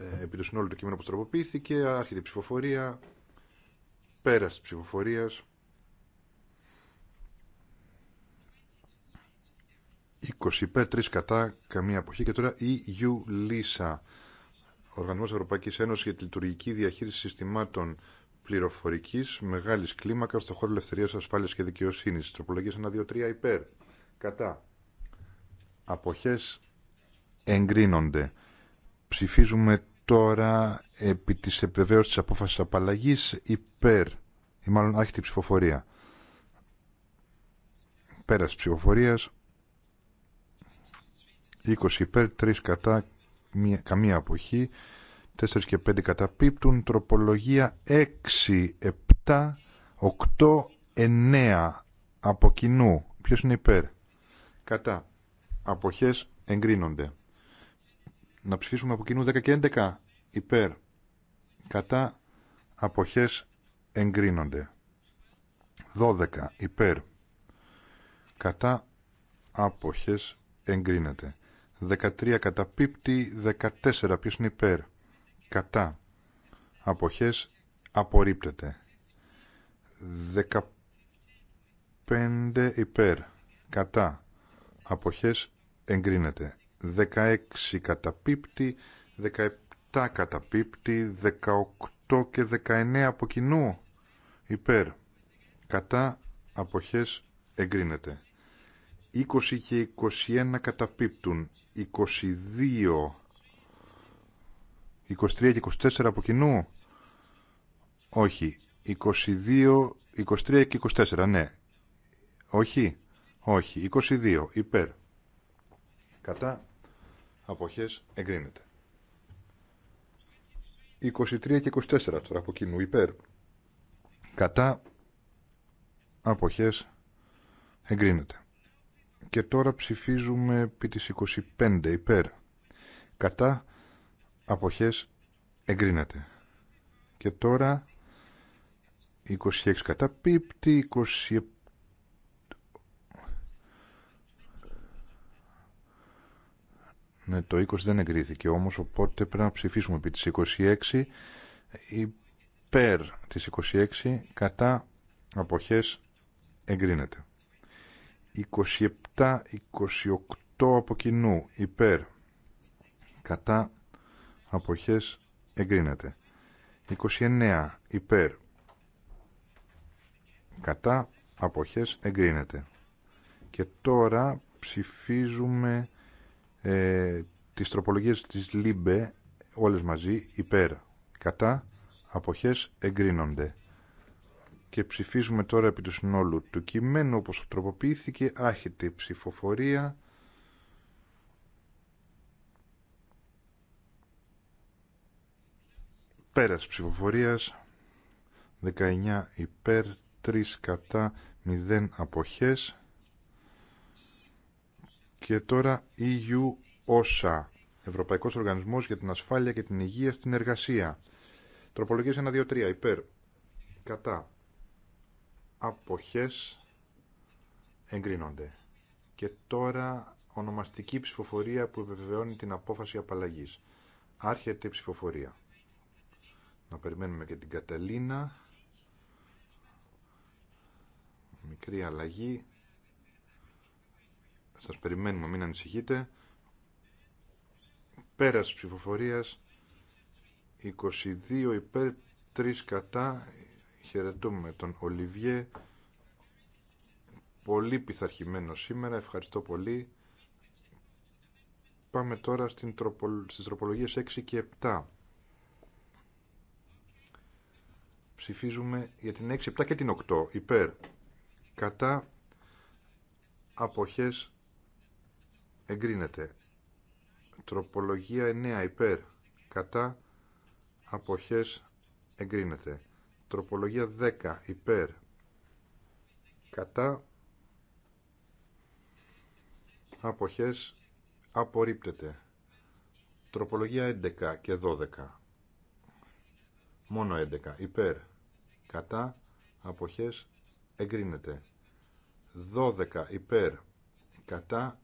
ε, επί του συνόλου το κείμενο που τροποποιήθηκε, άρχεται η ψηφοφορία, πέρας της ψηφοφορίας, 20 υπέρ, 3 κατά, καμία αποχή και τώρα η EU-LISA. Οργανισμός Ευρωπαϊκής Ένωσης για τη Λειτουργική Διαχείριση Συστημάτων Πληροφορικής Μεγάλης Κλίμακας στο χώρο Ελευθερίας, Ασφάλειας και Δικαιοσύνης. Τροπολογίες 1, 2, 3 υπέρ, κατά. Αποχές εγκρίνονται. Ψηφίζουμε τώρα επί της επιβεβαίωσης της απόφασης απαλλαγής υπέρ, ή μάλλον άρχιτη ψηφοφορία. Πέρας ψηφοφορίας, 20 υπέρ, 3 κατά, μία, καμία αποχή, 4 και 5 καταπίπτουν, τροπολογία 6, 7, 8, 9 από κοινού. Ποιος είναι υπέρ. Κατά. Αποχές εγκρίνονται να ψηφίσουμε από κοινού 10 και 11 υπέρ κατά αποχές εγκρίνονται 12 υπέρ κατά άποχες εγκρίνεται 13 κατά πίπτη 14 ποιος είναι υπέρ κατά αποχές απορρίπτεται 15 υπέρ κατά αποχές εγκρίνεται 16 καταπίπτει, 17 καταπίπτει, 18 και 19 από κοινού υπέρ. Κατά αποχές εγκρίνεται. 20 και 21 καταπίπτουν, 22, 23 και 24 από κοινού. Όχι, 22, 23 και 24, ναι. Όχι, όχι, 22, υπέρ. Κατά αποχές εγκρίνεται. 23 και 24 τώρα από κοινού υπέρ κατά αποχές εγκρίνεται. Και τώρα ψηφίζουμε επί της 25 υπέρ κατά αποχές εγκρίνεται. Και τώρα 26 κατά πίπτη, Ναι, το 20 δεν εγκρίθηκε όμως, οπότε πρέπει να ψηφίσουμε επί της 26. Υπέρ της 26, κατά αποχές εγκρίνεται. 27-28 από κοινού, υπέρ, κατά αποχές εγκρίνεται. 29 υπέρ, κατά αποχές εγκρίνεται. Και τώρα ψηφίζουμε ε, τις τροπολογίες της ΛΥΜΠΕ όλες μαζί υπέρ κατά αποχές εγκρίνονται και ψηφίζουμε τώρα επί του συνόλου του κειμένου όπως τροποποιήθηκε άχετε ψηφοφορία πέρας ψηφοφορίας 19 υπέρ 3 κατά 0 αποχές και τώρα EU OSA, Ευρωπαϊκός Οργανισμός για την Ασφάλεια και την Υγεία στην Εργασία. Τροπολογίες 1, 2, 3, υπέρ, κατά, αποχές, εγκρίνονται. Και τώρα ονομαστική ψηφοφορία που επιβεβαιώνει την απόφαση απαλλαγής. Άρχεται η ψηφοφορία. Να περιμένουμε και την Καταλίνα. Μικρή αλλαγή. Σας περιμένουμε, μην ανησυχείτε. Πέρας ψηφοφορίας, 22 υπέρ, 3 κατά. Χαιρετούμε τον Ολιβιέ. Πολύ πειθαρχημένο σήμερα, ευχαριστώ πολύ. Πάμε τώρα στην τροπολογίε στις τροπολογίες 6 και 7. Ψηφίζουμε για την 6, 7 και την 8. Υπέρ. Κατά αποχές εγκρίνεται. Τροπολογία 9 υπέρ κατά αποχές εγκρίνεται. Τροπολογία 10 υπέρ κατά αποχές απορρίπτεται. Τροπολογία 11 και 12. Μόνο 11 υπέρ κατά αποχές εγκρίνεται. 12 υπέρ κατά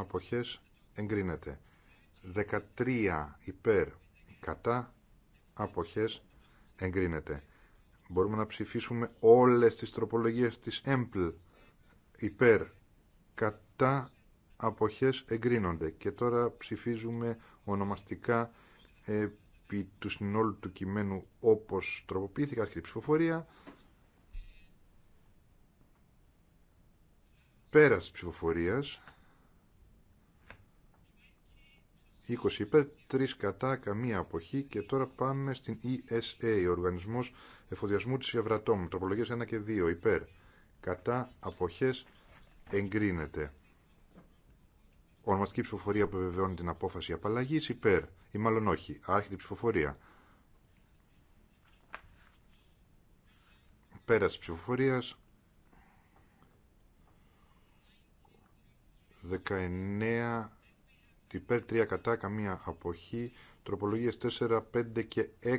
αποχές εγκρίνεται 13 υπέρ κατά αποχές εγκρίνεται μπορούμε να ψηφίσουμε όλες τις τροπολογίες της ΕΜΠΛ υπέρ κατά αποχές εγκρίνονται και τώρα ψηφίζουμε ονομαστικά επί του συνόλου του κειμένου όπως τροποποιήθηκα η ψηφοφορία πέρας ψηφοφορίας 20 υπέρ, 3 κατά, καμία αποχή και τώρα πάμε στην ESA, ο Οργανισμός Εφοδιασμού της Ευρατόμ, τροπολογίες 1 και 2 υπέρ, κατά, αποχές, εγκρίνεται. Ονομαστική ψηφοφορία που επιβεβαιώνει την απόφαση απαλλαγή υπέρ ή μάλλον όχι. Άρχιτη ψηφοφορία. Πέραση ψηφοφορία. 19 υπέρ 3 κατά καμία αποχή τροπολογίες 4, 5 και 6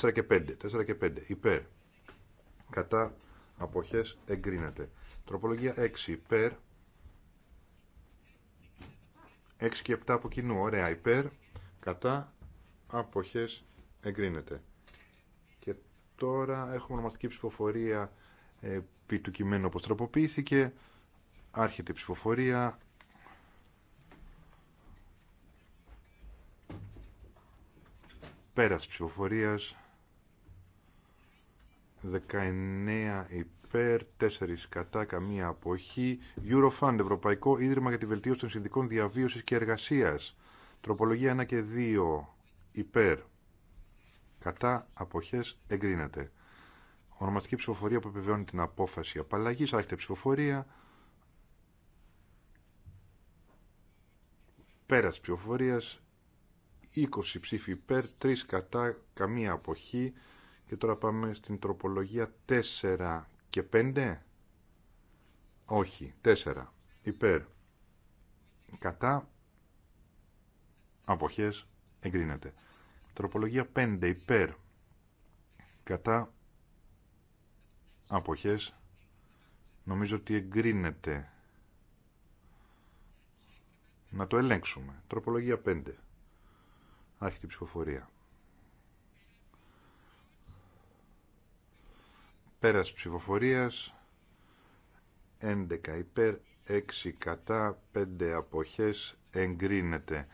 4 και 5 4 και 5 υπέρ κατά αποχές εγκρίνεται τροπολογία 6 υπέρ 6 και 7 από κοινού ωραία υπέρ κατά αποχές εγκρίνεται και τώρα έχουμε ονομαστική ψηφοφορία ε, επί του κειμένου όπως τροποποιήθηκε άρχεται η ψηφοφορία Πέρας ψηφοφορίας 19 υπέρ, 4 κατά, καμία αποχή. Eurofund, Ευρωπαϊκό Ίδρυμα για τη Βελτίωση των Συνδικών Διαβίωσης και Εργασίας. Τροπολογία 1 και 2 υπέρ. Κατά αποχές εγκρίνεται. Ονομαστική ψηφοφορία που επιβεβαιώνει την απόφαση απαλλαγής. Άρχεται ψηφοφορία. Πέρας ψηφοφορίας 20 ψήφοι υπέρ, 3 κατά, καμία αποχή. Και τώρα πάμε στην τροπολογία 4 και 5. Όχι, 4 υπέρ, κατά, αποχές, εγκρίνεται. Τροπολογία 5 υπέρ, κατά, αποχές, νομίζω ότι εγκρίνεται. Να το ελέγξουμε. Τροπολογία 5. Άρχεται η ψηφοφορία. Πέρας ψηφοφορίας 11 υπέρ 6 κατά 5 αποχές εγκρίνεται.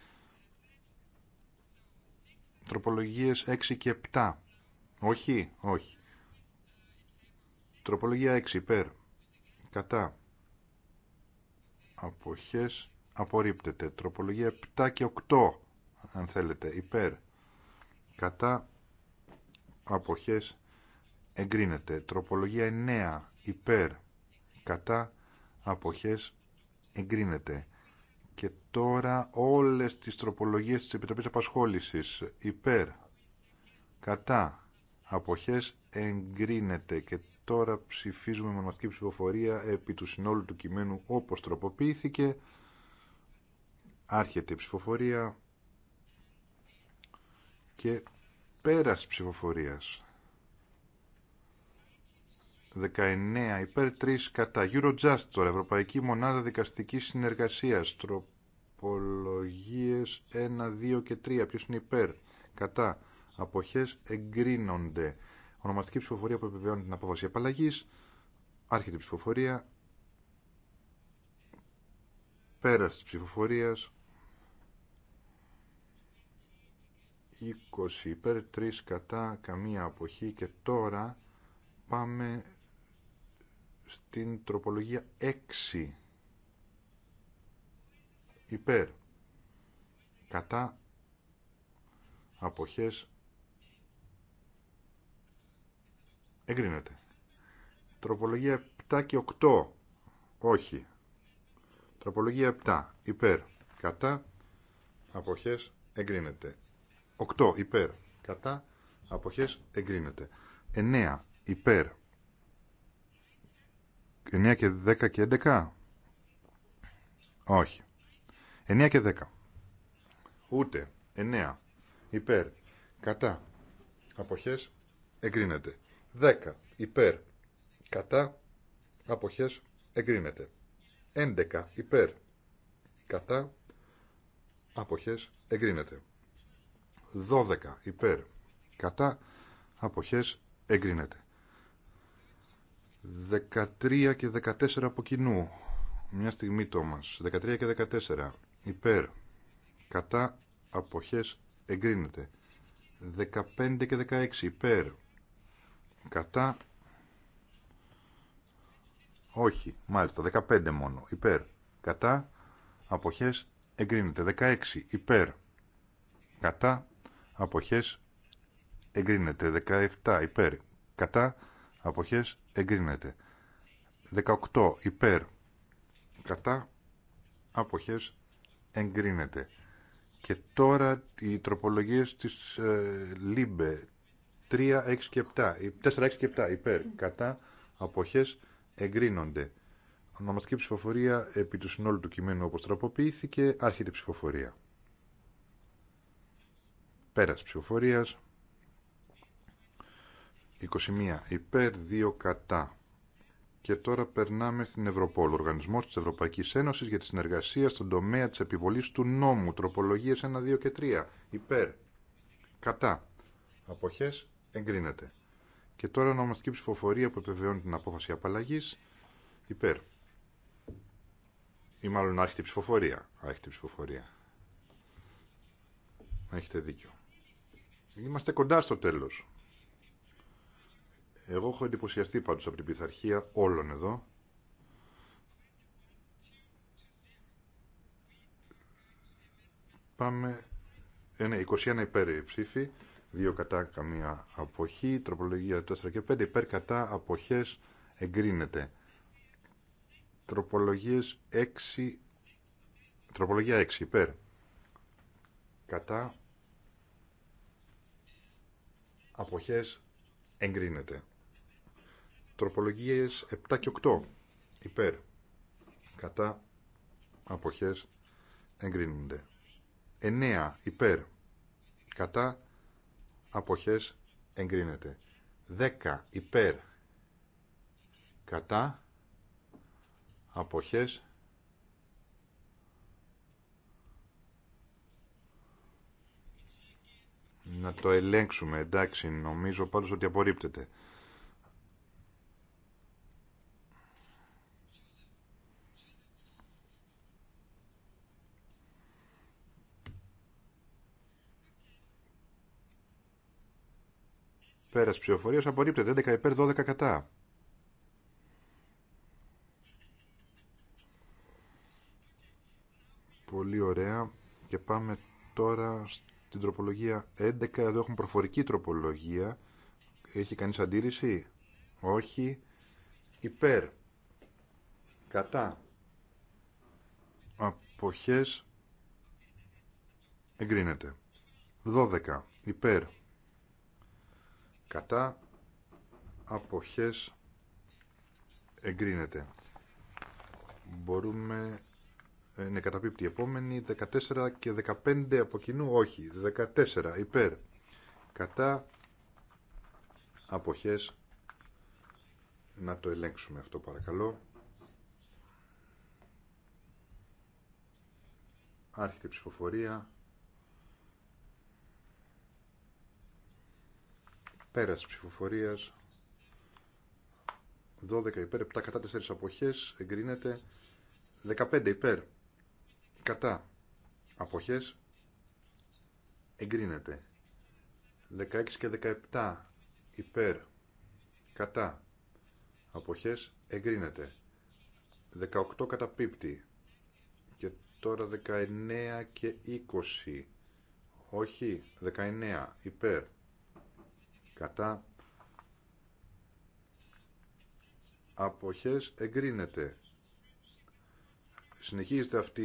Τροπολογίες 6 και 7. Όχι, όχι. Τροπολογία 6 υπέρ κατά αποχές απορρίπτεται. Τροπολογία 7 και 8 αν θέλετε, υπέρ, κατά, αποχές, εγκρίνεται. Τροπολογία 9, υπέρ, κατά, αποχές, εγκρίνεται. Και τώρα όλες τις τροπολογίες της Επιτροπής Απασχόλησης, υπέρ, κατά, αποχές, εγκρίνεται. Και τώρα ψηφίζουμε με ονομαστική ψηφοφορία επί του συνόλου του κειμένου όπως τροποποιήθηκε. Άρχεται η ψηφοφορία και πέρας ψηφοφορίας 19 υπέρ 3 κατά Eurojust τώρα Ευρωπαϊκή Μονάδα Δικαστικής Συνεργασίας τροπολογίες 1, 2 και 3 ποιος είναι υπέρ κατά αποχές εγκρίνονται ονομαστική ψηφοφορία που επιβεβαιώνει την απόφαση απαλλαγή. άρχεται ψηφοφορία πέρας της ψηφοφορίας 20 υπέρ, 3 κατά, καμία αποχή και τώρα πάμε στην τροπολογία 6 υπέρ, κατά, αποχές, εγκρίνεται. Τροπολογία 7 και 8, όχι. Τροπολογία 7, υπέρ, κατά, αποχές, εγκρίνεται. 8 υπέρ κατά αποχές εγκρίνεται 9 υπέρ 9 και 10 και 11 όχι 9 και 10 ούτε 9 υπέρ κατά αποχές εγκρίνεται 10 υπέρ κατά αποχές εγκρίνεται 11 υπέρ κατά αποχές εγκρίνεται 12 υπέρ κατά αποχές εγκρίνεται 13 και 14 από κοινού μια στιγμή το μας 13 και 14 υπέρ κατά αποχές εγκρίνεται 15 και 16 υπέρ κατά όχι μάλιστα 15 μόνο υπέρ κατά αποχές εγκρίνεται 16 υπέρ κατά αποχές εγκρίνεται. 17 υπέρ κατά αποχές εγκρίνεται. 18 υπέρ κατά αποχές εγκρίνεται. Και τώρα οι τροπολογίες της ε, ΛΥΜΠΕ 3, 6 και 4, 6 και 7 υπέρ κατά αποχές εγκρίνονται. Ονομαστική ψηφοφορία επί του συνόλου του κειμένου όπως τραποποιήθηκε, άρχεται ψηφοφορία. Πέρας ψηφοφορίας. 21 υπέρ, 2 κατά. Και τώρα περνάμε στην Ευρωπόλ, Οργανισμό τη Ευρωπαϊκή Ένωση για τη Συνεργασία στον τομέα τη επιβολή του νόμου. Τροπολογίε 1, 2 και 3. Υπέρ. Κατά. Αποχέ. Εγκρίνεται. Και τώρα ονομαστική ψηφοφορία που επιβεβαιώνει την απόφαση απαλλαγή. Υπέρ. Ή μάλλον άρχεται η ψηφοφορία. Άρχεται ψηφοφορία. ψηφοφορια δίκιο. Είμαστε κοντά στο τέλος. Εγώ έχω εντυπωσιαστεί πάντως από την πειθαρχία όλων εδώ. Πάμε... Ε, ναι, 21 υπέρ ψήφι. 2 κατά καμία αποχή, τροπολογία 4 και 5 υπέρ κατά αποχές εγκρίνεται. Τροπολογίες 6, τροπολογία 6 υπέρ, κατά αποχές εγκρίνεται. Τροπολογίες 7 και 8 υπέρ κατά αποχές εγκρίνονται. 9 υπέρ κατά αποχές εγκρίνεται. 10 υπέρ κατά αποχές να το ελέγξουμε. Εντάξει, νομίζω πάντως ότι απορρίπτεται. Πέρας ψηφοφορίας απορρίπτεται 11 υπέρ 12 κατά. Πολύ ωραία. Και πάμε τώρα την τροπολογία 11. Εδώ έχουμε προφορική τροπολογία. Έχει κανείς αντίρρηση? Όχι. Υπέρ. Κατά. Αποχές. Εγκρίνεται. 12. Υπέρ. Κατά. Αποχές. Εγκρίνεται. Μπορούμε είναι καταπίπτει. η Επόμενη 14 και 15 από κοινού, όχι. 14 υπέρ. Κατά αποχές να το ελέγξουμε αυτό παρακαλώ. Άρχεται η ψηφοφορία. Πέρας ψηφοφορίας. 12 υπέρ, 7 κατά 4 αποχές, εγκρίνεται 15 υπέρ Κατά. Αποχές. Εγκρίνεται. 16 και 17 υπέρ. Κατά. Αποχές. Εγκρίνεται. 18 καταπίπτει. Και τώρα 19 και 20. Όχι. 19 υπέρ. Κατά. Αποχές εγκρίνεται συνεχίζεται αυτή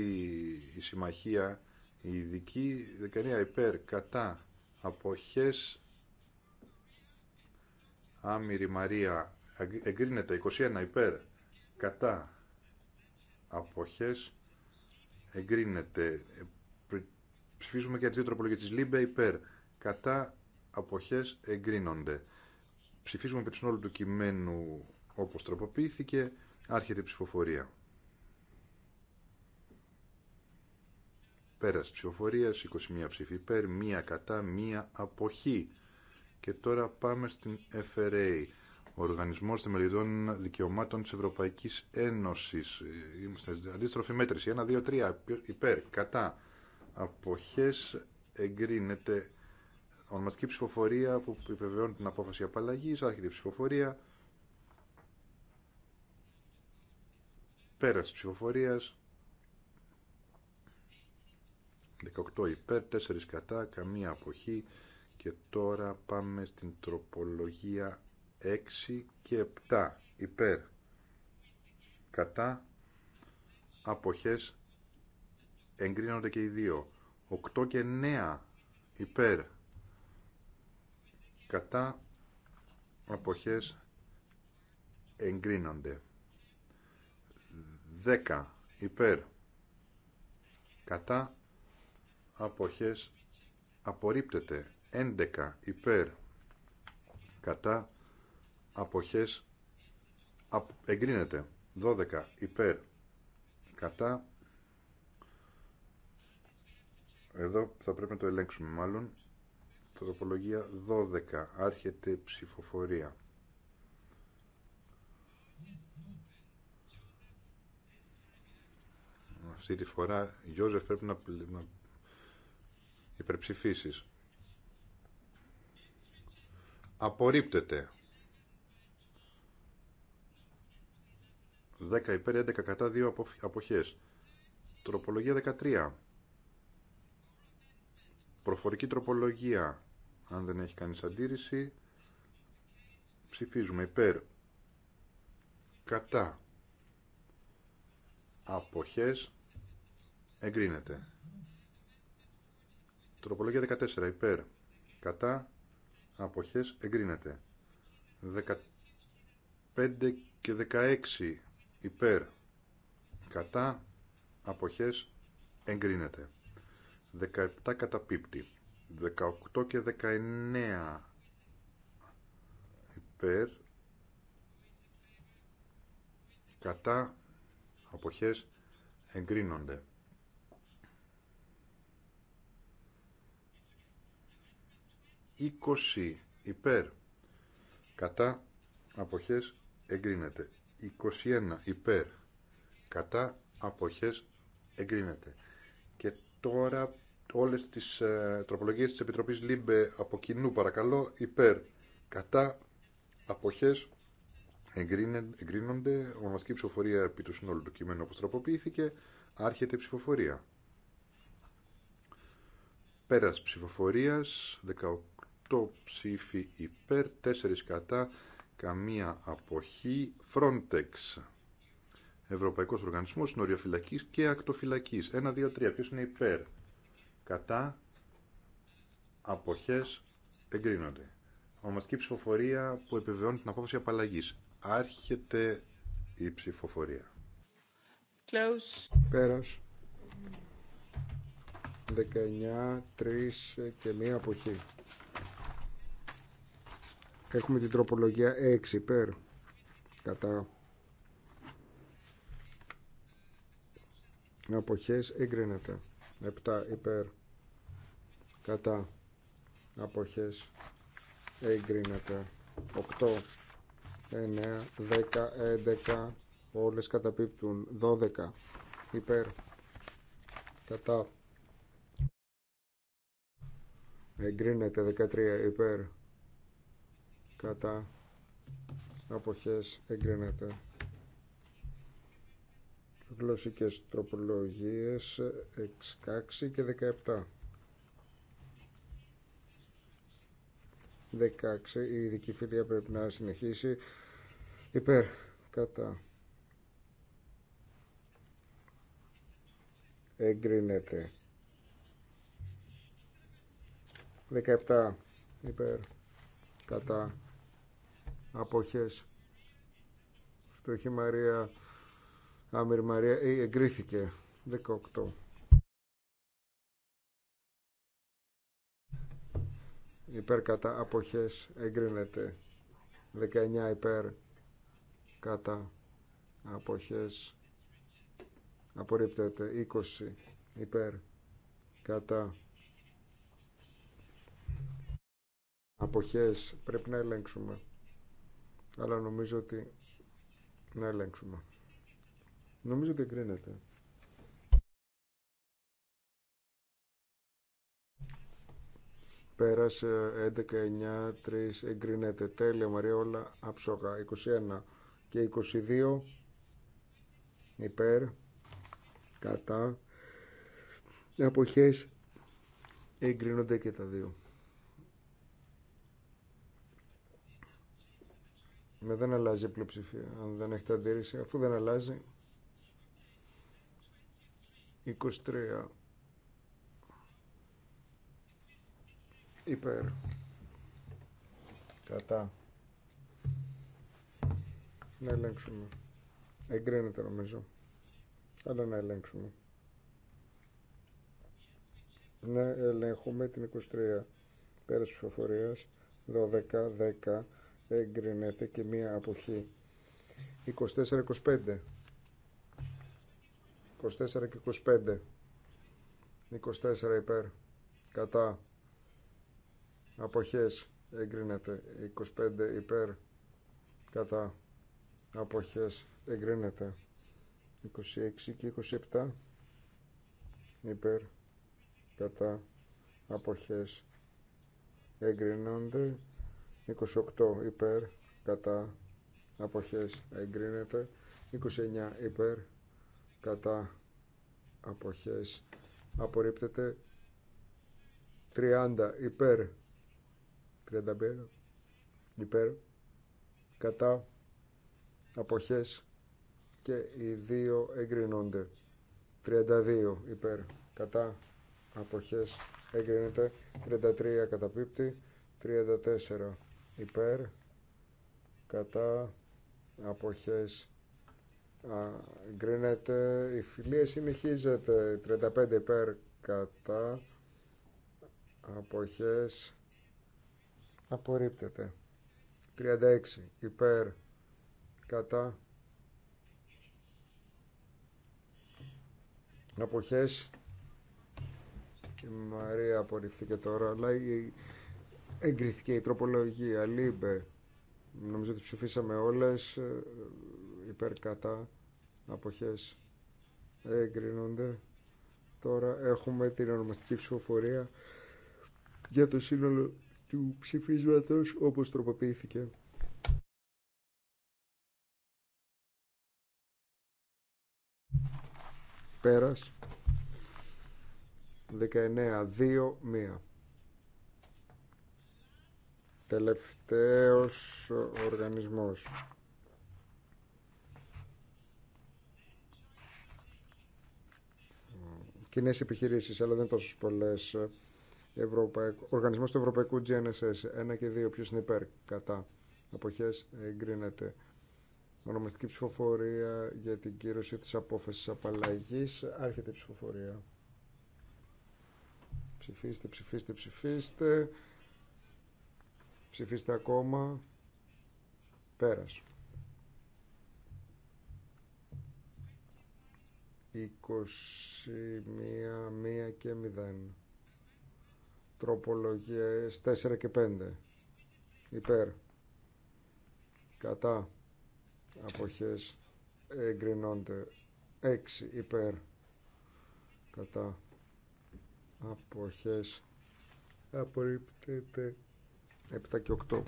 η συμμαχία η ειδική δεκαετία υπέρ κατά αποχές Άμυρη Μαρία εγκρίνεται 21 υπέρ κατά αποχές εγκρίνεται ε, ψηφίζουμε και τις δύο τροπολογίες της ΛΥΜΠΕ υπέρ κατά αποχές εγκρίνονται ψηφίζουμε επί του του κειμένου όπως τροποποιήθηκε άρχεται η ψηφοφορία Πέρας ψηφοφορίας, 21 ψήφι υπέρ, 1 κατά, 1 αποχή. Και τώρα πάμε στην FRA, ο Οργανισμός Θεμελιδών Δικαιωμάτων της Ευρωπαϊκής Ένωσης. Είμαστε αντίστροφη μέτρηση, 1, 2, 3 υπέρ, κατά, αποχές εγκρίνεται ονομαστική ψηφοφορία που επιβεβαιώνει την απόφαση απαλλαγή, άρχεται ψηφοφορία, πέρας της ψηφοφορίας, 18 υπέρ, 4 κατά, καμία αποχή και τώρα πάμε στην τροπολογία 6 και 7 υπέρ, κατά, αποχές εγκρίνονται και οι δύο. 8 και 9 υπέρ, κατά, αποχές εγκρίνονται. 10 υπέρ, κατά, αποχές απορρίπτεται 11 υπέρ κατά αποχές εγκρίνεται 12 υπέρ κατά εδώ θα πρέπει να το ελέγξουμε μάλλον τροπολογία 12 άρχεται ψηφοφορία αυτή τη φορά Γιώζεφ πρέπει να, να υπερψηφίσεις. Απορρίπτεται. 10 υπέρ 11 κατά 2 αποχές. Τροπολογία 13. Προφορική τροπολογία. Αν δεν έχει κανείς αντίρρηση, ψηφίζουμε υπέρ κατά αποχές εγκρίνεται. Τροπολογία 14 υπέρ. Κατά αποχές εγκρίνεται. 15 και 16 υπέρ. Κατά αποχές εγκρίνεται. 17 κατά πίπτη, 18 και 19 υπέρ. Κατά αποχές εγκρίνονται. 20 υπέρ κατά αποχές εγκρίνεται 21 υπέρ κατά αποχές εγκρίνεται και τώρα όλες τις ε, τροπολογίες της Επιτροπής ΛΥΜΠΕ από κοινού παρακαλώ υπέρ κατά αποχές εγκρίνονται ονομαστική ψηφοφορία επί του συνόλου του κειμένου όπως τροποποιήθηκε άρχεται η ψηφοφορία πέρας ψηφοφορίας 8 ψήφι. υπέρ, 4 κατά, καμία αποχή. Frontex, Ευρωπαϊκός Οργανισμός Νοριοφυλακής και Ακτοφυλακής. 1, 2, 3. Ποιο είναι υπέρ. Κατά, αποχές, εγκρίνονται. Ομαστική ψηφοφορία που επιβεβαιώνει την απόφαση απαλλαγή. Άρχεται η ψηφοφορία. Close. Πέρας. 19, 3 και μία αποχή. Έχουμε την τροπολογία 6 υπέρ κατά αποχές εγκρίνεται 7 υπέρ κατά αποχές εγκρίνεται 8 9, 10, 11 όλες καταπίπτουν 12 υπέρ κατά εγκρίνεται 13 υπέρ κατά αποχές εγκρίνεται γλωσσικές τροπολογίες 6 και 17 16 η ειδική φιλία πρέπει να συνεχίσει υπέρ κατά εγκρίνεται 17 υπέρ κατά αποχές φτωχή Μαρία Άμερ Μαρία ε, εγκρίθηκε 18 υπέρ κατά αποχές εγκρίνεται 19 υπέρ κατά αποχές απορρίπτεται 20 υπέρ κατά αποχές πρέπει να ελέγξουμε αλλά νομίζω ότι να ελέγξουμε. Νομίζω ότι εγκρίνεται. Πέρασε 11, 9, 3, εγκρίνεται. Τέλεια Μαρία, όλα άψογα. 21 και 22 υπέρ, κατά, αποχές εγκρίνονται και τα δύο. με δεν αλλάζει η πλειοψηφία. Αν δεν έχετε αντίρρηση, αφού δεν αλλάζει. 23. Υπέρ. Κατά. Να ελέγξουμε. Εγκρίνεται νομίζω. Αλλά να ελέγξουμε. Να ελέγχουμε την 23 πέρας ψηφοφορίας 12-10 εγκρίνεται και μία αποχή 24-25 24 και 25 24 υπέρ κατά αποχές εγκρίνεται 25 υπέρ κατά αποχές εγκρίνεται 26 και 27 υπέρ κατά αποχές εγκρινώνται 28 υπέρ κατά αποχές εγκρίνεται 29 υπέρ κατά αποχές απορρίπτεται 30 υπέρ 35 υπέρ κατά αποχές και οι δύο εγκρινώνται 32 υπέρ κατά αποχές εγκρίνεται 33 καταπίπτει 34 υπέρ κατά αποχές γκρινέται, η φιλία συνεχίζεται 35 υπέρ κατά αποχές απορρίπτεται 36 υπέρ κατά αποχές η Μαρία απορριφθήκε τώρα αλλά η Εγκρίθηκε η τροπολογία λίμπε. Νομίζω ότι ψηφίσαμε όλες ε, υπέρ κατά αποχές εγκρίνονται. Τώρα έχουμε την ονομαστική ψηφοφορία για το σύνολο του ψηφίσματος όπως τροποποιήθηκε. Πέρας 19-2-1 τελευταίος οργανισμός. Κοινέ επιχειρήσει, αλλά δεν τόσε τόσο πολλέ. Οργανισμό του Ευρωπαϊκού GNSS ένα και δύο. Ποιο είναι υπέρ, κατά. Αποχέ εγκρίνεται. Ονομαστική ψηφοφορία για την κύρωση της απόφασης απαλλαγής. Άρχεται η ψηφοφορία. Ψηφίστε, ψηφίστε, ψηφίστε. Ψηφίστε ακόμα. Πέρας. 21, 1 και 0. Τροπολογίες 4 και 5. Υπέρ. Κατά. Αποχές εγκρινώνται 6 υπέρ. Κατά. Αποχές απορρίπτεται 7 και 8.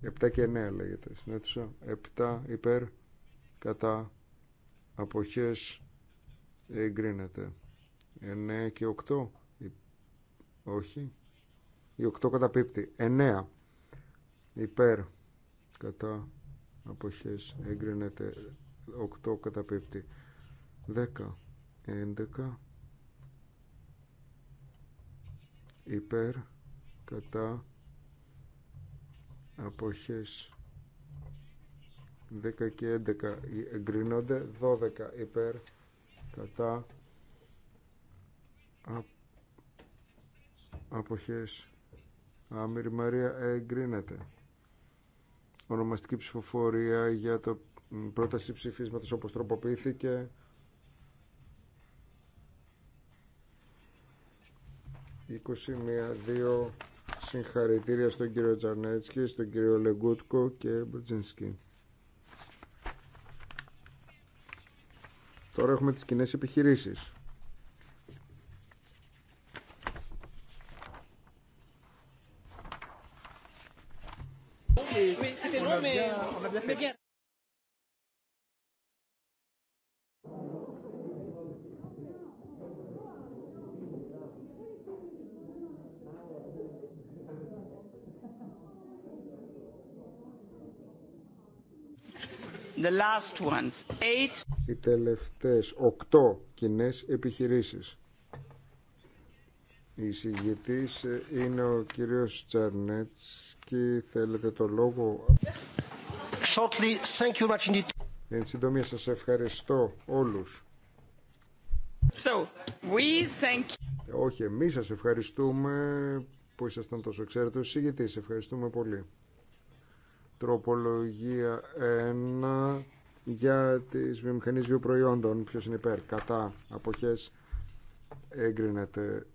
7 και 9 λέγεται στην αίθουσα. 7 υπέρ κατά αποχές εγκρίνεται. 9 και 8. Όχι. Η 8 καταπίπτει. 9 υπέρ κατά απόχέ, εγκρίνεται. 8 καταπίπτει. 10. 11 υπέρ κατά αποχές 10 και 11 εγκρίνονται 12 υπέρ κατά αποχές Άμυρη Μαρία εγκρίνεται ονομαστική ψηφοφορία για το πρόταση ψηφίσματος όπως τροποποιήθηκε 21-2 συγχαρητήρια στον κύριο Τζαρνέτσκι, στον κύριο Λεγκούτκο και Μπουτζίνσκι. Τώρα έχουμε τις κοινέ επιχειρήσεις. Οι τελευταίες οκτώ κοινέ επιχειρήσεις. Η συγγετής ε, είναι ο κύριος και Θέλετε το λόγο. Shortly, thank you much indeed. Εν συντομία σας ευχαριστώ όλους. So, we thank Όχι, εμείς σας ευχαριστούμε που ήσασταν τόσο εξαίρετος συγγετής. Ευχαριστούμε πολύ. Τροπολογία 1 για τις βιομηχανίες βιοπροϊόντων. Ποιος είναι υπέρ, κατά, αποχές, έγκρινεται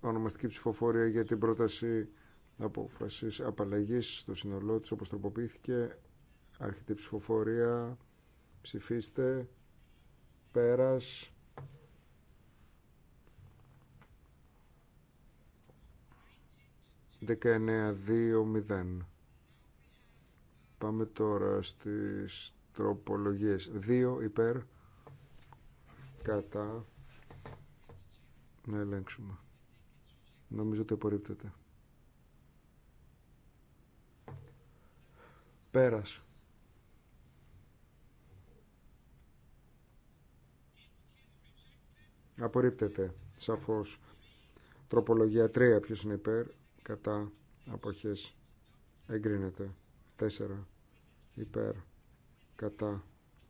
ονομαστική ψηφοφορία για την πρόταση απόφασης απαλλαγής στο σύνολό της όπως τροποποιήθηκε. Άρχεται ψηφοφορία, ψηφίστε, πέρας. Δεκαεννέα δύο μηδέν. Πάμε τώρα στις τροπολογίες. Δύο υπέρ κατά να ελέγξουμε. Νομίζω ότι απορρίπτεται. Πέρας. Απορρίπτεται, σαφώς. Τροπολογία 3, ποιος είναι υπέρ, κατά, αποχές, εγκρίνεται. Τέσσερα υπέρ κατά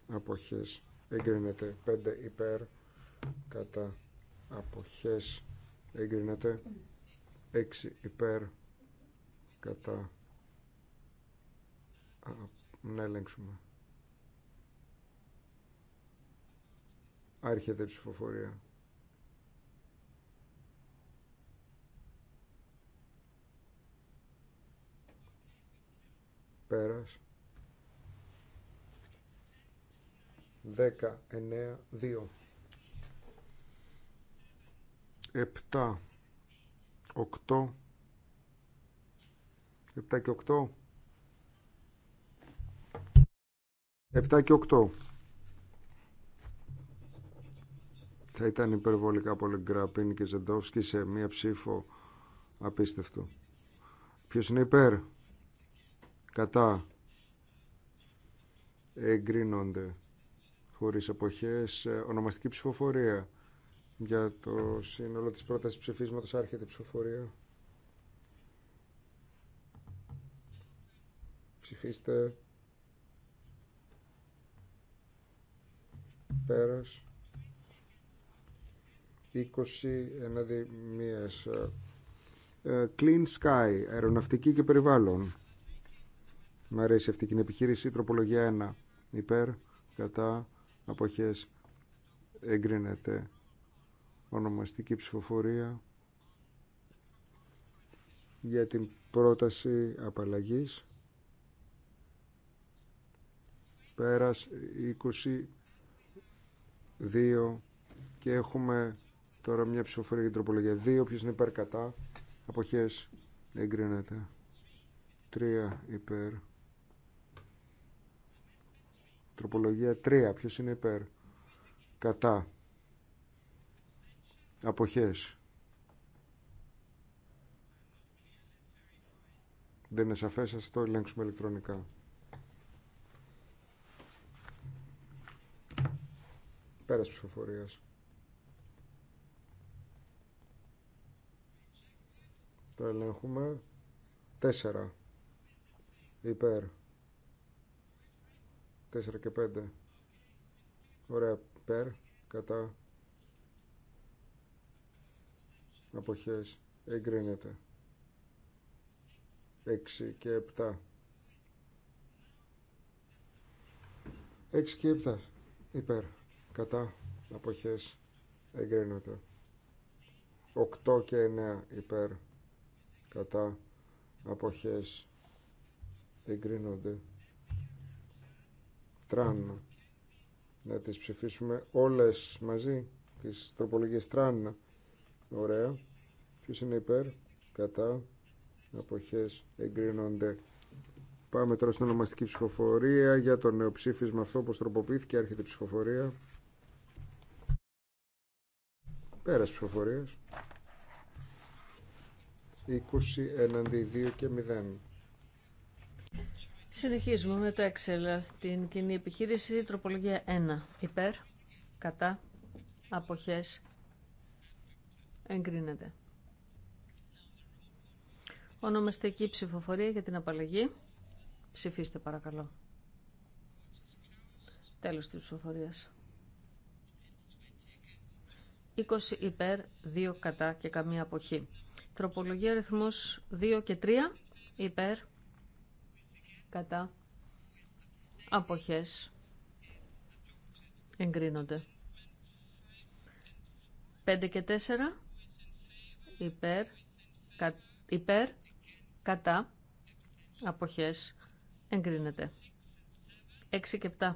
αποχές εγκρίνεται 5 υπέρ κατά αποχές εγκρίνεται 6 υπέρ κατά Α, να ελέγξουμε άρχεται η ψηφοφορία πέρας 10, 9, 2. 7, 8. 7 και 8. 7 και 8. Θα ήταν υπερβολικά πολύ γκραπίνη και Ζεντόφσκι σε μία ψήφο απίστευτο. Ποιος είναι υπέρ. Κατά. Εγκρίνονται χωρίς εποχές, ε, ονομαστική ψηφοφορία. Για το σύνολο της πρότασης ψηφίσματος άρχεται ψηφοφορία. Ψηφίστε. Πέρας. 20 εναντί μίας. Ε, clean Sky, αεροναυτική και περιβάλλον. Μ' αρέσει αυτή την επιχείρηση. Τροπολογία 1. Υπέρ, κατά, αποχές εγκρίνεται ονομαστική ψηφοφορία για την πρόταση απαλλαγής πέρας 22 και έχουμε τώρα μια ψηφοφορία για την τροπολογία 2 ποιος είναι υπέρ κατά αποχές εγκρίνεται 3 υπέρ Τροπολογία 3. Ποιος είναι υπέρ. Κατά. Αποχές. Δεν είναι σαφές, σας το ελέγξουμε ηλεκτρονικά. Πέρας ψηφοφορίας. Το ελέγχουμε. 4. Υπέρ. 4 και 5. Ωραία, περ, κατά αποχές εγκρίνεται 6 και 7 6 και 7 υπέρ κατά αποχές εγκρίνεται 8 και 9 υπέρ κατά αποχές εγκρίνονται να τις ψηφίσουμε όλες μαζί, τις τροπολογίες Τραν. Ωραία. Ποιος είναι υπέρ, κατά, αποχές, εγκρίνονται. Πάμε τώρα στην ονομαστική ψηφοφορία για το νέο ψήφισμα αυτό που τροποποιήθηκε. Έρχεται η ψηφοφορία. Πέρας ψηφοφορίας. 20 εναντί 2 και 0. Συνεχίζουμε με το Excel, την κοινή επιχείρηση, τροπολογία 1. Υπέρ, κατά, αποχές, εγκρίνεται. Ονομαστική ψηφοφορία για την απαλλαγή. Ψηφίστε παρακαλώ. Τέλος της ψηφοφορίας. 20 υπέρ, 2 κατά και καμία αποχή. Τροπολογία αριθμός 2 και 3 υπέρ, κατά αποχές εγκρίνονται. 5 και 4 υπέρ, κα, υπέρ κατά αποχές εγκρίνεται. 6 και 7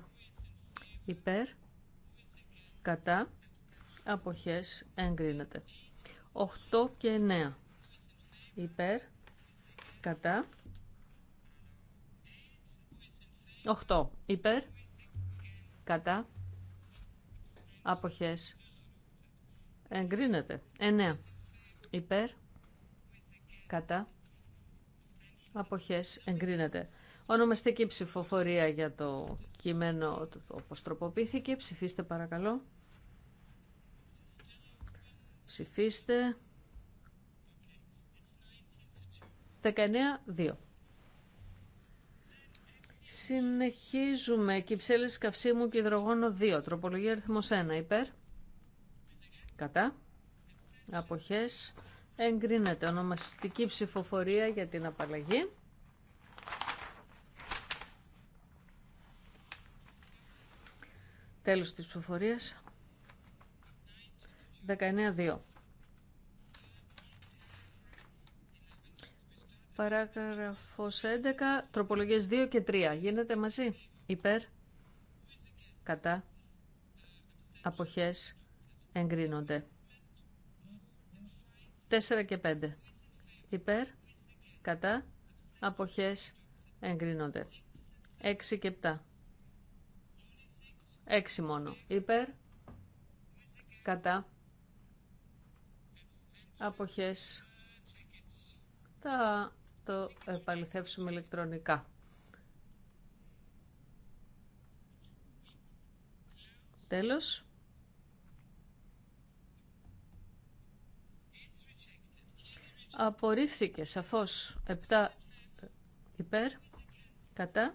υπέρ κατά αποχές εγκρίνεται. 8 και 9 υπέρ κατά 8 υπέρ, κατά, αποχές, εγκρίνεται. 9 υπέρ, κατά, αποχές, εγκρίνεται. Ονομαστική ψηφοφορία για το κείμενο όπως τροποποιήθηκε. Ψηφίστε παρακαλώ. Ψηφίστε. 19-2. Συνεχίζουμε. Κυψέλη καυσίμου και υδρογόνο 2. Τροπολογία αριθμό 1. Υπέρ. Κατά. Αποχές. Εγκρίνεται ονομαστική ψηφοφορία για την απαλλαγή. Τέλος της ψηφοφορίας. 19-2. Παράγραφος 11, τροπολογίες 2 και 3. Γίνεται μαζί. Υπέρ, κατά, αποχές, εγκρίνονται. 4 και 5. Υπέρ, κατά, αποχές, εγκρίνονται. 6 και 7. 6 μόνο. Υπέρ, κατά, αποχές, θα το επαληθεύσουμε ηλεκτρονικά. Τέλος. Απορρίφθηκε σαφώς 7 υπέρ, κατά,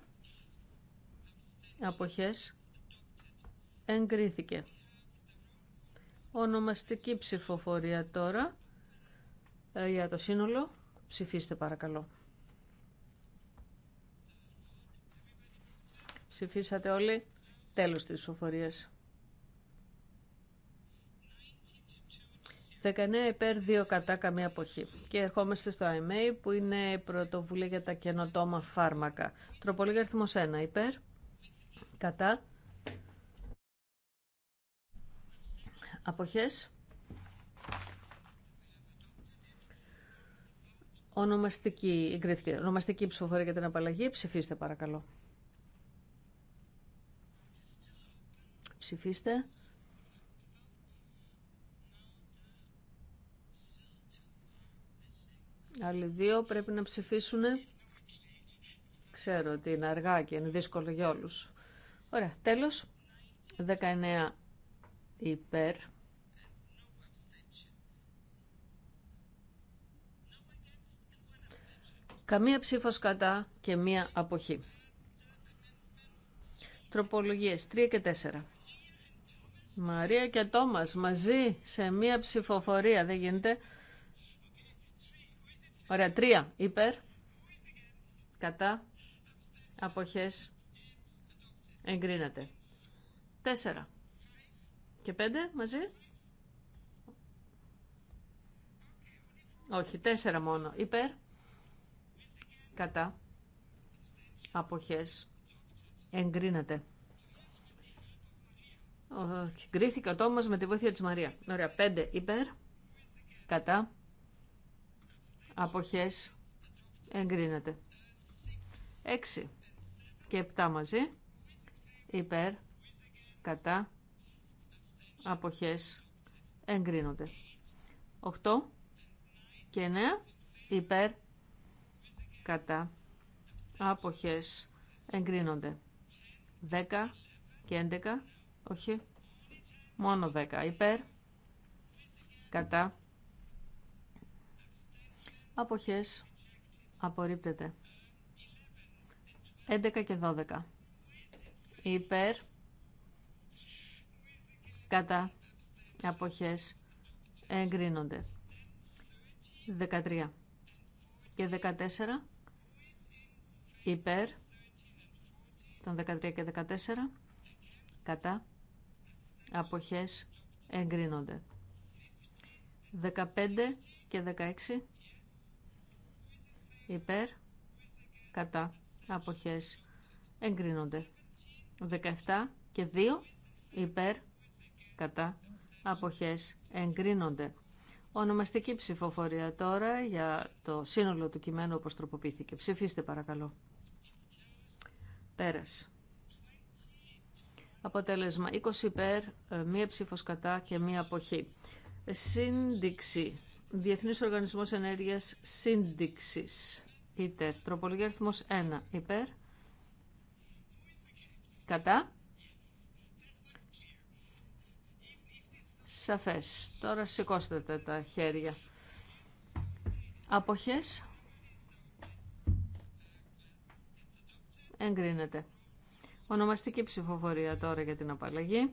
αποχές, εγκρίθηκε. Ονομαστική ψηφοφορία τώρα ε, για το σύνολο. Ψηφίστε παρακαλώ. Ψηφίσατε όλοι. Τέλος της ψηφοφορίας. 19 υπέρ 2 κατά καμία αποχή. Και ερχόμαστε στο IMA που είναι πρωτοβουλία για τα καινοτόμα φάρμακα. Τροπολίγα αριθμός 1 υπέρ, κατά, αποχές, Ονομαστική, Ονομαστική ψηφοφορία για την απαλλαγή. Ψηφίστε παρακαλώ. Ψηφίστε. Άλλοι δύο πρέπει να ψηφίσουν. Ξέρω ότι είναι αργά και είναι δύσκολο για όλους. Ωραία, τέλος. 19 υπέρ. Καμία ψήφος κατά και μία αποχή. Τροπολογίες 3 και 4. Μαρία και Τόμας μαζί σε μία ψηφοφορία. Δεν γίνεται. Ωραία. 3 υπέρ. Κατά. Αποχές. Εγκρίνεται. 4 και 5 μαζί. Όχι. 4 μόνο υπέρ κατά αποχές εγκρίνεται. Γκρίθηκα ο με τη βοήθεια της Μαρία. Ωραία, 5 υπέρ, κατά, αποχές, εγκρίνεται. 6 και 7 μαζί, υπέρ, κατά, αποχές, εγκρίνονται. 8 και 9 υπέρ, κατά άποχες εγκρίνονται. 10 και 11, όχι, μόνο 10 υπέρ, κατά άποχες απορρίπτεται. 11 και 12 υπέρ, κατά αποχές εγκρίνονται. 13 και 14 υπέρ των 13 και 14 κατά αποχές εγκρίνονται 15 και 16 υπέρ κατά αποχές εγκρίνονται 17 και 2 υπέρ κατά αποχές εγκρίνονται Ονομαστική ψηφοφορία τώρα για το σύνολο του κειμένου όπως τροποποιήθηκε. Ψηφίστε παρακαλώ. Πέρας. Αποτέλεσμα 20 υπέρ, ε, μία ψήφος κατά και μία αποχή. Σύνδειξη. Διεθνής Οργανισμός Ενέργειας Σύνδειξης. Ήτερ. Τροπολογία 1. Υπέρ. Κατά. Σαφές. Τώρα σηκώστε τα χέρια. Αποχές. εγκρίνεται. Ονομαστική ψηφοφορία τώρα για την απαλλαγή.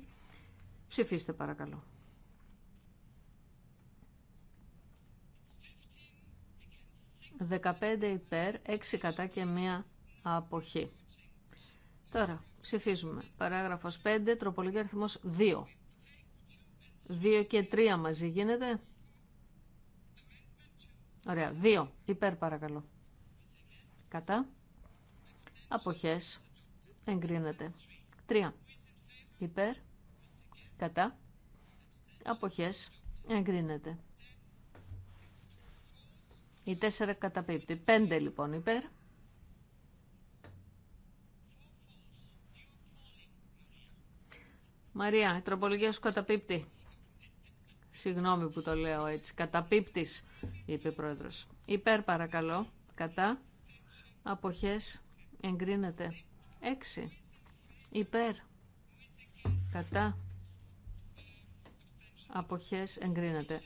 Ψηφίστε παρακαλώ. «15 υπέρ, 6 κατά και μία αποχή». Τώρα, ψηφίζουμε. Παράγραφος 5, τροπολογία αριθμός 2. 2 και 3 μαζί γίνεται. Ωραία. 2. Υπέρ παρακαλώ. Κατά. Αποχές. Εγκρίνεται. Τρία, Υπέρ. Κατά. Αποχές. Εγκρίνεται. Η τέσσερα καταπίπτει. Πέντε, λοιπόν υπέρ. Μαρία, η τροπολογία σου καταπίπτει. Συγγνώμη που το λέω έτσι. Καταπίπτης, είπε ο πρόεδρος. Υπέρ παρακαλώ. Κατά. Αποχές εγκρίνεται 6 υπέρ κατά αποχές εγκρίνεται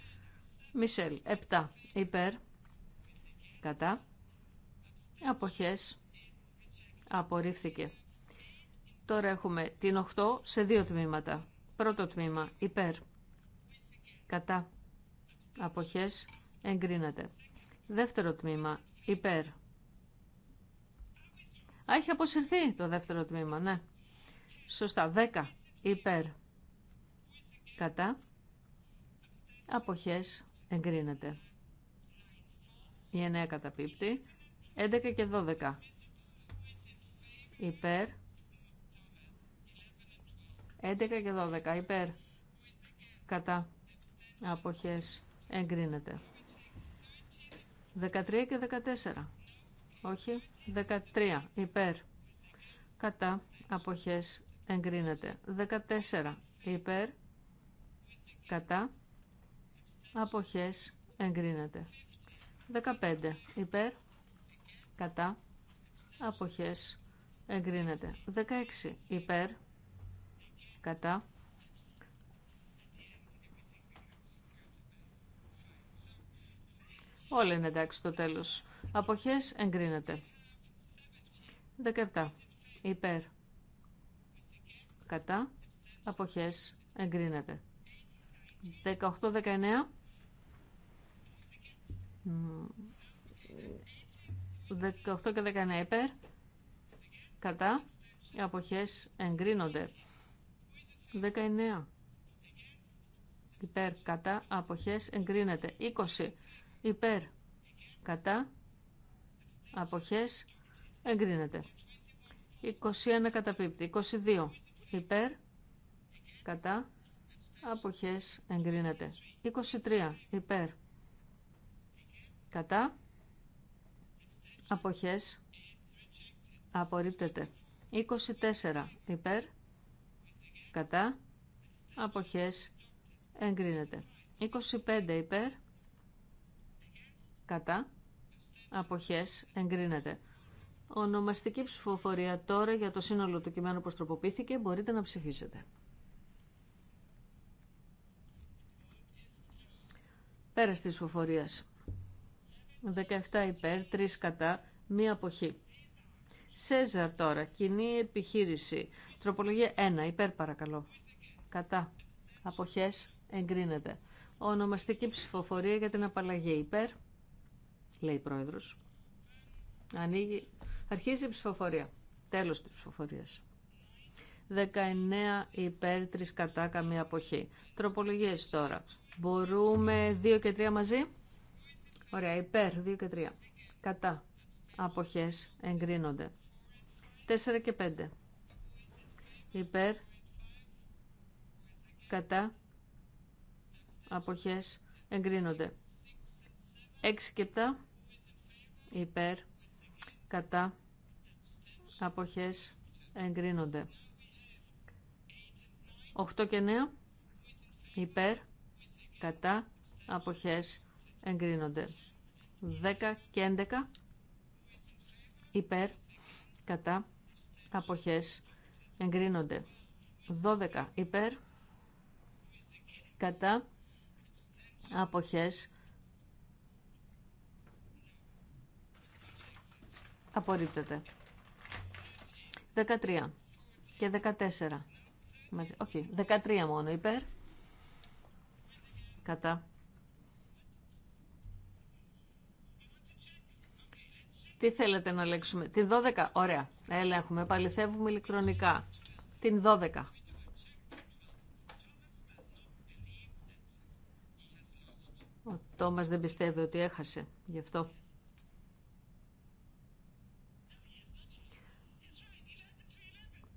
Μισελ 7 υπέρ κατά αποχές απορρίφθηκε Τώρα έχουμε την 8 σε δύο τμήματα Πρώτο τμήμα υπέρ κατά αποχές εγκρίνεται Δεύτερο τμήμα υπέρ έχει αποσυρθεί το δεύτερο τμήμα, ναι. Σωστά, 10 υπέρ κατά αποχές εγκρίνεται. Η 9 καταπίπτει. 11 και 12 υπέρ 11 και 12 υπέρ κατά αποχές εγκρίνεται. 13 και 14 όχι, 13 υπέρ, κατά, αποχές, εγκρίνεται. 14 υπέρ, κατά, αποχές, εγκρίνεται. 15 υπέρ, κατά, αποχές, εγκρίνεται. 16 υπέρ, κατά, Όλα είναι εντάξει στο τέλος. Αποχές εγκρίνεται. 17. Υπέρ. Κατά. Αποχές εγκρίνεται. 18-19. 18 και 19 υπέρ. Κατά. Αποχές εγκρίνονται. 19. Υπέρ. Κατά. Αποχές εγκρίνεται. 20. Υπέρ. Κατά αποχές εγκρίνεται. 21 καταπίπτει. 22 υπέρ κατά αποχές εγκρίνεται. 23 υπέρ κατά αποχές απορρίπτεται. 24 υπέρ κατά αποχές εγκρίνεται. 25 υπέρ κατά αποχές εγκρίνεται. Ονομαστική ψηφοφορία τώρα για το σύνολο του κειμένου που τροποποιήθηκε. Μπορείτε να ψηφίσετε. Πέρας της ψηφοφορίας. 17 υπέρ, 3 κατά, μία αποχή. Σέζαρ τώρα, κοινή επιχείρηση. Τροπολογία 1, υπέρ παρακαλώ. Κατά. Αποχές εγκρίνεται. Ονομαστική ψηφοφορία για την απαλλαγή υπέρ λέει η πρόεδρος. Ανοίγει, αρχίζει η ψηφοφορία. Τέλος της ψηφοφορίας. 19 υπέρ 3 κατά καμία αποχή. Τροπολογίες τώρα. Μπορούμε 2 και 3 μαζί. Ωραία, υπέρ 2 και 3. Κατά. Αποχές εγκρίνονται. 4 και 5. Υπέρ. Κατά. Αποχές εγκρίνονται. 6 και 7 υπέρ, κατά, αποχές εγκρίνονται. 8 και 9 υπέρ, κατά, αποχές εγκρίνονται. 10 και 11 υπέρ, κατά, αποχές εγκρίνονται. 12 υπέρ, κατά, αποχές εγκρίνονται Απορρίπτεται. 13 και 14. Μαζί. Όχι, 13 μόνο. Υπέρ. Κατά. Τι θέλετε να λέξουμε. Την 12. Ωραία. Ελέγχουμε. Παληθεύουμε ηλεκτρονικά. Την 12. Ο Τόμας δεν πιστεύει ότι έχασε. Γι' αυτό.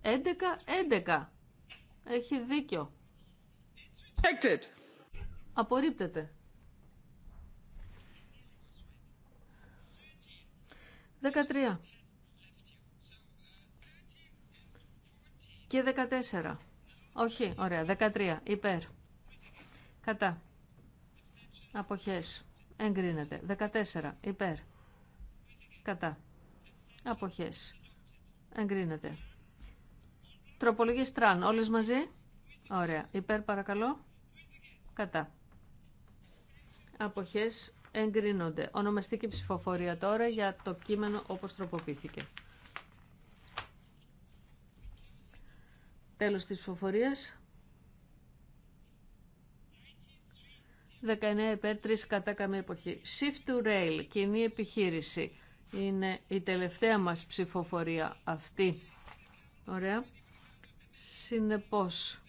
11-11. Έχει δίκιο. Rejected. Απορρίπτεται. 13. Και 14. Όχι, ωραία. 13. Υπέρ. Κατά. Αποχές. Εγκρίνεται. 14. Υπέρ. Κατά. Αποχές. Εγκρίνεται. Τροπολογίες τραν, όλες μαζί. Ωραία. Υπέρ παρακαλώ. Κατά. Αποχές εγκρίνονται. Ονομαστική ψηφοφορία τώρα για το κείμενο όπως τροποποιήθηκε. Τέλος της ψηφοφορίας. 19 υπέρ 3 κατά καμία εποχή. Shift to Rail, κοινή επιχείρηση. Είναι η τελευταία μας ψηφοφορία αυτή. Ωραία. Συνεπώς,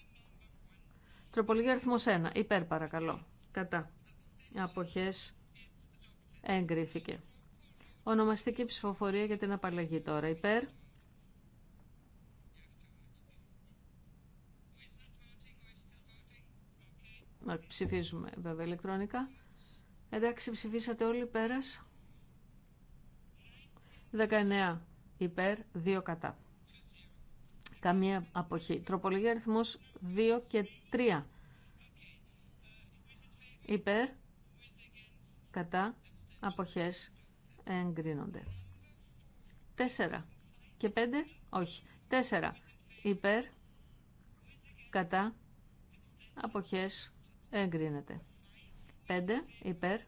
τροπολογία αριθμός 1, υπέρ παρακαλώ, κατά. Αποχές εγκρίθηκε. Ονομαστική ψηφοφορία για την απαλλαγή τώρα, υπέρ. Ψηφίζουμε βέβαια ηλεκτρονικά. Εντάξει, ψηφίσατε όλοι πέρας. 19 υπέρ, 2 κατά. Καμία αποχή. Τροπολογία αριθμό 2 και 3. Υπέρ, κατά, αποχές εγκρίνονται. 4 και 5, όχι. 4 υπέρ, κατά, αποχές εγκρίνεται. 5 υπέρ,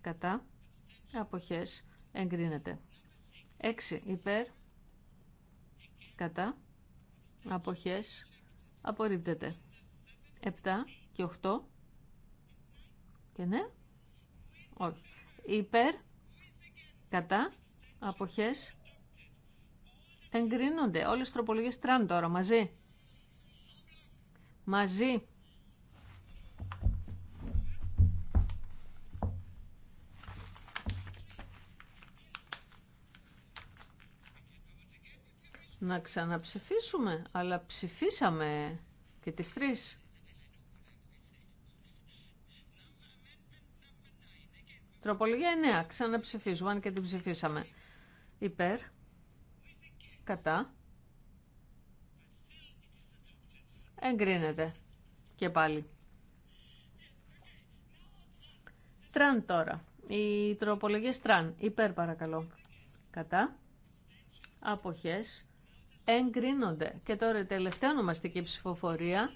κατά, αποχές εγκρίνεται. 6 υπέρ, κατά, αποχές, απορρίπτεται. 7 και 8 και ναι, όχι. Υπέρ, κατά, αποχές, εγκρίνονται. Όλες οι τροπολογίες τραν τώρα μαζί. Μαζί. να ξαναψηφίσουμε, αλλά ψηφίσαμε και τις τρεις. Τροπολογία 9. Ξαναψηφίζουμε, αν και την ψηφίσαμε. Υπέρ. Κατά. Εγκρίνεται. Και πάλι. Τραν τώρα. Οι τροπολογίες τραν. Υπέρ παρακαλώ. Κατά. Αποχές εγκρίνονται. Και τώρα η τελευταία ονομαστική ψηφοφορία,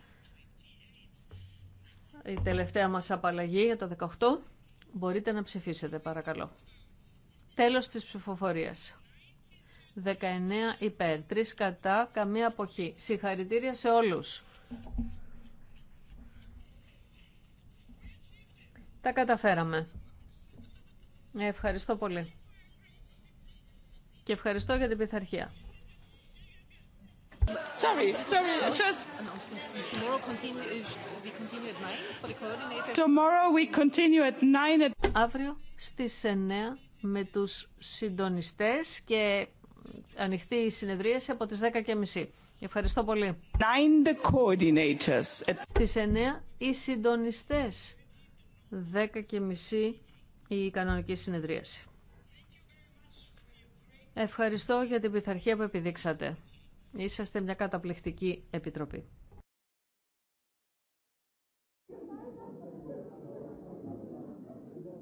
η τελευταία μας απαλλαγή για το 18, μπορείτε να ψηφίσετε παρακαλώ. Τέλος της ψηφοφορίας. 19 υπέρ, 3 κατά, καμία αποχή. Συγχαρητήρια σε όλους. Τα καταφέραμε. Ευχαριστώ πολύ. Και ευχαριστώ για την πειθαρχία. Sorry, sorry, just. Tomorrow continue, we continue at 9 for the coordinated... Tomorrow we continue at 9 at... Αύριο στις 9 με τους συντονιστές και ανοιχτή η συνεδρίαση από τις 10.30. Ευχαριστώ πολύ. 9 the coordinators. At... Στις 9 οι συντονιστές. 10.30 η κανονική συνεδρίαση. Ευχαριστώ για την πειθαρχία που επιδείξατε. Είσαστε μια καταπληκτική επιτροπή.